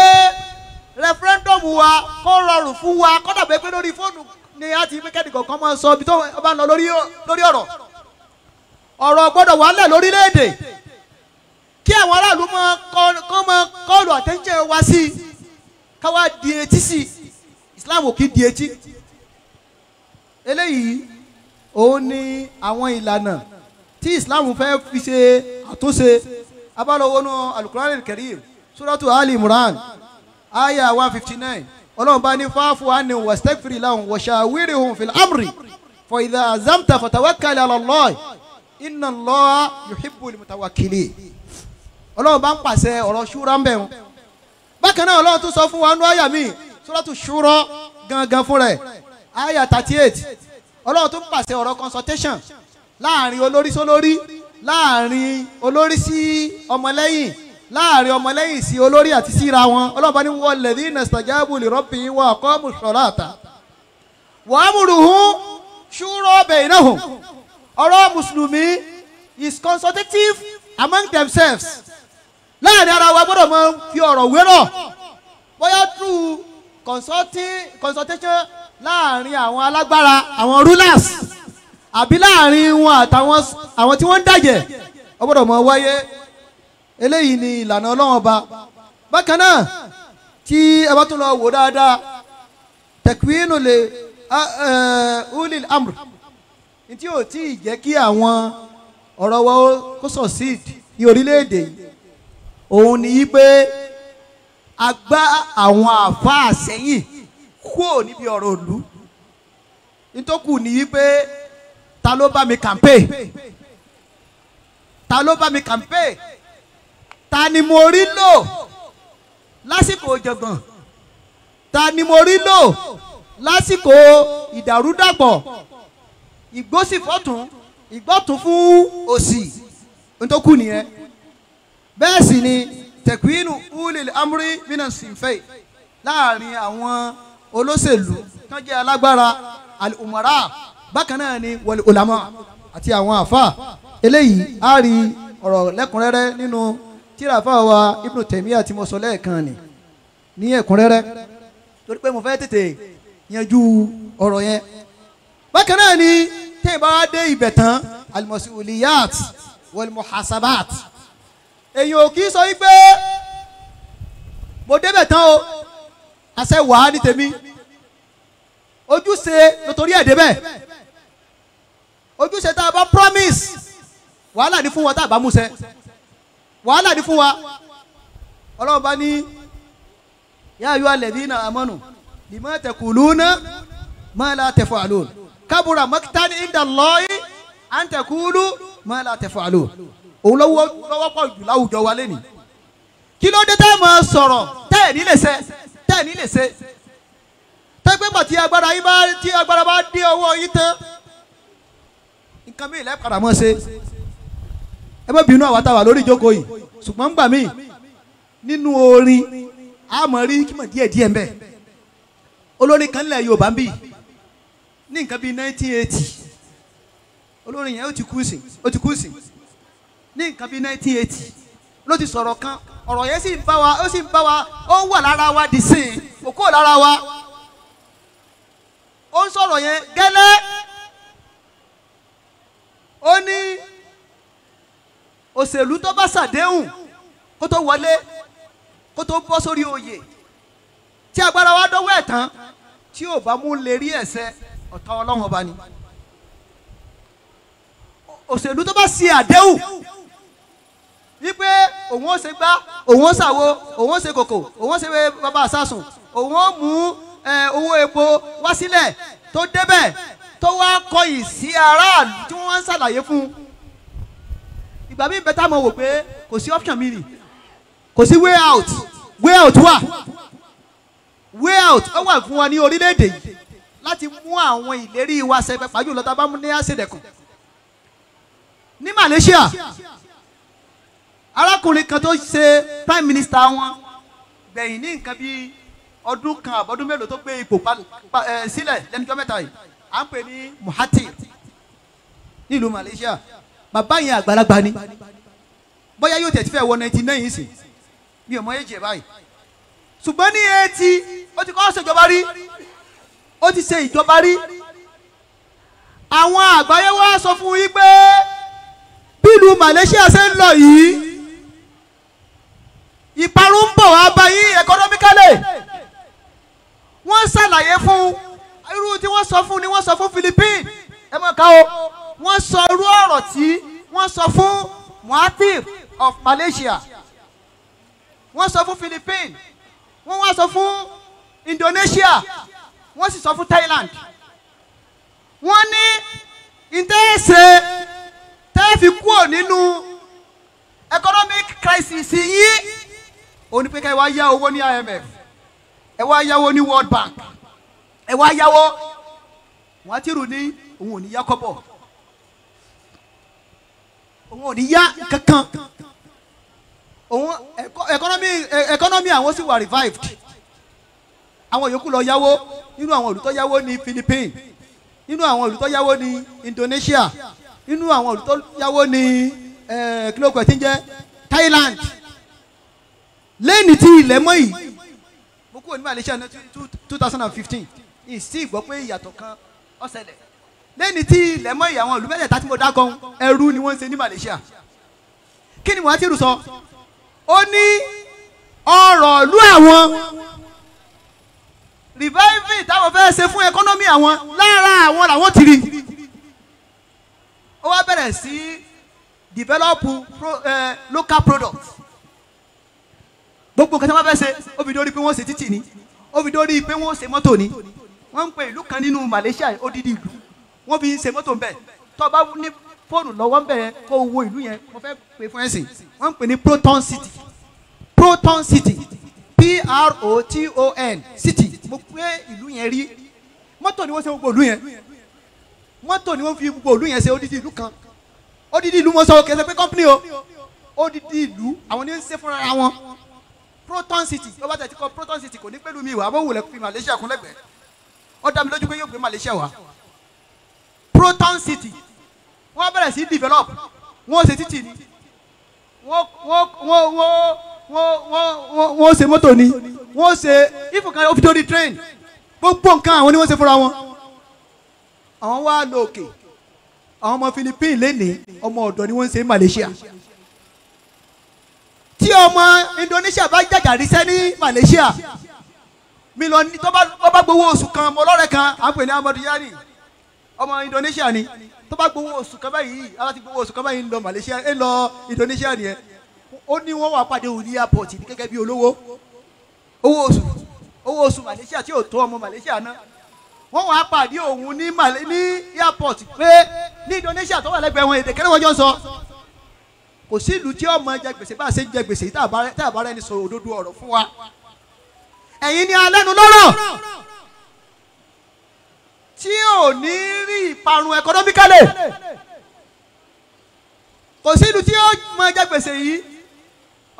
Speaker 9: referendum wa kó rọrùn fún wa kó dàbẹ́ pé lórí fóònù ni a ti kẹ́ni kọ̀ọ̀kan máa sọ ibi tó bá ń lọ lórí ọ̀rọ̀ ọ̀rọ̀ gbọ́dọ̀ wà lẹ̀ lórílẹ̀‐èdè kí àwọn aráàlú kọ́ mọ kọ́ọ̀lù àtẹ́jẹ́ wa sí i káwá di etí sí i Islam ò kí di etí eléyìí òun ni àwọn ìlànà tí Islam fẹ́ fi ṣe àtúnṣe abálọ́wọ́nú alukurani karim suratu ali imran aya one fifty nine ọlọ́run bá ní fáfù àni wàstẹ́kfìrì lahum washawirihum fil amri fa idha azamta fatawakkal ala Allah inna Allah yuhibbul mutawakkilin ọlọ́run bá ń pàṣẹ ọ̀rọ̀ ṣúra ń bẹ̀ wọn. bákan náà ọlọ́run tún sọ fún wa nú àyà mi suratu ṣúra gangan fún rẹ̀ aya thirty eight ọlọ́run tó ń pàṣẹ ọ̀rọ̀ consultation láàrin olórí sólórí láàrin olórí sí ọmọlẹ́yìn láàrin ọmọlẹ́yìn sí olórí àti síra wọn ọlọ́run bá ní wọ́n lẹ̀dí nastajabu li rabbi wa aqamu sholata wa amruhum shura bainahum ọ̀rọ̀ mùsùlùmí is consultative among themselves láàrin ara wa gbọ́dọ̀ máa fi ọ̀rọ̀ wérọ̀ bóyá through consulting consultation láàrin àwọn alágbára àwọn rulers àbí láàrin wọn àtàwọn àwọn tí wọ́n ń dàjẹ́ ó gbọ́dọ̀ mọ wáyé eléyìí ni ìlànà ọlọ́run ọba bákan náà tí ẹ bá tún lọ wò dáadáa tẹ̀kíwínú lè ulil amr tí ò tí ì jẹ́ kí àwọn ọ̀rọ̀ wa kó sọ̀ seed ní orílẹ̀-èdè yìí òun ni yí pé a gbá àwọn àfa àsẹ́yìn kúò níbi ọ̀rọ̀ òlú nítòkù ní wípé ta ló bá mi kàmpé ta ló bá mi kàmpé ta ni mo rí lò lásìkò òjọ̀gbọ̀n ta ni mo rí lò lásìkò ìdàrúdàpọ̀ ìgbósìfọ́tún ìgbọ́tún fún òsì nítòkù nìyẹn bẹ́ẹ̀ sì ni tẹ̀kùínù ulil amúrí mínà sínfẹ́ láàrin àwọn olóṣèlú kán jẹ́ alágbára al-umara bákan náà ni wal ulama àti àwọn àfa eléyìí á rí ọ̀rọ̀ lẹ́kùnrẹ́rẹ́ nínú tíra àfa wa Ibn Taymiyyah tí mo sọ lẹ́ẹ̀kan ni ní ẹ̀kúnrẹ́rẹ́ torí pé mo fẹ́ tètè yanjú ọ̀rọ̀ yẹn bákan náà ni tẹ́yìn bá dé ibẹ̀ tán al-mas'uliyat wal-muhasabat èyàn ò kì í sọ wípé mo débẹ̀ tán o àṣẹ wàá ní tèmi ojúṣe nítorí ẹ̀ débẹ̀ ojúṣe tá a bá promise wàhálà ní fún wa tá a bá mú ṣẹ wàhálà ní fún wa ọlọ́run bá ní yá ayọ́ alladhina amanu lima taquluna ma la taf'alun kabura maktan inda Allahi an taqulu ma la taf'alun òun lọ́wọ́ pọ̀ jù láwùjọ wa lẹ́nu kí ló dé tẹ́ ẹ máa sọ̀rọ̀ tẹ́ ẹ nílẹ̀ sẹ́ tẹ̀ ní lè ṣe tẹ́gbẹ́ mọ̀ tí agbára yín bá tí agbára bá dé ọwọ́ yín tán nǹkan mi ìlẹ́ padà mọ́ ṣe ẹ má bínú àwa tá a wà lórí ìjókòó yìí ṣùgbọ́n gbà mí nínú orin àmọ́ rí kí mọ̀ díẹ̀ díẹ̀ mbẹ́ olórin kan lẹ̀ Yorùbá ń bì ní nǹkan bíi 1980 olórin yẹn ó ti kú sí ó ti kú sí ní nǹkan bíi 1980 ló ti sọ̀rọ̀ kan ọ̀rọ̀ yẹn sì ń bá wa ó sì ń bá wa ó wà lára wa dì sí i kò kúrò lára wa ó ń sọ̀rọ̀ yẹn gẹ́lẹ́ ó ní òṣèlú tó bá ṣàdéhùn kó tó wọlé kó tó bọ́ sórí oyè tí agbára wa dọ́wọ́ ẹ̀ tán tí ò bá mú lè rí ẹ̀ṣẹ̀ ọ̀tá ọlọ́run ọba ni òṣèlú tó bá ṣe àdéhùn wípé òun ó ṣe gbá òun ó ṣàwo òun ó ṣe kòkò òun ó ṣe bàbá àsásùn òun ó mú owó epo wá sílẹ̀ tó débẹ̀ tó wá kọ̀yìn sí aráàlú tí wọ́n ń ṣàlàyé fún un ìgbà mi bẹ́tà mọ̀ wò pé kò sí option mi nì kò sí way out way out wà way out ó wà fún wa ní orílẹ̀-èdè yìí láti mú àwọn ìlérí wa ṣẹ pàápàá jùlọ tá a bá mú ní àṣẹ dẹ̀kùn ní Malaysia arákùnrin kan tó ṣe prime minister wọn gbẹ̀yìn ní nǹkan bíi ọdún kan àbọ̀dún mélòó tó gbé ipò sílẹ̀ lẹ́nujọ́ mẹ́ta yìí à ń pè ní Muhati nílùú Malaysia bàbá yẹn àgbàlagbà ni bóyá yóò tẹ̀sí fẹ́ wọ ninety nine sí mi ò mọ èjì ẹ̀ báyìí ṣùgbọ́n ní etí ó ti kọ́ ṣèjọba rí ó ti ṣe ìjọba rí àwọn àgbáyé wa sọ fún yín pé bílùú Malaysia ṣe ń lọ yìí ìparun ń bọ̀ wá báyìí economically wọ́n ṣàlàyé fún irú tí wọ́n sọ fún ni wọ́n sọ fún Philippines ẹ mọ̀ ká o wọ́n sọ irú ọ̀rọ̀ tí wọ́n sọ fún Muatir of Malaysia wọ́n sọ fún Philippines wọ́n wá sọ fún Indonesia wọ́n sì sọ fún Thailand wọ́n ní ìdẹ́ẹ̀sẹ̀ tẹ́ẹ̀fì kúrò nínú economic crisis yìí ó ní pé ká ẹ wá yá owó ní IMF ẹ wá yáwó ní World Bank ẹ wá yáwó wọn ti rù ní òun ò ní yá kọ́bọ̀ òun ò ní yá kankan òun economy economy àwọn sì wà revived àwọn yòókù lọ yáwó nínú àwọn olùtọ́ yáwó ní Philippines nínú àwọn olùtọ́ yáwó ní Indonesia nínú àwọn olùtọ́ yáwó ní kílókù ẹ̀ tí ń jẹ́ Thailand lẹ́ni tí ilẹ̀ mọ́ yìí mo kúrò ní Malaysia ní two thousand and fifteen yìí sí ìgbọ́ pé ìyàtọ̀ kan ó ṣẹlẹ̀ lẹ́ni tí ilẹ̀ mọ́ yìí àwọn olùmẹ́lẹ̀ta tí mo dá kan ẹrú ni wọ́n ń ṣe ní Malaysia kí ni Muhammad sọ ó ní ọ̀rọ̀ ìlú àwọn reviving táwọn fẹ́ ṣe fún ẹkọ́nọ́mì àwọn lára àwọn làwọn ti rí ó wá bẹ̀rẹ̀ sí develop pro, uh, local products gbogbo nǹkan tí wọ́n fẹ́ ṣe ó fi dórí pé wọ́n ṣe títì ni ó fi dórí pé wọ́n ṣe mọ́tò ni wọ́n ń pe ìlú kan nínú Malaysia odidi ìlú wọ́n fi ṣe mọ́tò ńbẹ̀ tó bá ní fóònù lọ́wọ́ ńbẹ̀ yẹn kó wo ìlú yẹn mo fẹ́ pe fún ẹ̀sìn wọ́n ń pè ní Proton City Proton City P-R-O-T-O-N City mo pé ìlú yẹn rí mọ́tò ni wọ́n ṣe gbogbo ìlú yẹn mọ́tò ni wọ́n fi gbogbo ìlú yẹn ṣe odidi ìlú kan odidi ìlú mo sọ kẹsẹ̀ pé company o odidi ìlú àwọn ni ó ń ṣe fúnra wọn proton city ó bá tẹ̀ ti kọ proton city kò ní pẹ̀lú mi wà abọ́wò lẹ́kùn fi malaysia kún lẹ́gbẹ̀ẹ́ ó dá mi lójú pé yóò gbé malaysia wá proton city wọ́n bẹ̀rẹ̀ sí develop wọ́n ṣe títì ni wọ́n wọ́n wọ́n wọ́n wọ́n ṣe mọ́tò ni wọ́n ṣe ìfọ̀kànlẹ̀ òfìdórí train gbogbo nǹkan àwọn ni wọ́n ṣe fúnra wọn. àwọn wá lókè àwọn ọmọ philippines lé ní ọmọ ọ̀dọ́ ni wọ́n ń ṣe malaysia. malaysia ọmọ Indonesia bá jàjà ríṣẹ́ ní Malaysia mílíọ̀nù tó bá gbowó oṣù kan mo lọ́rẹ̀ kan à ń pè ní Amadu ọmọ Indonesia ni tó bá gbowó oṣù kan báyìí aláti gbowó oṣù kan báyìí ń lọ Malaysia ń lọ Indonesia nìyẹn ó ní wọ́n wà pàdé òní airport ní gẹ́gẹ́ bí olówó owó oṣù owó oṣù Malaysia tí ò tó ọmọ Malaysia náà wọ́n wà pàdé òun ní airport pé ní Indonesia tó wà lẹ́gbẹ̀ẹ́ wọn èdè kẹ́lẹ́ wọ́n jọ sọ kò sí ìlú tí ọmọ jẹ gbèsè bá a ṣe ń jẹ gbèsè tá a bá rẹni sọ òdodo ọ̀rọ̀ fún wa ẹ̀yin ni alẹ́nu lọ́rọ̀ tí ò ní rí ìparun ẹ̀kọ́nọ́míkálẹ̀ kò sí ìlú tí ó mọ jẹ gbèsè yìí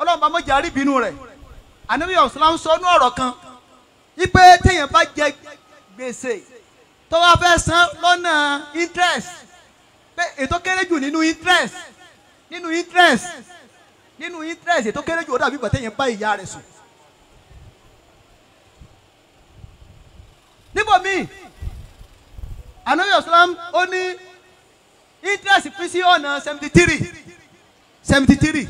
Speaker 9: ọlọ́run bá mọ̀jà rí ìbínú rẹ̀ ànábì ọ̀sán ń sọ ní ọ̀rọ̀ kan wípé téèyàn bá jẹ gbèsè tó bá fẹ́ san lọ́nà interest pé ètò kéré jù nínú interest nínú interest nínú interest ètò kéré jù ó dàbí gbàtẹ́yìn bá ìyá rẹ̀ sùn. níbo mi anabi islam ó ní interest pín sí ọ̀nà seventy three seventy three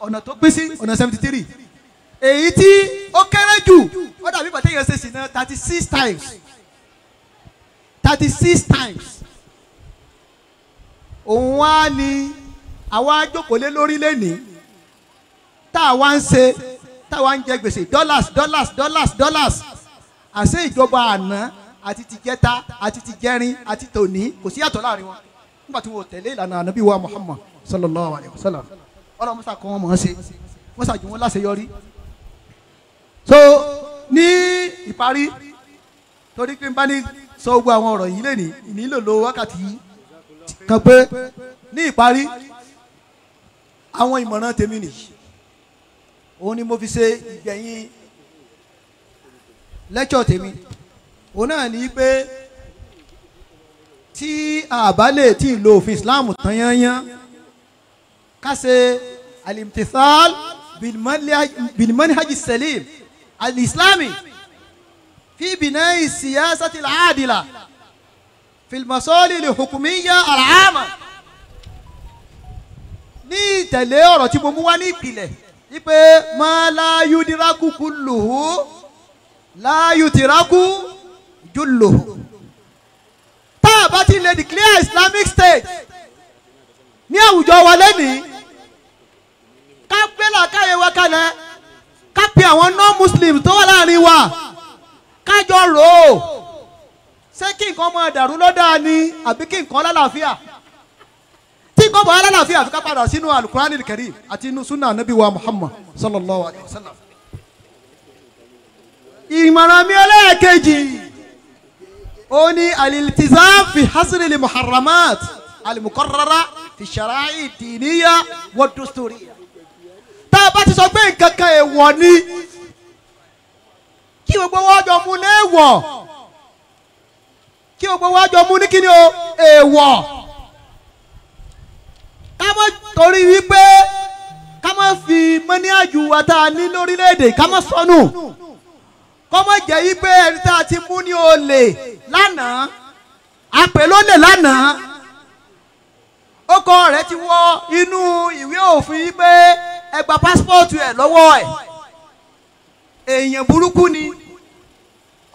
Speaker 9: ọ̀nà tó pín sí ọ̀nà seventy three èyí tí ó kéré jù ó dàbí gbàtẹ́yìn ṣe sí náà thirty six times thirty six times òun wá ní àwa jókòólé lórí lẹ́nìí tá a wá ń ṣe tá a wá ń jẹ gbèsè dollars dollars dollars dollars àṣé ìjọba àná àti tìjẹta àti tìjẹrin àti tòní kò sí yàtọ̀ láàrin wọn nígbà tí wọn ò tẹ̀lé ìlànà ànábì wa Muhammad sallallahu alayhi wa sallam ọlọ́run mọ́sá kan wọn mọ̀ ọ́n ṣe wọ́n ṣàjù wọn so ní ìparí torí pé n bá ní sọ gbogbo àwọn ọ̀rọ̀ yìí lè ìnílò lo wákàtí yìí kan pé ní ìparí àwọn ìmọ̀ràn tèmi nìyí òun ni mo fi ṣe ìgbẹ̀yìn lẹ́kṣọ̀ tèmi òun náà ní pé tí àbálẹ̀ tí ìlò òfin Islam tán yányán ká ṣe alimtisal bilmanhaji salim alislami fi binayi siyasati al-adila. في lè hùkùmí yá àràámà ní ìtẹ̀lé ọ̀rọ̀ tí mo mú wá ní ìpìlẹ̀ wípé máa láyú diraku kú lòó láyú tìraku jù lòó tá a bá ti lè declare Islamic State ní àwùjọ wa lẹ́nìí ká gbé làákàyè wa kalẹ̀ ká pe àwọn non-muslims tó wà láàrin wa ká jọ rò ó ṣé kí nǹkan máa dàrú lọ́dà ni àbí kí nǹkan lálàáfíà tí nǹkan bá lálàáfíà àfi ká padà sínú alukurani karim àti inú sunna anabi wa muhammad sallallahu alayhi wa sallam. ìmọ̀ràn mi ẹlẹ́ẹ̀kejì ó ní aliltizam fi hasri li muharramat alimukorara fi shara'i diniya wa dusturiya. tá a bá ti sọ pé nǹkan kan èèwọ̀ ni kí gbogbo wọn jọ mú léèwọ̀ kí gbogbo wa jọ mú ní kíni o èèwọ̀ ká mọ̀ torí wípé ká mọ̀ fi mọ́ní àjù wa tá a ní lórílẹ̀‐èdè ká mọ̀ sọnù kó mọ̀ jẹ́ wípé ẹni tá a ti mú ní olè lánàá àpè lólè lánàá ọkọ rẹ̀ ti wọ inú ìwé òfin wípé ẹ gba pásítọ̀tù ẹ̀ lọ́wọ́ ẹ̀ èèyàn burúkú ni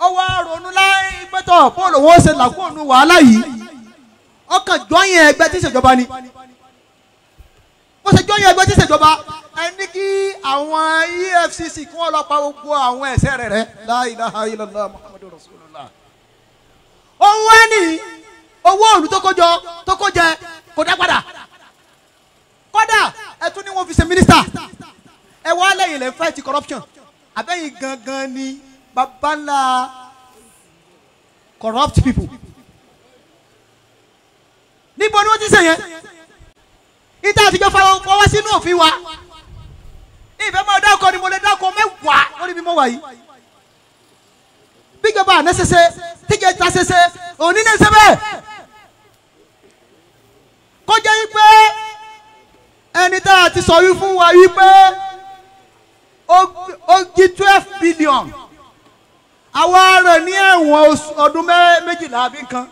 Speaker 9: ọwọ́ ronú láì pẹ́tọ̀ bóòlù wọn ṣe làkúnù wàhálà yìí ọkàn jọyìn ẹgbẹ́ tí ìṣèjọba ni bó ṣe jọyìn ẹgbẹ́ tí ìṣèjọba ẹ ní kí àwọn EFCC kí wọ́n lọ pa gbogbo àwọn ẹ̀ṣẹ̀ rẹ̀ rẹ̀ la ilaha illallah muhammadur rasulullah. owó ẹni owó òòlù tó kójọ tó kójẹ kò dá padà kódà ẹ tún ní wọn fi ṣe mínísítà ẹ wá lẹ́yìn lẹ fẹ́ ti corruption àbẹ́yìn gangan ni Babala corrupt people níbo ni wọ́n ti ṣe yẹn ìta àtijọ́ fọwọ́ sínú òfin wa ìfẹ́ máa dákọ̀ ni mo lè dákọ̀ mẹ́wàá lórí mi mọ́ wáyé bíjọba àná ṣẹṣẹ tíjẹ ta ṣẹṣẹ òní ní ṣe bẹ́ẹ̀ kó jẹ́ wípé ẹni tá a ti sọ wí fún wa wípé ó jí twelve billion àwọn ará ní ẹ̀wọ̀n ọdún méjìlá bí kan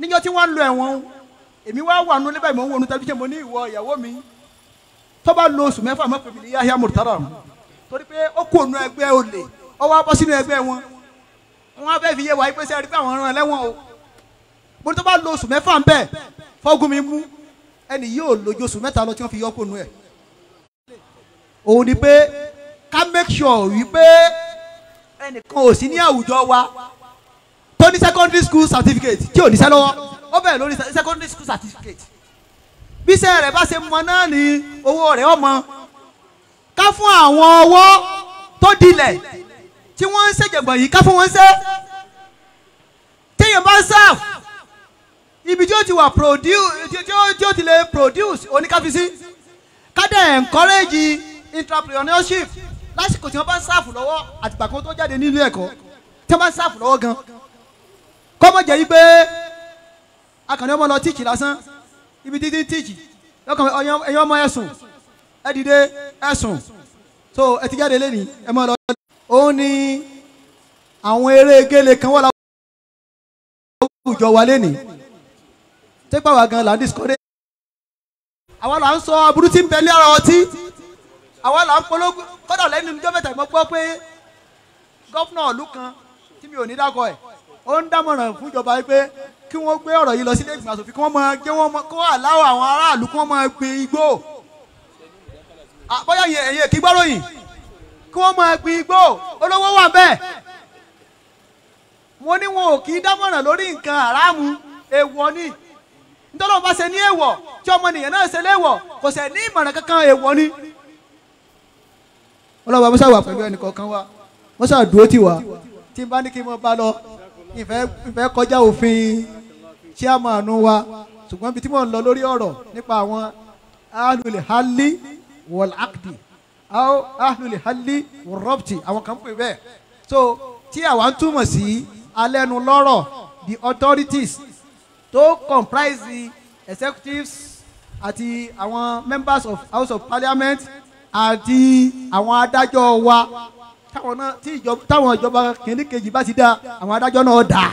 Speaker 9: níjọ́ tí wọ́n ń lo ẹ̀wọ̀n o èmi wá wà nínú lébàá ìmọ̀ ń wọnú tẹ́lifíṣàn mo ní ìwọ ìyàwó mi tó bá lo oṣù mẹ́fà mọ́ pèmí ní yahya murtala torí pé ó kò nu ẹgbẹ́ olè ó wá bọ́ sínú ẹgbẹ́ wọn wọn fẹ́ fi yé wa ìpèsè àríkà àwọn ọ̀ràn ẹlẹ́wọ̀n o mo ní tó bá lo oṣù mẹ́fà ń bẹ̀ fọ́gùn mi mú ẹnì yóò lójú oṣù mẹ́ta lọ tí wọ́n fi yọ kó nu ẹ̀ òun ni pé ká make sure wípé ẹnìkan ò sí ní àwùjọ wa tó ní secondary school certificate tí ò níṣẹ́ lọ́wọ́ ó bẹ̀rẹ̀ lórí secondary school certificate bíṣẹ́ rẹ̀ bá ṣe mọ náà ní owó rẹ̀ ọmọ ká fún àwọn ọwọ́ tó dilẹ̀ tí wọ́n ń ṣèjẹ̀gbọ̀n yìí ká fún wọn ṣe téèyàn bá serve ibi tí ó ti wà produce tí ó ti lè produce oníkàfíìsì ká dẹ̀ encourage entrepreneurship lásìkò tí wọ́n bá ń sáàfù lọ́wọ́ àtìgbà kan tó jáde nílé ẹ̀kọ́ tí wọ́n bá ń sáàfù lọ́wọ́ gan kọ́mọ jẹ́ yí pé akànnì ọmọ lọ tíìkì lásán ibi títí tíìkì lọ́kàn ẹ̀yin ọmọ ẹ̀sùn ẹ̀ dìde ẹ̀sùn so ẹ̀ ti jáde lẹ́nìí ẹ̀ mọ́ lọ. ó ní àwọn eré gele kan wà láwùjọ wa lẹ́nìí tẹ́pẹ́ wa gan là ń discourage àwa là ń sọ aburú ń bẹ lé ara ọtí àwa là ń polówó kọ́dà lẹ́nu ní jọ́mẹ́ta ìmọ̀ gbọ́ pé gọ́fúnà ọ̀lú kan tí mi ò ní dákọ̀ ẹ̀ ó ń dámọ̀ràn fún pé kí wọ́n gbé ọ̀rọ̀ yìí lọ sílé ìgbìmọ̀ asòfin kí wọ́n máa gé wọ́n kó àláwọ̀ àwọn aráàlú kí wọ́n máa gbin igbó bóyá ẹ̀yìn èkì gbọ́ròyìn kí wọ́n máa gbin igbó olówó wà bẹ́ẹ̀ wọ́n ní wọn ò kì í dámọ̀ràn lórí nǹkan àràmù èèwọ̀ ni nítorí wọn bá ṣe ní èèwọ̀ tí ọmọ nìyẹn náà ṣe léèwọ̀ kò ṣe ní ìmọ̀ràn kankan èèwọ̀ ni ọlọ́wọ́ musa wà pẹ̀lú ẹnì kọ̀ọ̀kan wa musa dúró tì wá tí n bá ní kí n mọ bá lọ ìfẹ́ kọjá òfin chairman wa ṣùgbọ́n ibi tí mò ń lọ lórí ọ̀rọ̀ nípa àwọn ahlul hali wal akdi ahlul hali wal rọ́pti àwọn kan pè bẹ́ẹ̀ so tí àwa ń túmọ̀ sí alẹ́nu lọ́rọ̀ the authorities tó comprise the executives àti àwọn members of house of parliament àti àwọn adájọ́ wa táwọn ìjọba kìnìún kejì bá ti dá àwọn adájọ́ náà dá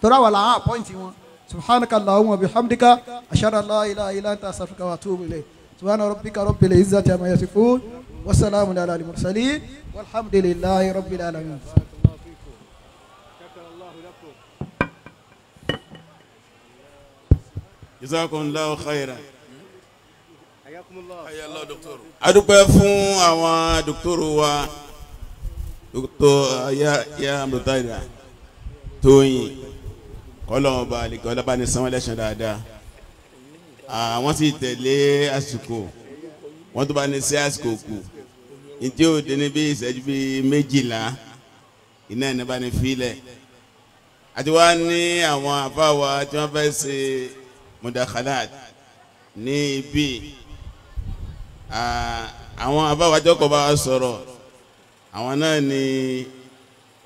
Speaker 9: tọ́lá wà láwọn àpọ́ǹtì wọn subhanaka allahumma bihamdika ashhadu an la ilaha illa anta astaghfiruka wa atubu ilayk subhana rabbika rabbil izzati amma yasifun wa salamun ala al mursalin walhamdulillahi rabbil alamin.
Speaker 8: jazakumullahu khairan adúpẹ́ fún àwọn dòkítọ́rù wa dòkítọ́ ayá amúdáyà tóyìn kọ́lọ́ọ̀bà àlìkọ́ lábáni sanwó ẹlẹ́sìn dáadáa àwọn sì tẹ̀lé àsìkò wọ́n tó bá ní sí àsìkò kù ǹjẹ́ ò dé níbi ìṣẹ́jú bíi méjìlá iná ẹ̀ ní bá ní fílẹ̀ àti wá ní àwọn àfáwà tí wọ́n fẹ́ ṣe mudakhalat ní ibi àwọn abáwájọkọ̀ bá wa sọ̀rọ̀ àwọn náà ni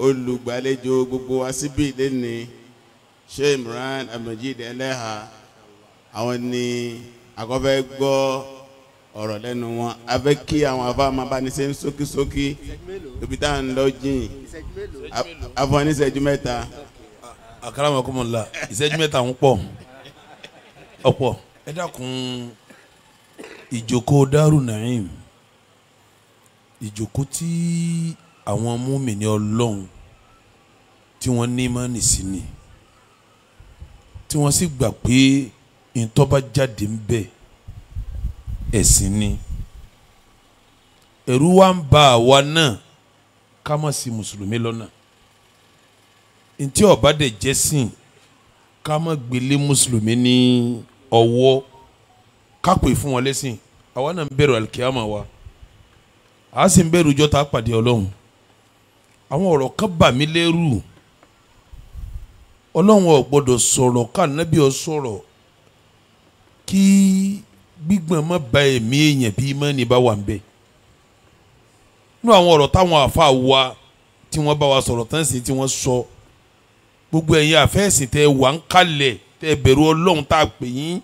Speaker 8: olùgbàlejò gbogbo wa síbí lẹ́ni Sheikh Imran Abdulmajid Eleha àwọn ni àkọ́fẹ́ gbọ́ ọ̀rọ̀ lẹ́nu wọn a fẹ́ kí àwọn afá máa bá ní ṣe ń ṣókíṣókí ibi tá à ń lọ jìn afọ ní ìṣẹ́jú mẹ́ta.
Speaker 1: àkàrà ọmọkùnrin la ń pọ̀ ọ̀pọ̀ ẹ dákun ìjókòó Daaru Naim ìjókòó tí àwọn múmìnì ọlọ́run tí wọ́n ní máa nìsí ni tí wọ́n sì gbà pé ìtọ́ba jáde ń bẹ ẹ̀sìn ni ẹ̀rú wa ń ba àwa náà ká má sí mùsùlùmí lọ́nà ntí ọba dẹ̀ jẹ́ sìn ká má gbélé mùsùlùmí ní ọwọ́ ká pè fún wọn lẹ́sìn àwa náà ń bẹ̀rù alikiyama wa a sì ń bẹ̀rù jọ́ta pàdé ọlọ́run àwọn ọ̀rọ̀ kan bà mí lẹ́rù ọlọ́run ò gbọ́dọ̀ sọ̀rọ̀ kànábì ò sọ̀rọ̀ kí gbígbọ́n má ba ẹ̀mí èèyàn bí mọ́ni bá wà ń bẹ̀ nínú àwọn ọ̀rọ̀ táwọn àfa wa tí wọ́n bá wa sọ̀rọ̀ tán sí tí wọ́n sọ gbogbo ẹ̀yin àfẹ́sìn tẹ́ wà ń kalẹ̀ tẹ́ bẹ̀rù ọlọ́run tá a pè yín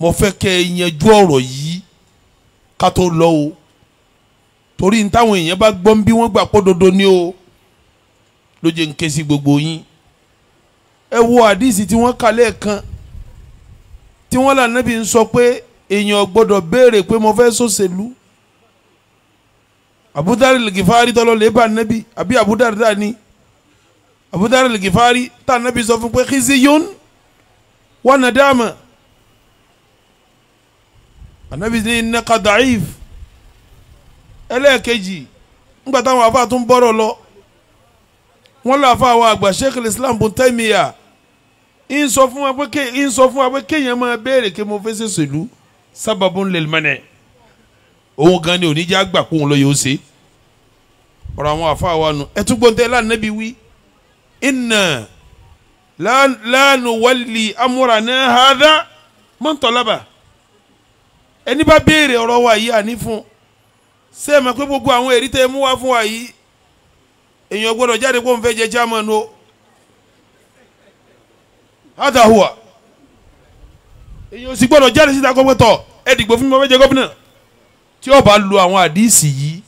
Speaker 1: mo fẹ́ kẹ́ ẹ yanjú ọ̀rọ̀ yìí ká tó lọ o torí ní táwọn èèyàn bá gbọ́ bí wọ́n gbà pọ́ dodo ni o ló jẹ́ ń ké sí gbogbo yín ẹ wo àdìsí tí wọ́n kà lẹ́ẹ̀kan tí wọ́n là nábì ń sọ pé èèyàn gbọ́dọ̀ béèrè pé mo fẹ́ sòṣèlú abudari ligifari tọ́lọ́ lè bá nábì àbí abudari dà ní abudari ligifari tá nábì sọ fún pé kí sí yón wà nà dáàmà anabi ní innaka da'if ẹlẹ́ẹ̀kejì ńgbà táwọn afa tún bọ́rọ̀ lọ wọ́n lọ afa àwọn àgbà sheikh islam bun taymiya ń sọ fún wa pé ń sọ fún wa pé kéèyàn máa béèrè kí mo fẹ́ ṣe sèlú sábàbù ńlẹ̀lmánẹ̀ òun gan ni òní jẹ́ àgbà kóun lọ yóò ṣe ọ̀rọ̀ àwọn afa wa nù ẹ̀ lánàbí wí inna la amúra náà hàdá man talaba ẹni bá béèrè ọ̀rọ̀ wa yìí àní fún ṣé ẹ mọ̀ pé gbogbo àwọn èrí tẹ́ ẹ mú wá fún wa yìí èèyàn gbọ́dọ̀ jáde kó n fẹ́ jẹ chairman o hádà hùwà èèyàn sì gbọ́dọ̀ jáde síta kó pẹ́tọ̀ ẹ dìgbò fún mi wọ́n fẹ́ jẹ gómìnà tí ó bá lu àwọn àdìsí yìí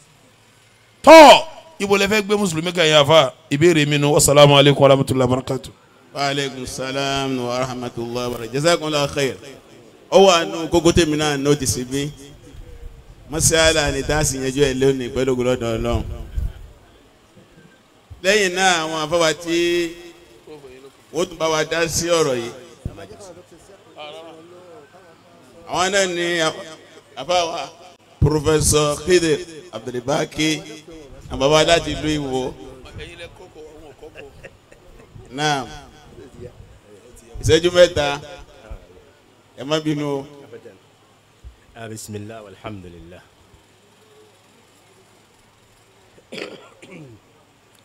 Speaker 1: tọ́ ibo lẹ fẹ́ gbé mùsùlùmí kan yà fa ìbéèrè mi nu wasalaamu alaykum wa rahmatulahi wa barakatu.
Speaker 8: wa aleykum salaam wa rahmatulahi wa barakatu. jazakumullahu khair ó wà nù kókó tèmi náà nọ́ọ̀tìsì bí mọ́sálà ni dáàsì yẹn jọ ẹ̀ lónìí pẹ̀lú ògùlọ́dọ̀ ọlọ́run lẹ́yìn náà àwọn afọwà tí wọ́n tún bá wa dá sí ọ̀rọ̀ yìí àwọn náà ni afọwà pòfẹsọ Khidir Abdulbaki àbábá láti ìlú Ìwó
Speaker 3: náà ìṣẹ́jú mẹ́ta. ما بينو ابدا آه، بسم الله والحمد لله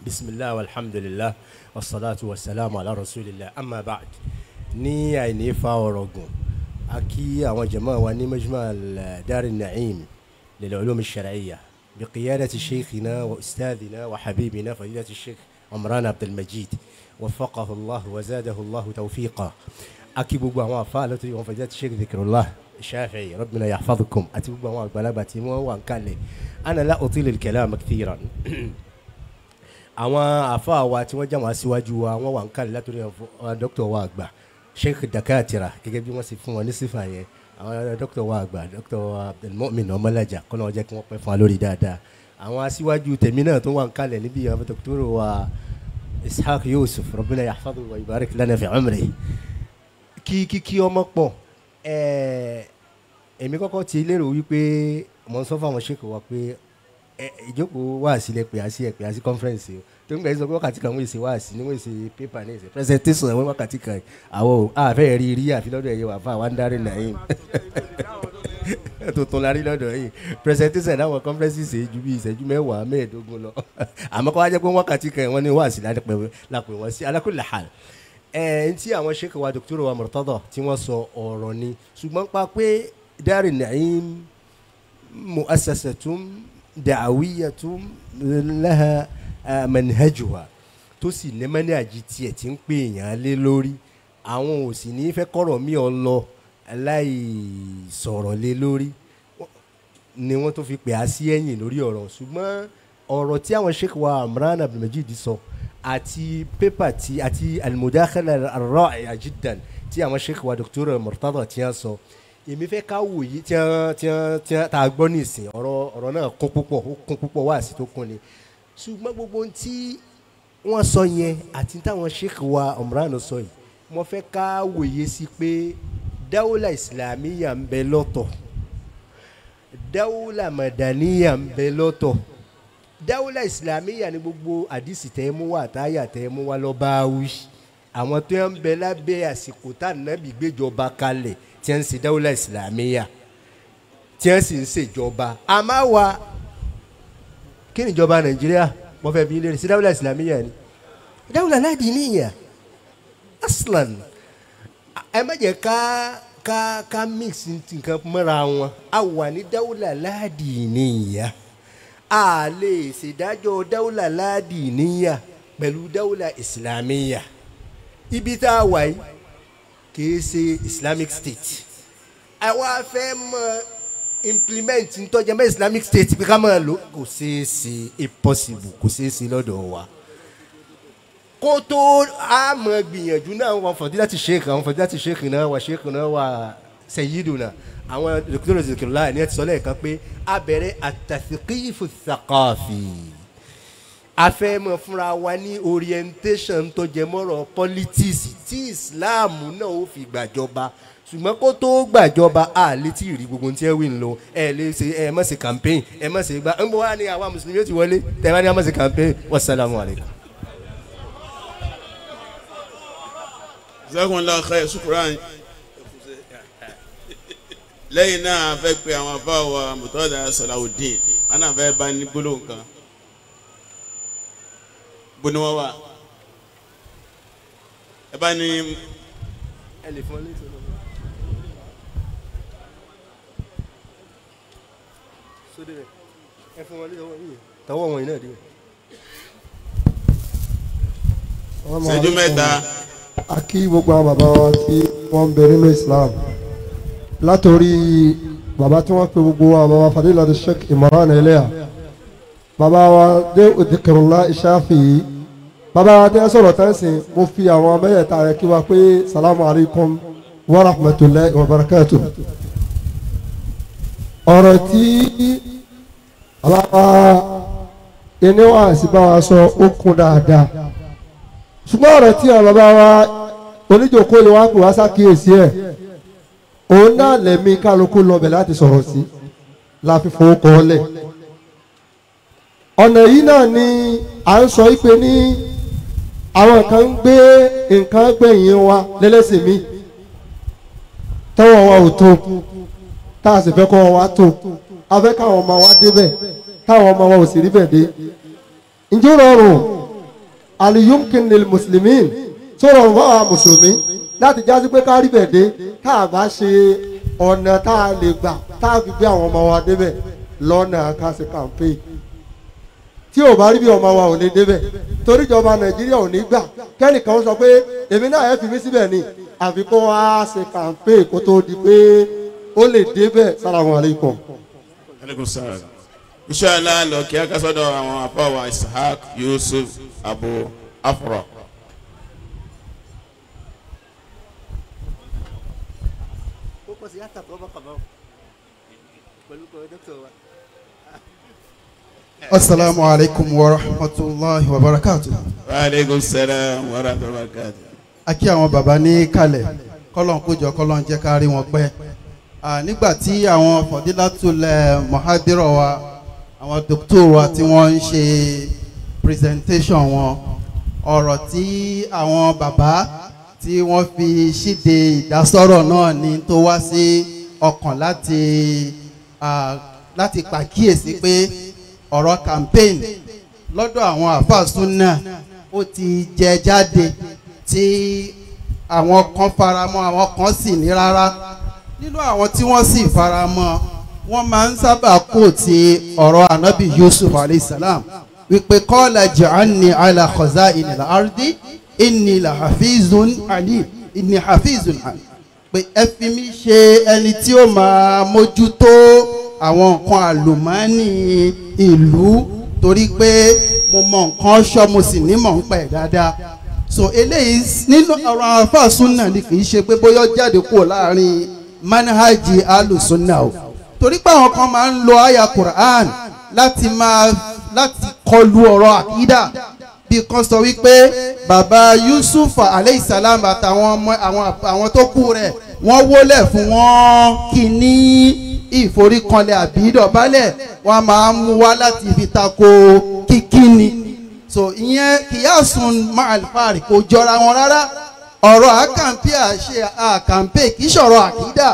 Speaker 3: بسم الله والحمد لله والصلاة والسلام على رسول الله أما بعد ني أي نيفا أكي أو جماعة واني مجمع دار النعيم للعلوم الشرعية بقيادة شيخنا وأستاذنا وحبيبنا فضيلة الشيخ عمران عبد المجيد وفقه الله وزاده الله توفيقا akí gbogbo àwọn àfa lọ́tọ́ ìwọ̀n fẹ̀jẹ̀ Sheikh Dhikrullah Shafi'i Rabbina yahfazukum àti gbogbo àwọn àgbàlagbà tí wọ́n wà ń kalẹ̀ ana la utilu al-kalam kathiran àwọn àfa wa tí wọ́n jàmọ̀ aṣíwájú wa wọ́n wà ń kalẹ̀ látọ̀rọ̀ dókítà wa àgbà Sheikh Dakatira gẹ́gẹ́ bí wọ́n ṣe fún wọn ní sífà yẹn àwọn dókítà wa àgbà dókítà Abdulmumin Ọmọlájà kọ́nà ọjọ́ kí wọ́n pẹ́ fún wa lórí dáadáa àwọn aṣíwájú tèmi náà tó wà ń kalẹ̀ níbi àwọn dókítà wa Ishaq Yusuf Rabbina yahfazuhu wa yubarik lana fi kí kíkí ọmọ pọ̀ èmi kọ́kọ́ ti lérò wípé mo ń sọ fáwọn ṣèkò wa pé ìjókòó wà sílẹ̀ pé àṣì ẹ̀ pé àṣì conference o tó ń gbà yín sọ pé wákàtí kan wọ́n èsì wá sí ni wọ́n èsì paper ní èsì presentation wọ́n wákàtí kan àwọ̀ àfẹ́ rí rí àfi lọ́dọ̀ ẹ̀yẹ wà fún àwọn dárí náà yìí tuntun la rí lọ́dọ̀ yìí presentation náwọn conference ṣe ju bí ìṣẹ́jú mẹ́wàá mẹ́ẹ̀ẹ́dógún lọ àmọ́ kọ́ wá jẹ́ pé wákàtí kan wọ́n ní wá sí lápẹ̀ wọ́n sí alákùnrin làhàlì ẹ̀ ń tí àwọn sheikh wa dr wa Murtada tí wọ́n sọ ọ̀rọ̀ ni ṣùgbọ́n pa pé Daaru Naim mu'assasatun da'awiyyatun laha manhajuha tó sì ní mẹ́nẹ́àjì tiẹ̀ tí ń pè èèyàn lé lórí àwọn ò sì ní fẹ́ kọ́rọ̀ mi ọ lọ láì sọ̀rọ̀ lé lórí ni wọ́n tó fi pè á sí ẹ̀yìn lórí ọ̀rọ̀ ṣùgbọ́n ọ̀rọ̀ tí àwọn sheikh wa Imran Abdulmajid sọ so, àti pépà tí àti al-mudakhala ar-ra'i'a jiddan tí àwọn sheikh wa Dr. Murtada tí wọ́n sọ èmi fẹ́ ká wòye tí wọ́n tí wọ́n tí wọ́n tá a gbọ́ nísìn ọ̀rọ̀ ọ̀rọ̀ náà kún púpọ̀ ó kún púpọ̀ wá sí tó kún ni ṣùgbọ́n gbogbo ohun tí wọ́n sọ yẹn àti táwọn sheikh wa Umran sọ yìí mo fẹ́ ká wòye sí pé dáwọ́là ìsìlámíyà ń bẹ lọ́tọ̀ dáwọ́là màdàníyà ń bẹ lọ́tọ̀ dáwọ́lá ìsìlámíyà ni gbogbo àdìsí tẹ́ mú wá àtàyà tẹ́ mú wá lọ bá wí àwọn tó ń bẹ lábẹ́ àsìkò tá nàbì gbéjọba kalẹ̀ tí wọ́n ń ṣe dáwọ́lá ìsìlámíyà tí wọ́n sì ń ṣèjọba àmọ́ wa kí ni ìjọba nàìjíríà wọ́n fẹ́ bí ilé rẹ̀ sí dáwọ́lá ìsìlámíyà ni dáwọ́lá láti níyà aslan ẹ má jẹ́ ká ká ká mix nǹkan mọ́ra wọn a wà ní dáwọ́lá láti níyà a lè ṣèdájọ́ dáúlà ládìníyà pẹ̀lú dáúlà ìsìlámíyà ibi tá a wà yìí kìí ṣe islamic state àwa fẹ́ mọ implement ntọ́jẹ́ mọ́ islamic state pé ká máa lò kò ṣeé ṣe impossible kò ṣeé ṣe lọ́dọ̀ wa kó tó a mọ̀ gbìyànjú náà wọn fọ̀dí láti ṣe kan fọ̀dí láti ṣe kan náà wà ṣe kan náà wà sẹ́yìdù náà àwọn dòkítọ́rọ̀ zikiri láì ní ẹ ti sọ lẹ́ẹ̀kan pé a bẹ̀rẹ̀ àtàsíkìyìfù sàkọ́ọ̀fì a fẹ́ mọ̀ fúnra wa ní orientation tó jẹ mọ́rọ̀ politics tí Islam náà ó fi gbàjọba ṣùgbọ́n kó tó gbàjọba a lè tí rí gbogbo tí ẹ wí ń lọ ẹ lè ṣe ẹ má ṣe campaign ẹ má ṣe gbá ń bọ̀ wá ní àwa mùsùlùmí yóò ti wọlé tẹ̀ wá ní a má ṣe campaign wassalamu alaikum.
Speaker 8: zakunla khair sukuran lẹ́yìn náà a fẹ́ pe àwọn afá wa mọ̀tọ́dà sọ̀làwùdín wọn náà fẹ́ bá ní gbólóhùn kan gbóni wọn wà
Speaker 3: ẹ bá ní. ẹ lè fọ́n létí ọ̀dọ́. sódè rẹ̀ ẹ fún wọn létí ọwọ́ yìí tọwọ́ wọn yìí náà dé. ṣẹ́jú mẹ́ta.
Speaker 2: a kí gbogbo àwọn bàbá wa tí wọ́n ń bẹ nínú Islam látòrí bàbá tí wọ́n pe gbogbo wa bàbá fadilati sheikh imran eleha bàbá wa dé òdìkìrùnlá ìṣáfì yìí bàbá tí wọ́n sọ̀rọ̀ tẹ́sìn mo fi àwọn mẹ́yẹ̀ta rẹ̀ kí wa pé salamu alaykum wa rahmatulahi wa barakatuh ọ̀rọ̀ tí aláwa ẹni wà sí bá wa sọ ó kún dáadáa ṣùgbọ́n ọ̀rọ̀ tí bàbá wa oníjókòó ni wọ́n á pè wá sákìyèsí ẹ̀ òun náà lẹ̀mí kálukú lọ́bẹ̀ láti sọ̀rọ̀ sí la fi fowó kọ́ lẹ̀ ọ̀nà yìí náà ni à ń sọ pé ní àwọn kan ń gbé nǹkan gbẹ̀yìn wa lẹ́lẹ́sìn mi tọ́wọ́ wa ò tó tá a sì fẹ́ kọ́ wa tó a fẹ́ káwọn ọmọ wa débẹ̀ táwọn ọmọ wa ò sì rí bẹ̀ dé ǹjẹ́ rọrùn aliyumkin lil muslimin tó rọrùn fáwọn mùsùlùmí láti jásí pé ká rí bẹ̀ dé tá a bá ṣe ọ̀nà tá a lè gbà tá a fi gbé àwọn ọmọ wa débẹ̀ lọ́nà ká ṣe campaign tí ò bá rí bí ọmọ wa ò lè débẹ̀ torí ìjọba nàìjíríà ò ní gbà kẹ́nìkan sọ pé èmi náà ẹ fi mí síbẹ̀ ni àfi kó ṣe campaign kó tó di pé ó lè débẹ̀ salamu alaykum. aleykum salaam kí
Speaker 8: a kásọdọ àwọn àfọwà Ishaq Yusuf Abu Afro.
Speaker 10: asalaamu alaykum wa rahmatulahi wa barakatu.
Speaker 8: wa aleykum salaam wa rahmatulahi wa barakatu.
Speaker 10: a kí àwọn bàbá ní kalẹ̀ kọ́lọ́n kójọ kọ́lọ́n jẹ́ ká rí wọn pẹ́. nígbà tí àwọn fọ̀dílátulẹ̀ eh, mọ̀hádìrọ̀ wa àwọn dókítà wa tí wọ́n ń ṣe presentation wọn ọ̀rọ̀ tí àwọn bàbá tí wọ́n fi ṣíde ìdásọ́rọ̀ náà ni tó wá sí ọkàn láti pàkíyèsí pé ọ̀rọ̀ campaign lọ́dọ̀ àwọn àfàsúnà ó ti jẹ jáde tí àwọn kan faramọ́ àwọn kan sì ní rárá nínú àwọn tí wọ́n sì faramọ́ wọ́n máa ń sábà kó ti ọ̀rọ̀ anabi Yusuf alayhisalam wípé kọ́ọ̀lá ja'anni ala khaza'in al-ardi inni la hafizun alim inni hafizun alim pé ẹ fi mí ṣe ẹni tí ó máa mójútó àwọn nǹkan àlùmọ́ọ́nì ìlú torí pé mo mọ nǹkan ṣọ́ mo sì ní mọ̀ ń pẹ̀ dáadáa so eléyìí nínú ọ̀rọ̀ àwọn afáàsúnà ni kì í ṣe pé bóyá jáde kúrò láàrin manhaji alùsúnà o torí pé àwọn kan máa ń lo àyà Quran láti máa láti kọlu ọ̀rọ̀ àkídà bí kan sọ wípé bàbá Yusuf aleyhisalaam àtàwọn ọmọ àwọn àwọn tó kú rẹ̀ wọ́n wólẹ̀ fún wọn kìíní ìforíkanlẹ̀ àbí ìdọ̀bálẹ̀ wọ́n máa ń mú wá láti fi tako kíkíni so ìyẹn kìyàsùn máa fàárì kò jọra wọn rárá ọ̀rọ̀ àkànpé àṣẹ àkànpé kì í ṣọ̀rọ̀ àkídà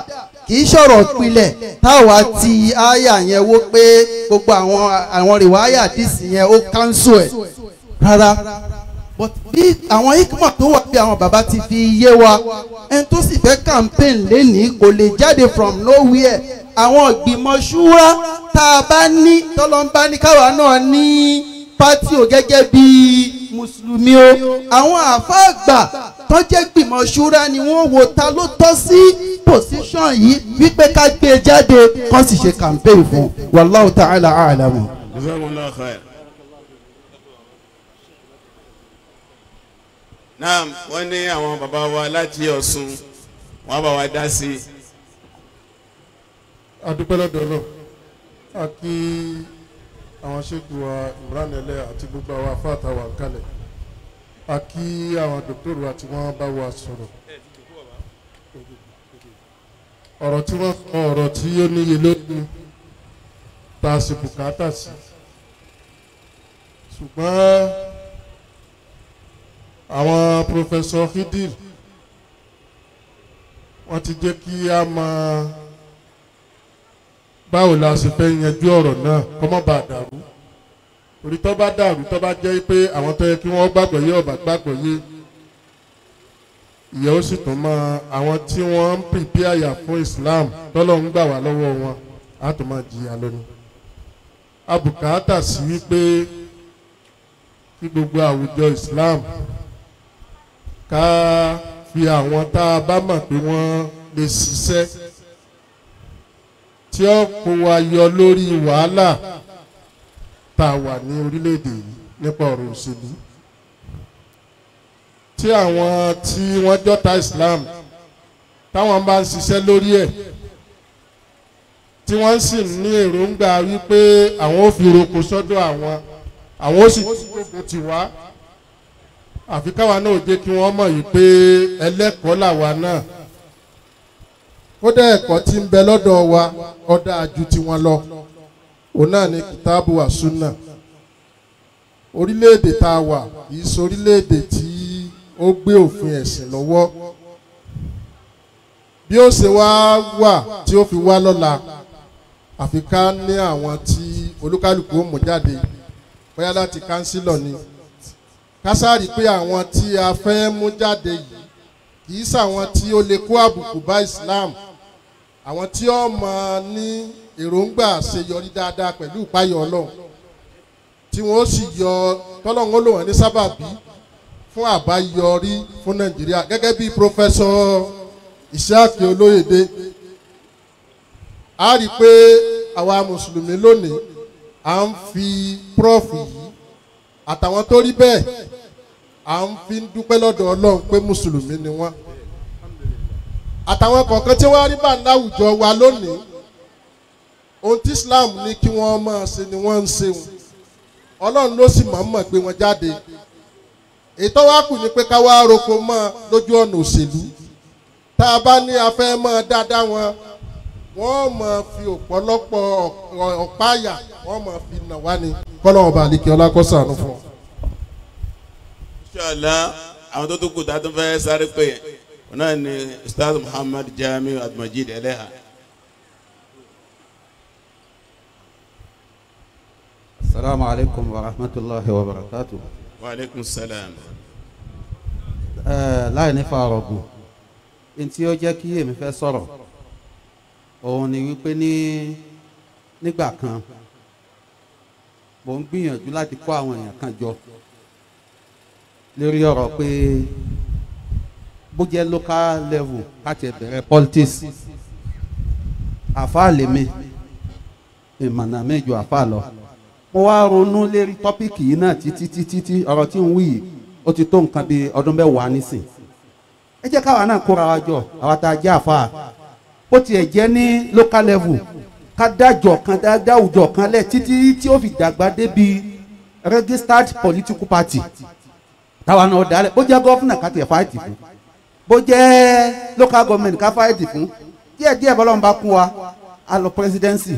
Speaker 10: kì í ṣọ̀rọ̀ pilẹ̀ táwa ti àyà yẹn wó pé gbogbo àwọn àwọn rìwáyà dìsì yẹn ó káńsù ẹ̀ rárá but bí àwọn hikma tó wà bí àwọn bàbá ti fi yé wa ẹni tó sì fẹ́ campaign lénìí kò lè jáde from nowhere àwọn ìgbìmọ̀ ṣúra tá a bá ní tọ́lọ́mbá ní káwa náà ní pátì ò gẹ́gẹ́ bí mùsùlùmí o àwọn àáfàá àgbà tó jẹ́ gbìmọ̀ ṣúra ni wọ́n wò ta ló tọ́ sí pòsíṣàn yìí wípé ká gbé e jáde kán sì ṣe kàmpéyì fún wallahu ta'ala a'lam. naam
Speaker 8: wọ́n ní àwọn bàbá wa láti Ọ̀ṣun wọ́n bá wa dá sí i
Speaker 5: adúpẹ́lọ́dọ̀ọ́lọ́ àti àwọn ṣéèkù wa Imran Ele àti gbogbo àwọn afáàtà wà kalẹ̀ àti àwọn dòkítọ́rù àti wọ́n bá wa sọ̀rọ̀ ọ̀rọ̀ tí wọ́n sọ ọ̀rọ̀ tí ó níye lórí ta sí bùkátà sí ṣùgbọ́n àwọn pòfẹ́sọ Khidir wọ́n ti jẹ́ kí a máa báwo la ṣe fẹ́ yanjú ọ̀rọ̀ náà kó má bàa dàrú torí tó bá dàrú tó bá jẹ́ pé àwọn tó yẹ kí wọ́n gbàgbọ́ yé ọ̀bà gbàgbọ́ yé ìyẹ́ sì tún mọ àwọn tí wọ́n ń pèpè àyà fún Islam tọ́lọ́ ń gbà wá lọ́wọ́ wọn á tún máa jìyà lónìí abùkátà sí wípé kí gbogbo àwùjọ Islam ká fi àwọn tá a bá mọ̀ pé wọ́n lè ṣiṣẹ́ tí ó kó wa yọ lórí wàhálà tá a wà ní orílẹ̀-èdè yìí nípa ọ̀rọ̀ òṣèlú tí àwọn tí wọ́n jọ́ta Islam táwọn bá ń ṣiṣẹ́ lórí ẹ̀ tí wọ́n sì ní èròǹgbà wípé àwọn ò fi roko sọ́dọ̀ àwọn àwọn ó sì gbogbo tì wá àfi káwa náà jẹ́ kí wọ́n mọ̀ yìí pé ẹlẹ́kọ̀ọ́ làwa náà kódà ẹ̀kọ́ tí ń bẹ lọ́dọ̀ wa ó dáa ju tiwọn lọ òun náà ni kìtàbù àsúnà orílẹ̀-èdè tá a wà kì í ṣe orílẹ̀-èdè tí ó gbé òfin ẹ̀sìn lọ́wọ́ bí ó ṣe wá wà tí ó fi wá lọ́la àfi ká ní àwọn tí olúkálùkù ó mú jáde bóyá láti kánsílọ̀ ni kásáàrí pé àwọn tí a fẹ́ mú jáde yìí kì í ṣàwọn tí ó lè kó àbùkù bá Islam àwọn tí ó máa ní èròǹgbà ṣèyọrí dáadáa pẹ̀lú ìpáyọ̀ ọlọ́run tí wọ́n sì yọ tọ́lọ́run ó lò wọ́n ní sábàbí fún àbáyọrí fún nàìjíríà gẹ́gẹ́ bí pọfẹ́sọ ìṣáàkì olóyèdè a rí i pé àwa mùsùlùmí lónìí à ń fi prof yìí àtàwọn tó rí bẹ́ẹ̀ à ń fi dúpẹ́ lọ́dọ̀ ọlọ́run pé mùsùlùmí ni wọ́n àtàwọn kọ̀ọ̀kan tí wọ́n rí bá láwùjọ wa lónìí ohun tí Islam ní kí wọ́n máa ṣe ni wọ́n ń ṣe wọn Ọlọ́run ló sì máa ń mọ̀ pé wọ́n jáde ètò wa kù ni pé ká wá roko mọ́ lójú ọ̀nà òṣèlú tá a bá ní afẹ́ mọ́ dáadáa wọn wọ́n máa fi ọ̀pọ̀lọpọ̀ ọ̀páyà wọ́n máa fi nà wá ni kọ́lọ́wọ́n bá lè kí ọlá kọ́ sànù fún ọ. àwọn tó tún kù
Speaker 8: tá a tún fẹ́ sáré pé yẹn náà ni Ustaz Muhammad Jamiu Abdulmajid Eleha.
Speaker 10: Assalamu alaikum wa rahmatullahi wa barakatuh.
Speaker 8: Wa alaikum salam.
Speaker 10: Láì ní fàárọ̀gùn, in tí ó jẹ́ kí èmi fẹ́ sọ̀rọ̀, òun ni wípé ní nígbà kan, mo ń gbìyànjú láti kó àwọn èèyàn kan jọ lórí ọ̀rọ̀ pé bó jẹ́ local level láti ẹ̀bẹ̀rẹ̀ politics àfáà lèmi ìmọ̀nà mẹ́jọ àfáà lọ mo wá ronú lérí tọ́píìkì yìí náà títí títí tí ọ̀rọ̀ tí ń wí yìí ó ti tó nǹkan bíi ọdún mẹ́wàá nísìn ẹ jẹ́ káwa náà kóra wa jọ àwa tá a jẹ́ àfáà bó tiẹ̀ jẹ́ ní local level ká dájọ́ kan dá àwùjọ kan lẹ̀ títí tí ó fi dàgbà débi registered political party táwa náà dálẹ̀ bó jẹ́ gọ́fúnà ká tiẹ̀ fáìtì fún un bó jẹ́ local government ká fáìtì fún díẹ̀ díẹ̀ bọ́lọ́run bá kún wa a lọ presidency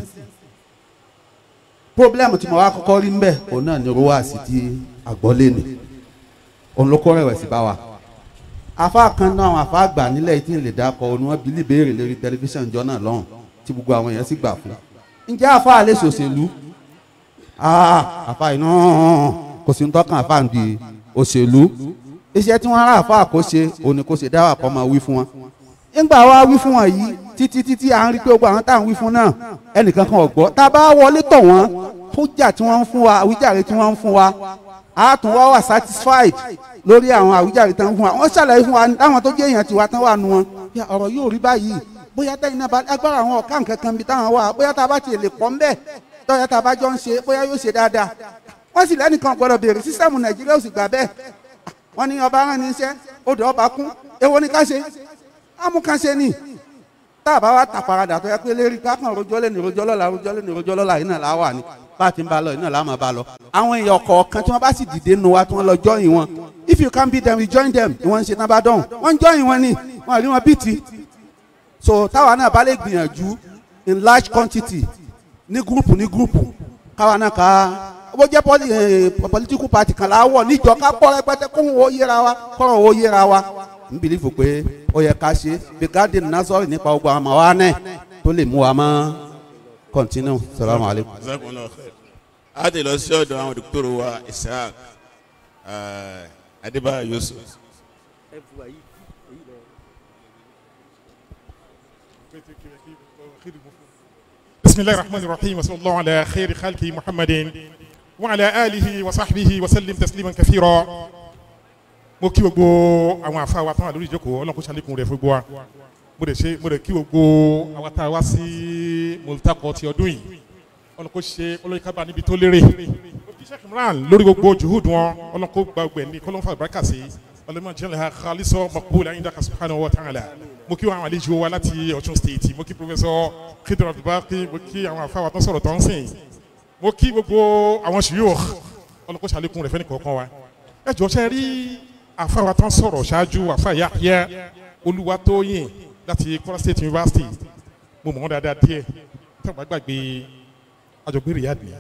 Speaker 10: problem tí mo wá kọ́kọ́ rí ń bẹ̀ òun náà ni owó àsìtì àgbọ́lé ni òun ló kọ́ rẹ̀wẹ̀sì bá wa afa kan náà àwọn afa àgbà nílẹ̀ tí ń lè dákọ òun wọn bí lè béèrè lórí tẹlifíṣàn jọ náà lọ́hùn tí gbogbo àwọn èèyàn sì gbà fún ǹjẹ́ afa àlẹ́ sòṣèlú afa iná kò sí ń tọ́kàn afa ń di òṣèlú iṣẹ́ tí wọ́n rà fún àkóṣe òní kò ṣe dáwà kọ́ máa wí fún wọn. ńgbà wa wí fún wọn yìí títí títí à ń rí pé gbogbo àwọn tá à ń wí fún náà ẹnìkan kan ò tá a bá wọlé tọ̀ wọ́n fújà tí wọ́n ń fún wa àwíjàre tí wọ́n ń fún wa a tún wá wà satisfied lórí àwọn àwíjàre tí wọ́n ń fún wa wọ́n ṣàlàyé fún wa táwọn tó jẹ́ èèyàn wa tán wà nu wọn ọ̀rọ̀ yóò rí báyìí bóyá tẹ́yìn náà agbára àwọn ọ̀ká nǹkan kan bíi táwọn wà bóyá tá a bá tiẹ̀ lè pọ̀ ńbẹ̀ tọ́yà tá a bá jọ ń ṣe bóyá yóò ṣe dáadáa wọ́n sì lẹ́nìkan gbọ́dọ̀ béèrè sísẹ́mù nàìjíríà ò sì gbà bẹ́ẹ̀ wọ́n ní ọba rán ní iṣẹ́ odò ọba kún èwo ni ká ṣe amúkànṣe ni tá a bá wa tàparadà tó yẹ pé lérí kákan rojọ́ lẹ́nu rojọ́ lọ́la rojọ́ lẹ́nu rojọ́ lọ́la yìí náà la wà ní bá a ti ń ba lọ yìí náà la máa ba lọ. àwọn èèyàn kọ̀ọ̀kan tí wọ́n bá sì dìde nu wa tí wọ́n lọ jọ́yìn wọn if you can beat them you join them ni wọ́n ń ṣe náà bá dọ̀hún wọ́n ń jọ́yìn wọn ni wọ́n rí wọn bìtì. so táwa náà bá lè gbìyànjú in large quantity ní gúrùpù ní gúrùpù káwa náà ká bó jẹ́ eh, political party kan la wọ̀ níjọ ká pọ̀ rẹpẹtẹ kó wọ́n yẹra wa kọ́rọ̀ wọ́n yẹra wa n bìlífù pé ó yẹ ká ṣe bí gáàdì nasọ́ọ̀rì nípa ogun àmọ́ wa náà tó lè mú wa mọ́ continue salamu alaykum.
Speaker 8: a ti lọ sí ọ̀dọ̀ àwọn dókítà wa Isaac eh, Adébáyọ̀ Yusuf.
Speaker 11: بسم الله الرحمن الرحيم وصلى الله على خير خلقه محمد وعلى آله وصحبه وسلم تسليما كثيرا mo kí gbogbo àwọn àfa wa tán lórí ìjókòó ọlọ́run kó ṣàlékún rẹ̀ fún gbogbo wa mo lè ṣe mo lè kí gbogbo àwọn tá a sí mọ̀lítàkọ̀ ti ọdún yìí ọlọ́run kó ṣe ọlọ́run kábà níbi tó lérè lórí gbogbo juhud wọn ọlọ́run kó gba ọgbẹ́ ní kọ́lọ́n fà bàrákà sí ọlọ́run jẹ́ lẹ́ha khalisọ makbul ayindaka subhanahu wa ta'ala mo kí àwọn mo kí àwọn àfa wa tán sọ̀rọ̀ mo kí gbogbo àwọn ṣùyọ́ ọlọ́kọ́ ṣàlékún rẹ̀ fẹ́ni kọ̀ọ̀kan wa ẹ jọ ṣe rí àfáwà tán sọ̀rọ̀ ṣáájú àfáà Yahya Olúwatóyìn láti Kwara State University mo mọ̀ wọ́n dáadáa díẹ̀ tẹ́wọ́n gbàgbé àjọgbére yá nìyà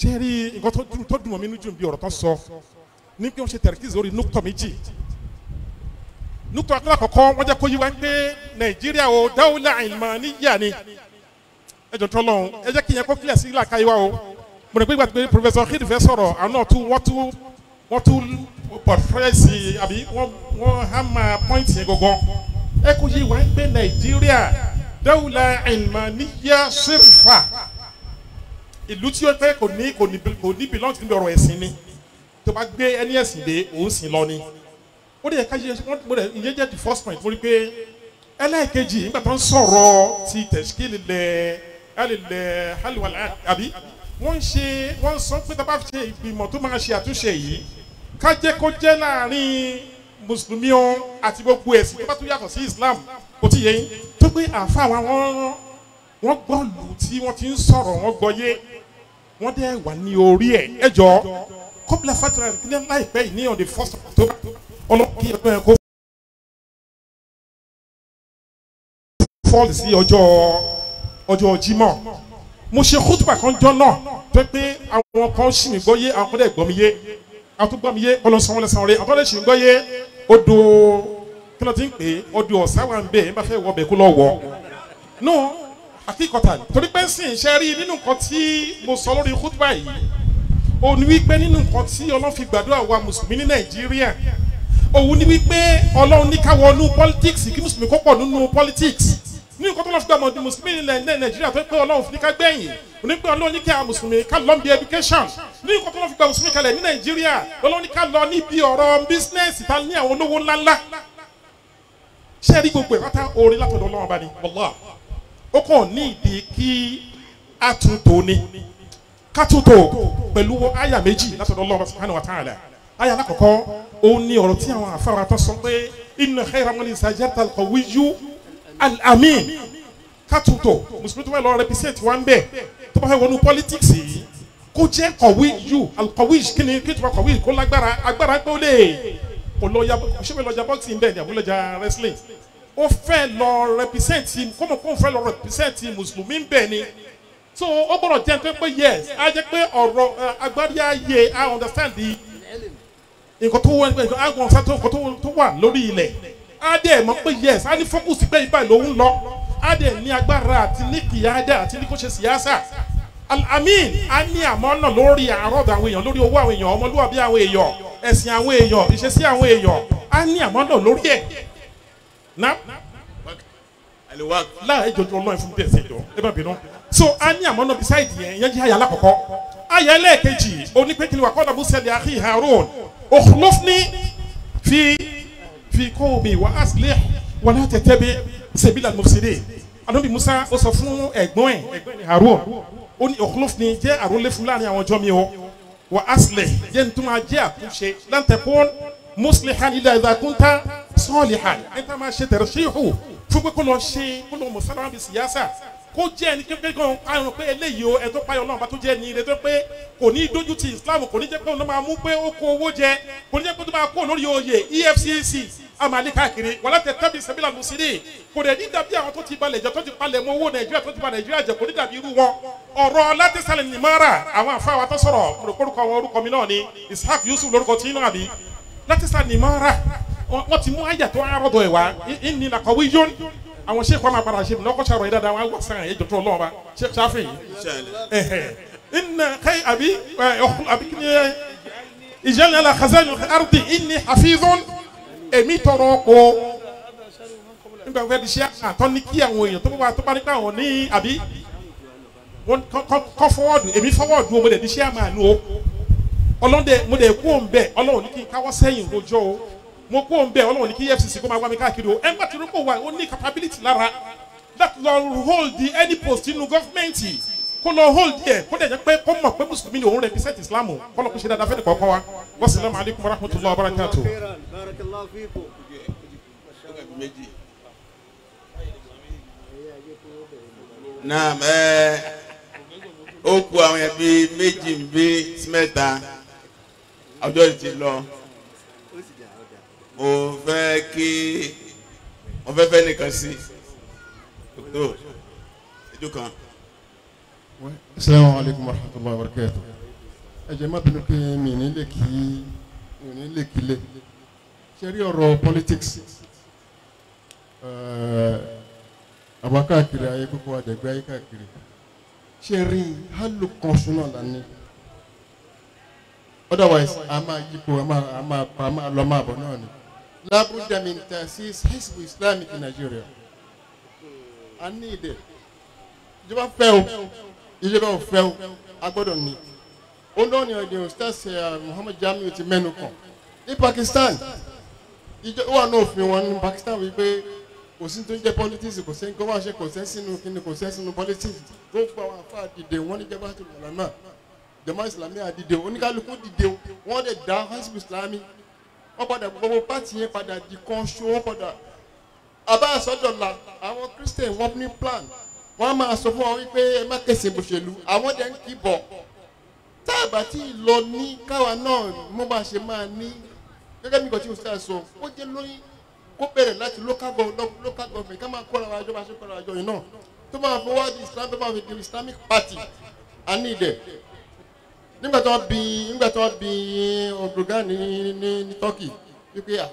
Speaker 11: ṣe rí nǹkan tó dùn mọ́ mi níjú bí ọ̀rọ̀ tán sọ ní pé wọ́n ṣe tẹ̀rẹ̀kìzì lórí núkútọ̀ méjì núkútọ̀ akọ́kọ́ wọ́n jẹ́ kó yí wá pé Nàìjíríà ò dáwọ́lá ìmọ̀ ẹjọ tó lọ́hùn ẹ jẹ́ kí yẹn kó kílẹ̀ sí làkàyè wa o mo rò pé ìgbà pé professor hid fẹ́ sọ̀rọ̀ àná tún wọ́n tún wọ́n tún pọ̀tírẹ́sì àbí wọ́n wọ́n há máa pọ́ìntì yẹn gangan ẹ kò yí wá ń gbé nàìjíríà dawla ìmọ̀níyà sírfà ìlú tí ó pẹ́ kò ní kò ní kò ní belong níbi ọ̀rọ̀ ẹ̀sìn ni tó bá gbé ẹni ẹ̀sìn dé òun sì lọ ni ó dẹ̀ ká yẹ wọ́n mo dẹ̀ ìyẹn jẹ́ the first point mo rí pé ẹlẹ́ẹ̀kejì nígbà tó ń sọ̀rọ̀ ti tẹ̀síkìlì lẹ́ẹ̀ alilẹ̀ haliwalẹ̀ àbí wọ́n ń ṣe wọ́n ń sọ pé tá a bá ṣe ìgbìmọ̀ tó máa ṣe àtúnṣe yìí ká jẹ́ kó jẹ́ láàrin mùsùlùmí o àti gbogbo ẹ̀sìn tó bá tún yàtọ̀ sí Islam kò tí yé yín tó pé àáfàá wa wọ́n gbọ́ lù tí wọ́n ti ń sọ̀rọ̀ wọ́n gbọ́ yé wọ́n dẹ́ wà ní orí ẹ̀ ẹ jọ kọ́pìlà fatira ìpínlẹ̀ láìpẹ́ yìí ní on the first of ẹ̀
Speaker 4: kó fọ́ọ̀lù sí ọjọ́ ọjọ́ Jímọ̀ mo ṣe kútùbà kan jọ náà tó pé àwọn
Speaker 11: kan ṣì mí gbọ́ yé àwọn gbọ́ mi yé àwọn tó gbọ́ mi yé ọlọ́sàn ọlọ́sàn rẹ àwọn kan dẹ̀ ṣì mí gbọ́ yé odò kí ló ti ń pè é odò ọ̀sán wà ń bẹ̀ ẹ̀ bá fẹ́ wọ bẹ̀ kó lọ wọ̀ no akíkọ̀tà torí pé sì ń ṣe rí nínú nǹkan tí mo sọ lórí kútùbà yìí òun ni wípé nínú nǹkan tí Ọlọ́run fi gbàdúrà wa mùsùlùmí ní Nàìjíríà òun ni wípé Ọlọ́run ní ká wọnú politics kí mùsùlùmí kó pọ̀ nínú politics ní nǹkan tó lọ fi gba ọmọdé mùsùlùmí ilẹ̀ nàìjíríà tó pé ọlọ́run fi ká gbẹ̀yìn onípẹ́ ọlọ́run ní kí a mùsùlùmí ká lọ́n bí education ní nǹkan tó lọ fi gba mùsùlùmí kalẹ̀ ní nàìjíríà ọlọ́run ní ká lọ níbi ọ̀rọ̀ business ta ní àwọn olówó ńláńlá ṣé rí gbogbo ìpátá orin látọ̀dọ̀ ọlọ́run bá ní wàllá ó kàn ní ìdí kí a tún tò ní ká tún tò pẹ̀lú àyà méjì látọ̀dọ̀ wa ta'ala àyà alákọ̀ọ́kọ́ òun ni ọ̀rọ̀ tí alamin kátúntò mùsùlùmí tó fẹ́ lọ represent wa ń bẹ̀ tó bá fẹ́ wọnú politics yìí kó jẹ́ kọ̀wé yù alkọ̀wé kí ni kí tó bá kọ̀wé kó lágbára agbára pé ó lè kò lọ ya ṣé o fẹ́ lọ ja boxing bẹ́ẹ̀ ni àbúlọ ja wrestling ó fẹ́ lọ represent kó mọ̀ kó fẹ́ lọ represent mùsùlùmí bẹ́ẹ̀ ni so ó gbọ́dọ̀ jẹ́ pé pé yes á jẹ́ pé ọ̀rọ̀ agbárí ayé i understand the nǹkan tó wà nǹkan tó wà lórí ilẹ̀ á dẹ̀ mọ̀ pé yes á ní fọ́kùsì pé ibà lòún lọ á dẹ̀ ní agbára àti ní kìyàdá àti ní kó ṣe síyáṣà alamin á ní àmọ́ náà lórí àrọ́dọ̀ àwọn èèyàn lórí owó àwọn èèyàn ọmọlúwàbí àwọn èèyàn ẹ̀sìn àwọn èèyàn ìṣesí àwọn èèyàn á ní àmọ́ náà lórí ẹ̀ na láàyè jọjọ ọlọ́run fún bẹ́ẹ̀ sẹ́jọ́ ẹ bá bínú so a ní àmọ́ náà beside yẹn yẹn jẹ́ àyà alákọ̀ọ́kọ́ àyà ẹlẹ́ẹ̀kejì onípẹ́kìlì wà kọ́ńdà bó sẹ́lẹ̀ àkì Harun òkúlófin fi fi qawmi wa aslih wa la tattabi' sabila al-mufsidin Ànábì Musa ó sọ fún ẹ̀gbọ́n ẹ̀ ẹ̀gbọ́n ẹ̀ Harun ó ní ukhluf ni jẹ́ àrùn láàrin àwọn ọjọ́ mi o wa aslih jẹ́ ní tó máa jẹ́ àtúnṣe lan takun muslihan illa idha kunta salihan ẹ̀ tá máa ṣe tẹ̀rẹ̀ ṣíhù fún pé kó lọ ṣe kó lọ mọ̀ sálámà bí kó jẹ́ ẹni kékeré kan àrùn pé eléyìí o ẹ tó payọ̀ náà bá tó jẹ́ ní ilé tó pé kò ní dójú ti Islam kò ní jẹ́ pé òun náà máa mú pé ó kó owó jẹ kò ní jẹ́ pé tó máa kó lórí oyè EFCC a máa lé káàkiri wàlá tẹ tẹ́bi sẹ́bílà lùsírí kò dẹ̀ ní dàbí àwọn tó ti balẹ̀ jẹ́ tó ti palẹ̀ mọ́ owó Nàìjíríà tó ti ba Nàìjíríà jẹ́ kò ní dàbí irú wọn ọ̀rọ̀ látẹ̀sálẹ̀ ní mara àwọn àfáwà tó sọ̀rọ̀ orúkọ àwọn orúkọ mi náà ni Ishaq Yusuf lórúkọ tí náà bí látẹ̀sálẹ̀ ní mara wọ́n ti mú àyà tó ń rọ̀dọ̀ ẹ̀ wá ìnìlàkọ̀wé yóò àwọn sèkò àmà padà sèkò lọkọ sàrọ yìí dáadáa wọn wá sàn yìí jọtọ lọwọ bá sèkò sáfì yìí ina kai abi abi kini ìjẹlẹ la kazan ardi inni hafizun èmi tọrọ ko nígbà wọ́n fẹ́ di sẹ́ àtọ́ ní kí àwọn èèyàn tó bá tó bá nípa àwọn ní àbí wọ́n kọ́ fọwọ́dù èmi fọwọ́dù mo dẹ̀ di sẹ́ àmà nù o ọlọ́dẹ mo dẹ̀ kú òun bẹ́ẹ̀ ọlọ́run ní kí n káwọ́ sẹ́yìn rojọ́ o mo kó ń bẹ ọlọ́run ní kí efcc kó máa wá mi káàkiri o ẹgbẹ́ tí rúkọ̀ wà ó ní capability lára láti lọ hold the any post nínú gọ́fìmẹ̀ntì kó lọ hold yẹ kó dẹ̀ jẹ́ pé kó mọ̀ pé mùsùlùmí ni òun represent Islam kó lọ kó ṣe dáadáa fẹ́ni kọ̀ọ̀kan wa wasalaamu alaykum wa rahmatullahi wa barakatuh.
Speaker 8: naam ẹ ó ku àwọn ẹbí méjì ń bí mẹ́ta ọjọ́ ìtì lọ mo fẹ́ kí mo fẹ́ fẹ́ nìkan sí tó
Speaker 5: ẹjọ́ kan. asalaamu alaykum rahmatulahi wa barakatu. ẹ má bínú pé mi ní lè kí mi ní lè kí lé ṣe rí ọ̀rọ̀ politics àwa ayé kókó àdẹ̀gbẹ́ ayé káàkiri ṣe rí hálù kan súná lánìí otherwise a máa yípo a máa a máa pa a máa lọ máa bọ̀ náà ni labudda min tasis hisbu islamic in nigeria a ní ìdẹ ìjọba fẹ́ o ìjọba ò fẹ́ o a gbọ́dọ̀ ní ó náà ní ọ̀dẹ̀ ustaz eh, muhammad jamiu ti mẹ́nu kàn ní pakistan ìjọba wà náà òfin wọn ní pakistan wípé kò sí tó ń jẹ́ politics kò sí nǹkan wá ṣe kò sẹ́ sínú kíni kò sẹ́ sínú politics tó gba àwọn afá dìde wọ́n ní jẹ́bá tó lọ́nà jama islami àdìde oníkálukú dìde wọ́n lè dá hasbu islami wọ́n padà gbogbo pàtì yẹn padà di kan ṣo wọ́n padà àbá àsọdọ̀là àwọn christian wọ́n ní plan wọ́n máa sọ fún wọn wípé ẹ má kẹsì ìbòṣèlú àwọn jẹ́ ń kíbọ̀ tá a bá tí ì lọ ní káwa náà mo bá ṣe máa ní gẹ́gẹ́ bí nǹkan tí òṣìṣẹ́ sọ ó jẹ́ lóyún kó bẹ̀rẹ̀ láti local government ká máa kọ́ra wa jọ bá ṣe kọ́ra wa jọ yìí náà tó máa fọwọ́ di islamic party a ní ìdẹ̀ nígbà tí wọ́n bí nígbà tí wọ́n bí Erdogan ní ní ní Turkey wípé à ah,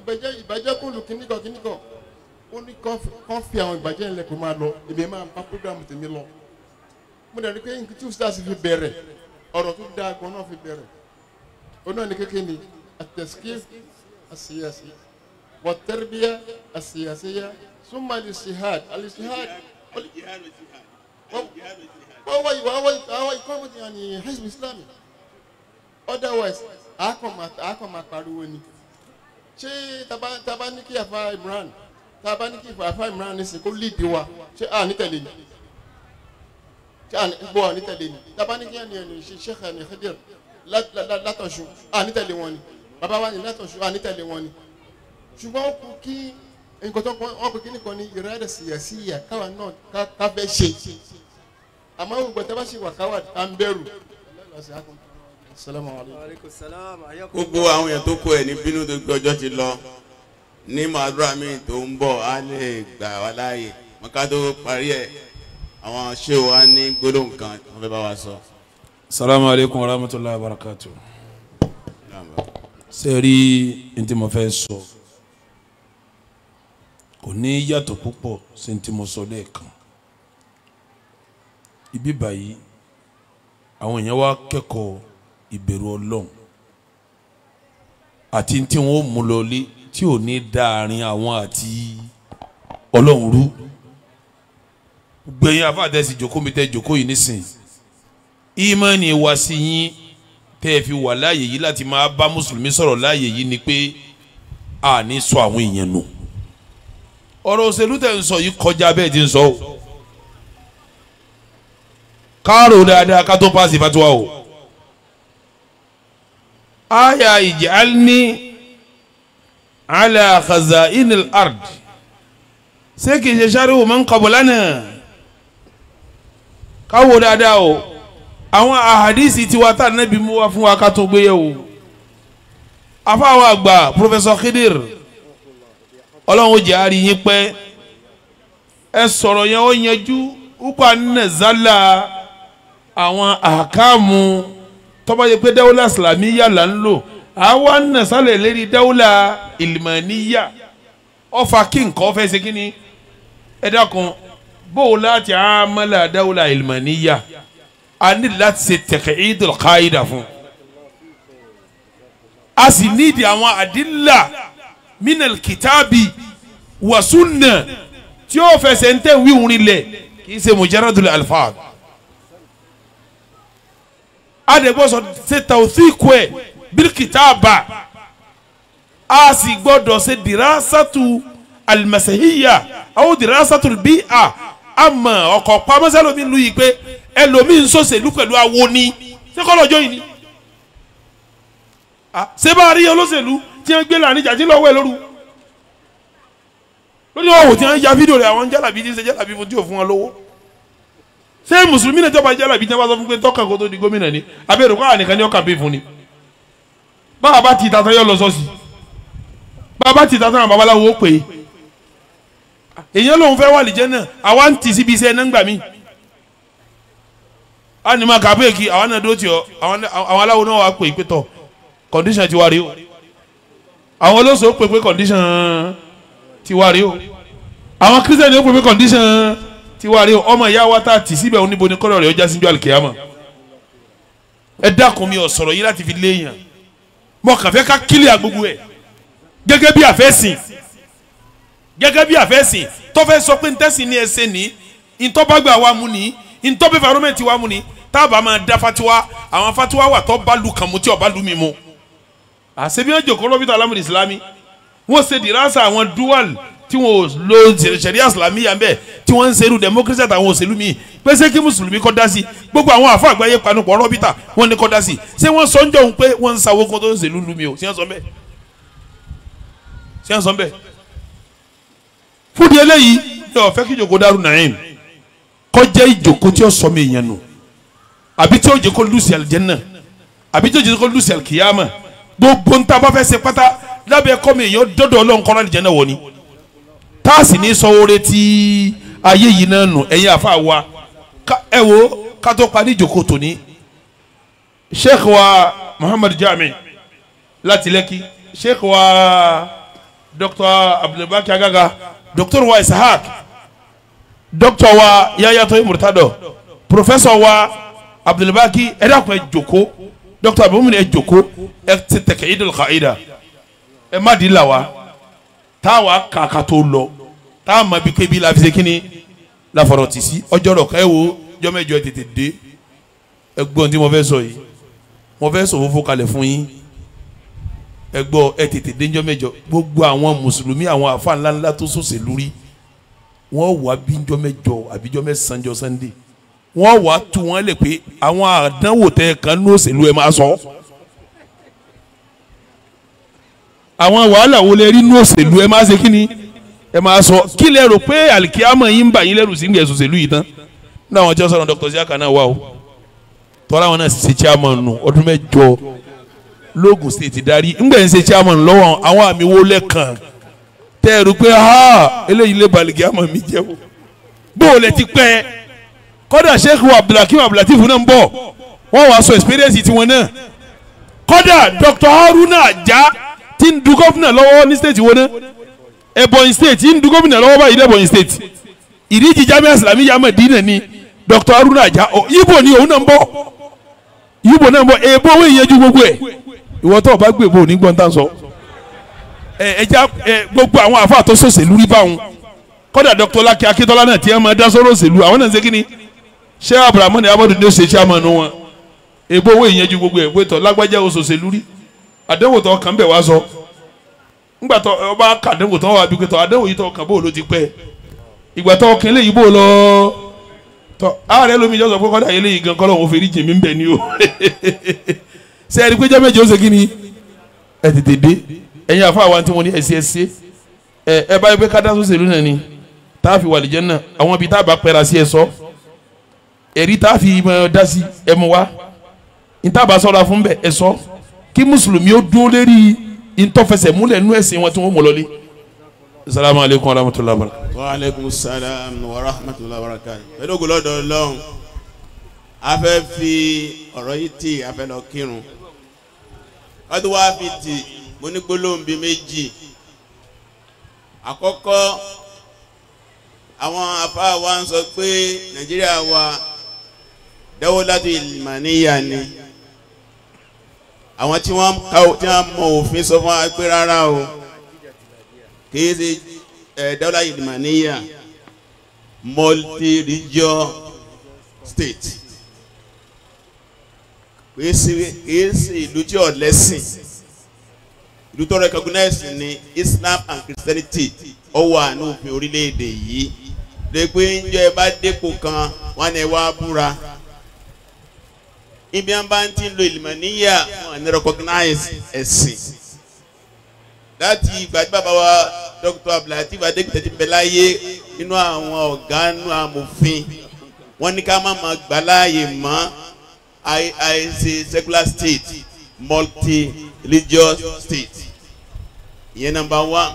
Speaker 5: ìbàjẹ́ ìbàjẹ́ kún lù kíníkan kíníkan ó ní kán fi àwọn ìbàjẹ́ ńlẹ̀ kó máa lọ èmi máa bá program tèmi lọ mo dẹ̀ rí pé nkí tí o stars fi bẹ̀rẹ̀ ọ̀rọ̀ tó dáa gan náà fi bẹ̀rẹ̀ onáà ní kékeré ni àtẹ̀síkìf àṣeyàṣe wọ́tẹ́rẹ́bíyà àṣeyàṣeyà súnmọ́ àlìṣehad àlìṣehad ọwọ́ ìwà ọwọ́ ìtọ́ ọwọ́ ìkọ́mọ̀tìyàn ní hezb islami otherwise àákàn máa pariwo ni ṣé taba ní kí àfa imran taba ní kí àfa imran nísìnyí kó lead wa ṣé à ní tẹ̀lé ni ṣé à ní gbọ́ à ní tẹ̀lé ni taba ní kí àni ẹni ṣe sheikh ẹni Khadir látọ̀ṣù à ní tẹ̀lé wọn ni bàbá wa ní látọ̀ṣù à ní tẹ̀lé wọn ni ṣùgbọ́n ó kú kí nǹkan tó wọ́n pè kí nìkan ní ìrẹ́dẹ̀sì yẹ̀ sí yẹ̀ káwa náà ká fẹ́ ṣe àmọ́ gbogbo tẹ́ bá ṣe wàkáwà à ń bẹ̀rù. gbogbo àwọn èèyàn tó
Speaker 8: kó ẹ̀ ní bínú tó gbọ́jọ́ ti lọ ní màdúrà mi tó ń bọ̀ á lè gbà wá láàyè mọ́ká tó parí ẹ̀ àwọn ṣé wa ní gbólóhùn kan wọ́n fẹ́ bá wa sọ.
Speaker 1: salamu alaykum wa barakatu. ṣe ní tí mo fẹ́ sọ kò ní yàtọ̀ púpọ̀ sí ní tí mo sọ lẹ́ẹ̀kan ibi báyìí àwọn èèyàn wá kẹ́kọ̀ọ́ ìbẹ̀rù ọlọ́run àti tí wọ́n mú lọlé tí ò ní dáàrin àwọn àti ọlọ́run rú gbẹ̀yìn afáàdẹ́sì jòkó mi tẹ́ jòkó yìí nísìn ìmọ̀ọ́nì wá sí yín tẹ́ ẹ fi wà láàyè yìí láti máa bá mùsùlùmí sọ̀rọ̀ láàyè yìí ni pé a ní sọ àwọn èèyàn nù ọ̀rọ̀ òṣèlú tẹ̀ ń sọ yìí kọjá bẹ́ẹ̀ ti ń sọ o káàrò dáadáa ká tó paasi fatiwa o aya ij'alni ala khaza'inil ard ṣé kì í ṣe sáré o man qablana káwo dáadáa o àwọn ahadisi tiwa tá nàbí mú wa fún wa ká tó o afáwọn àgbà Professor Khidir ọlọ́run jẹ́ yín pẹ́ ẹ sọ̀rọ̀ yẹn ó yanjú ó kọ́ ànínà zálà àwọn àkàmù tọ́ba yẹ pé dáwọ́lá islamiyya là ń lò àwa nàṣàlẹ̀ lérí dáwọ́lá ìlmàníyà ọfà kí nǹkan fẹ́ ṣe kí ni ẹ dákun bóò láti àmàlà dáwọ́lá ìlmàníyà a ní láti ṣe tẹ̀kẹ́ idul qaida fún a sì nídìí àwọn àdìlà minal kitabi wa sunna tí ó fẹsẹ̀ ń tẹ̀ wíwúrin lẹ̀ kì í ṣe mujaradul alfaad a dẹ̀ gbọ́dọ̀ ṣe tàwùsíkù ẹ̀ bíríkìtàbà a sì gbọ́dọ̀ ṣe dìrásàtù alimẹsẹ̀híyà àwọn dìrásàtù bí a àmọ́ ọkọ̀ pamẹ́sẹ́lómi lu yìí pé ẹlòmíín sọ̀sẹ̀lú pẹ̀lú awo ni ṣé kọ́ lọ́jọ́ yìí ni ṣé bá a rí olóṣèlú tí wọ́n gbé lànà ìjà tí lọ́wọ́ ẹ̀ lóru lórí ọ̀wọ̀ tí wọ́n ya fídíò rẹ̀ àwọn jálàbí tí ń ṣe jálàbí fún tí ò fún wọn lówó ṣé mùsùlùmí na jọba jálà bí jẹ́ wàá sọ fún pé di gómìnà ni abẹ́rẹ́ kó àníkan ní ọkà pé fún ni báwa bá ti tatọ́ yọ lọ sọ́ọ̀sì báwa bá ti tatọ́ àwọn babaláwo ó pè é èyàn lòun fẹ́ wà lìjẹ́ àwa ń tì síbi iṣẹ́ náà mí a ní ma náà dó tiọ àwọn aláwo náà wà pé tọ condition ti wà rí o àwọn olóṣòwò pè pé condition ti wà rí o àwọn christian yóò pè pé condition tiwa o ọmọ ìyá wa tá a tì síbẹ̀ oníbo ni kọ́rọ̀ rẹ̀ ọjà síjú àlùkìyàmọ̀ ẹ dákun mi ò sọ̀rọ̀ yìí láti fi léèyàn mọ kàfẹ́ ká kílì àgbogbo ẹ̀ gẹ́gẹ́ bí àfẹ́sìn gẹ́gẹ́ bí àfẹ́sìn tọ́fẹ́ sọ pé ntẹ́sìn ni ẹ ṣe ní ntọ́bàgbà wa mú ní ntọ́bẹ̀ fàrọ́mẹ̀tì wa mú ní tábà máa da fatiwa àwọn fatiwa wà tó bá lu kàmú tí ọba lu mi mu àṣebí wọn jòkó tí wọn ò lo sẹríà sàlámì yà bẹ tí wọn ń serú democracy àtàwọn òṣèlú mi pé ṣé kí mùsùlùmí kọ́ dá sí gbogbo àwọn àfọ àgbáyé panupọ̀ rọ́bìtà wọn ní kọ́ dá sí ṣé wọ́n sọ ń jọ̀hún pé wọ́n ń sawó kan tó ń ṣèlú lu mi o ṣé ń sọ bẹ́ẹ̀ ṣé ń sọ bẹ́ẹ̀ fúdi eléyìí ni ọ̀fẹ́ kí ìjòkó dàrú nàáyìn kọ́ jẹ́ ìjòkó tí ó sọ mi ìyẹn nù àbí tí ó jẹ́ kó lùsì àlìjẹ́nà àbí tí ó jẹ́ kó lùsì àlìkìyàmà gbogbo ntaba fẹ́ ṣe pátá lábẹ́ táàsì ní sọ́wọ́rẹ́ tí ayé yìí náà nù ẹ̀yin àfa wa ẹ wo ká tó parí ìjòkó tòní sheikh wa muhammad jami láti lẹ́kì sheikh wa dr abdulbaki agaga dr wa isahak dr wa Yaya yayato murtado professor wa abdulbaki ẹ dákun ẹ jòkó dr abdulmumin ẹ jòkó ẹ ti tẹkẹ idil qaida ẹ má di la wa táwa kàkà tó lọ tá a mọ̀ bí kébi la fi ṣe kíni láfọ̀rọ̀ tì sí ọjọ́ rọ̀ ká ẹ wo jọ́mẹ́jọ ẹ tètè dé ẹ gbọ́ ohun tí mo fẹ́ sọ yìí mo fẹ́ sọ fofo kalẹ̀ fún yín ẹ gbọ́ ẹ tètè dé jọ́mẹ́jọ gbogbo àwọn mùsùlùmí àwọn àfa ńláńlá tó sòsè lórí wọ́n wà bí jọ́mẹ́jọ àbí jọ́mẹ́sánjọ Sunday wọ́n wà tu wọ́n lè pé àwọn àdánwò tẹ kan ní òṣèlú ẹ máa sọ. àwọn wàhálà wo lè rí ní òṣèlú ẹ máa ṣe kí ẹ máa sọ kí lẹ rò pé alikiyama yín ń bà yín lẹ́rù sí ní ẹ̀sùn òṣèlú yìí tán ní àwọn jọ́sọ̀rọ̀ Dr. Isiaka náà wà o tọ́lá àwọn náà ṣe chairman nù ọdún mẹ́jọ lóògùn state darí ńgbẹ̀ ń ṣe chairman lọ́wọ́ àwọn àmì wo lẹ́kàn tẹ́ ẹ rò pé ha eléyìí lè ba alikiyama mi jẹ́ o bó o lẹ ti pẹ́ kọ́dà Sheikh Abdulhakeem Abdulateef náà ń bọ̀ wọ́n wàá sọ experience tiwọn náà kọ́dà Dr. Haruna Ajah ti ń du gọ́fúnà lọ́wọ́ ní state wọn Ebonyi state yìí ń du gómìnà lọ́wọ́ báyìí lẹ́bọ̀nyì state ìríjì jamiu asilami yamma dina ni Dr. Haruna Aja ibo ni òun náà ń bọ̀ ibo náà ń bọ̀ èèbó wọ́n ìyẹn ju gbogbo ẹ̀ ìwọ́n tó o bá gbèbó ní gbọ́ntàn sọ ẹja gbogbo àwọn àfa tó sòṣèlú rí báwọn kódà Dr. Laki Akitola náà tiẹ̀ máa dá sọ́rọ̀ òṣèlú àwọn náà ń ṣe kí ni ṣé abrahamu ni abọ́dún ní ó ṣe chairman wọn èèbó wọ́n ìyẹn ju gbogbo ẹ̀ pé tọ́ lágbájá oṣòṣèlú rí àdéhùn kàn bẹ̀ wá sọ. So ńgbà tó ọba kàdéhùn tán wà bí pẹtọ àdéhùn yìí tó kàn bóòlù ti pẹ́ ìgbà tó kàn eléyìí bò lọ tọ ààrẹ lómi ìjọsọ pé kọ́dà eléyìí gan kọ́lọ́ òun fèrè jèmí ń bẹ̀ ni o ṣe ẹni pé jẹ́ méje ó ṣe kí ni ẹ tètè dé ẹ̀yin àfa àwọn tí wọ́n ní ẹ̀sì ẹ̀sì ẹ ẹ báyìí pé kádà tó náà ni tá a fi wà lìjẹ́ náà àwọn ibi tá a bá pẹ́ra sí ẹ sọ ẹ̀rí tá a fi mọ̀ dá sí ẹ mú wa ní tá a bá sọ̀rọ̀ fún bẹ́ẹ̀ sọ ntọ́fẹsẹ̀ múlẹ̀ nú ẹ̀sìn wọn tí wọ́n mọ̀ lọ́lé. salamu aleykum wa rahmatulahi wa barakatuh.
Speaker 8: wa aleykum salam wa rahmatulahi wa barakatuh. pẹ̀lú ògùlọ́dọ̀ ọlọ́run a fẹ́ fi ọ̀rọ̀ yìí tì a fẹ́ lọ kírun ọdún wa fi tì mo ní gbólóhùn bíi méjì àkọ́kọ́ àwọn afá wa ń sọ pé nàìjíríà wa dawlatu ilmaniya ni. Yeah, àwọn tí wọ́n ká tí wọ́n mọ òfin sọ fún wa pé rárá o kìí ṣe dawla yidmaniya multi-region state kìí ṣe ìlú tí ò lẹ́sìn ìlú tó recognize ni Islam and Christianity ó wà ní òfin orílẹ̀-èdè yìí lè pé ń jẹ́ bá dépò kan wọ́n á ní búra ibi an bá ń ti lo ìlìmọ̀níyà wọn ni recognize ẹ̀sìn láti ìgbà tí bàbá wa Dr. Abdulateef Adégbètè ti bẹ láyé inú àwọn ọ̀gá inú amòfin wọn ní ká má máa gbà láàyè mọ́ àìsè secular state multi-religious state ìyẹn number one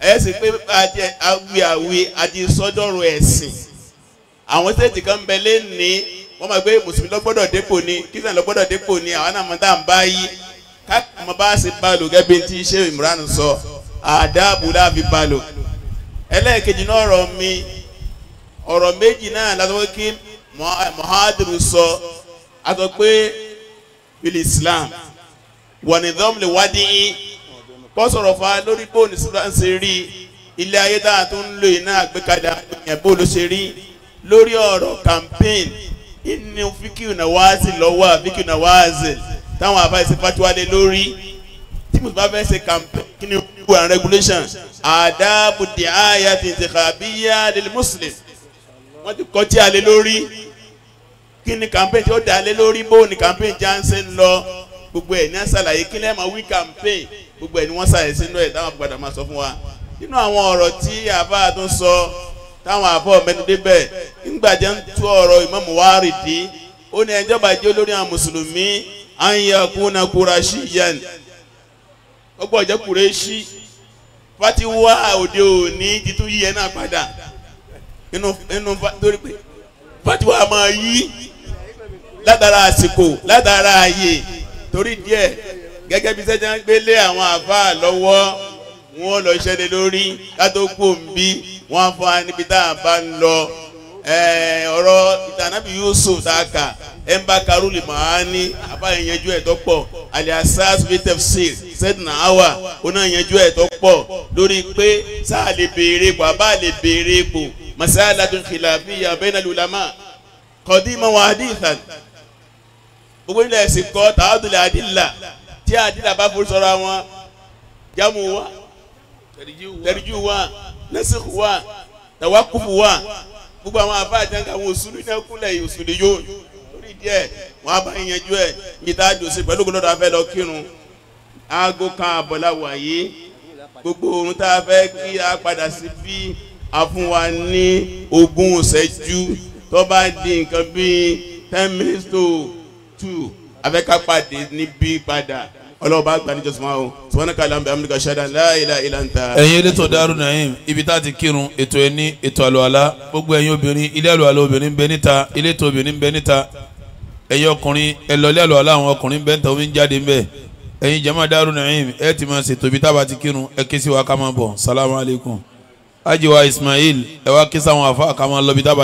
Speaker 8: ẹ sì pé àti awi awi àti sọdọ̀rọ̀ ẹ̀sìn àwọn stéètì kan bẹ lé ní wọ́n máa gbé mùsùlùmí lọ́gbọ́dọ̀ dépò ni kírísítàn lọ́gbọ́dọ̀ dépò ni àwọn náà máa ń bá yí káàmọ́ bá ṣe balò gẹ́gẹ́ tí ṣé Imran sọ àdáàbò láàbí balò ẹlẹ́ẹ̀kejì náà ọ̀rọ̀ mi ọ̀rọ̀ méjì náà látọ́ kí muhadiru sọ àtọ́ pé bílí Islam wọ̀nìdọ́m lè wádìí bọ́sọ̀rọ̀ fa lórí bóòlù Islam ṣe rí ilé ayé tá a tún ń lò yìí náà àgbékalẹ̀ àgbẹ̀yẹ̀ bóòlù ṣe rí lórí ọ̀rọ̀ campaign inú fíkìú náà wáàzì lọ́wọ́ fíkìú náà wáàzì táwọn àbá ìṣe fatiwálé lórí tí mo bá fẹ́ ṣe campaign rule and regulation àdáàbò di àyà ti ṣe kàbíyà lil muslim wọ́n ti kọ́ tí a lé lórí kí campaign tí ó dá lé lórí bó ni campaign jansen lọ gbogbo ẹ̀ ní àṣàlàyé kí lẹ́ẹ̀mọ̀ wí campaign gbogbo ẹ̀ ni wọ́n ṣàyẹ̀ sínú ẹ̀ táwọn àgbàdo máa sọ fún wa nínú àwọn ọ̀rọ̀ tí àbá tó sọ táwọn àfọ mẹnudé bẹ́ẹ̀ ńgbàjẹ́ ń tú ọ̀rọ̀ ìmáàmù Wárìdì ó ní ẹjọ́ bàjẹ́ olórí àwọn mùsùlùmí anyakuna kurashiyan ọgbọ́n ọ̀jẹ́ kùrẹ́ṣí fatiwa òde òní ti tún yíyẹ náà padà nínú torí pé fatiwa máa yí ládàra àsìkò ládàra ààyè torí díẹ̀ gẹ́gẹ́ bí sẹ́jà ń gbélé àwọn àfáà lọ́wọ́ wọn lọ ṣẹlẹ̀ lórí kátó kú wọ́n á fọ́ wa níbi tá a bá ń lọ ọ̀rọ̀ ìtànàbí Yusuf tá a kà ẹ̀ ń bá karú lè máa ní abáyẹnjú ẹ̀ tó pọ̀ aliasas bi tefsir sẹ́dínà awa oná yanjú ẹ̀ tó pọ̀ lórí pé sáà lè béèrè ipò àbá lè béèrè ipò masalatun khilafiyya bainal ulama qadiman wa hadithan gbogbo nílẹ̀ ẹ̀sìn kọ́ tààdùlẹ̀ àdìlà tí àdìlà bá forí sọ́ra wọn jámù wa tẹ̀ríjú wa nẹ́sìkù wà tàwákùfù wà gbogbo àwọn àbá àjàngà àwọn òṣùlù iná kúnlẹ̀ òṣùlù yóò lórí díẹ̀ wọn á bá yanjú ẹ̀ níbi tá a jò sí pẹ̀lú gbọdọ̀ afẹ́ lọ kírun aago kan àbọ̀là wàyé gbogbo ohun tá a fẹ́ kí a padà sí bí a fún wa ní ogún ìṣẹ́jú tó bá di nǹkan bíi ten minutes to two a fẹ́ ká pàdé níbí padà ọlọ́run bá gba níjọ́sìn máa ń sọ́nà kàlà ń bẹ amúlùkà ṣáda láìla ìlà ń ta. ẹ̀yin elétò Daaru
Speaker 1: Naim ibi tá a ti kírun ètò ẹni ètò àlùwàlá gbogbo ẹ̀yin obìnrin ilé àlùwàlá obìnrin bẹ níta ilé ètò obìnrin bẹ níta ẹ̀yin ọkùnrin ẹ̀lọ́lẹ́ àlùwàlá àwọn ọkùnrin bẹ níta omi ń jáde ńbẹ ẹ̀yin jama Daaru Naim ẹ̀ ti máa ṣètò ibi tá a bá ti kírun ẹ̀ ké sí wa ká máa bọ̀ ajiwa Ismail ẹ̀ wá ké sáwọn àfa ká máa lọ ibi tá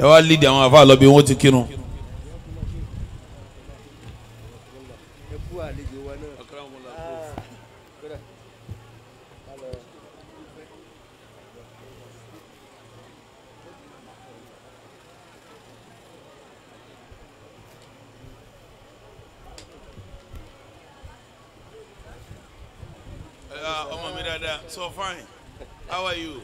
Speaker 1: ẹ wá lídìí àwọn àfa lọ bí wọ́n ti kírun. so fine how are you.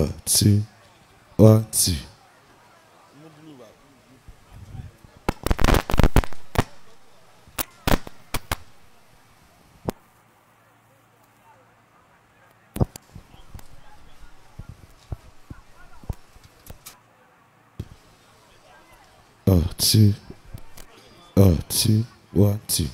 Speaker 7: One, two,
Speaker 1: one, two. Oh, two, oh, two, one, two.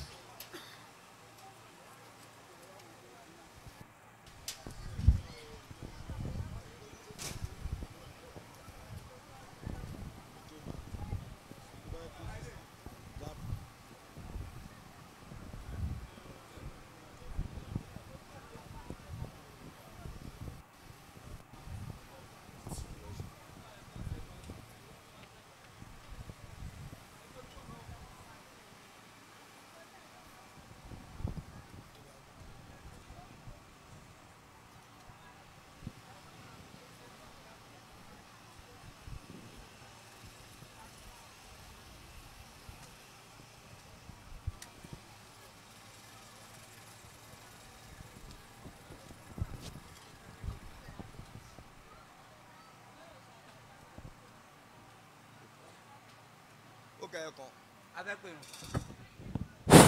Speaker 4: الله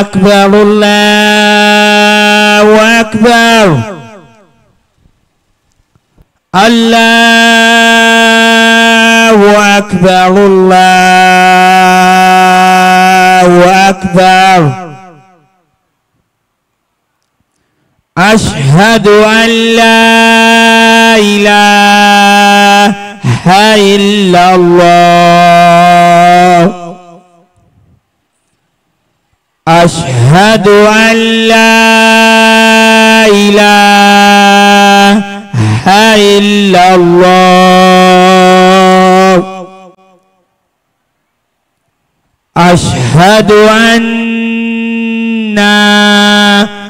Speaker 4: أكبر الله أكبر الله أكبر الله أكبر أشهد أن لا إله إلا الله أشهد أن لا إله إلا الله أشهد أن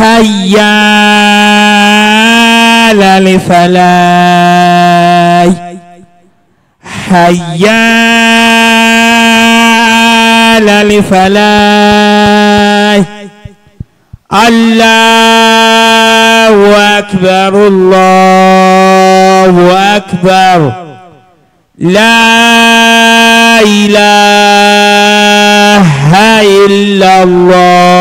Speaker 4: هيا لفلاي هيا لفلاي الله أكبر الله أكبر لا إله إلا الله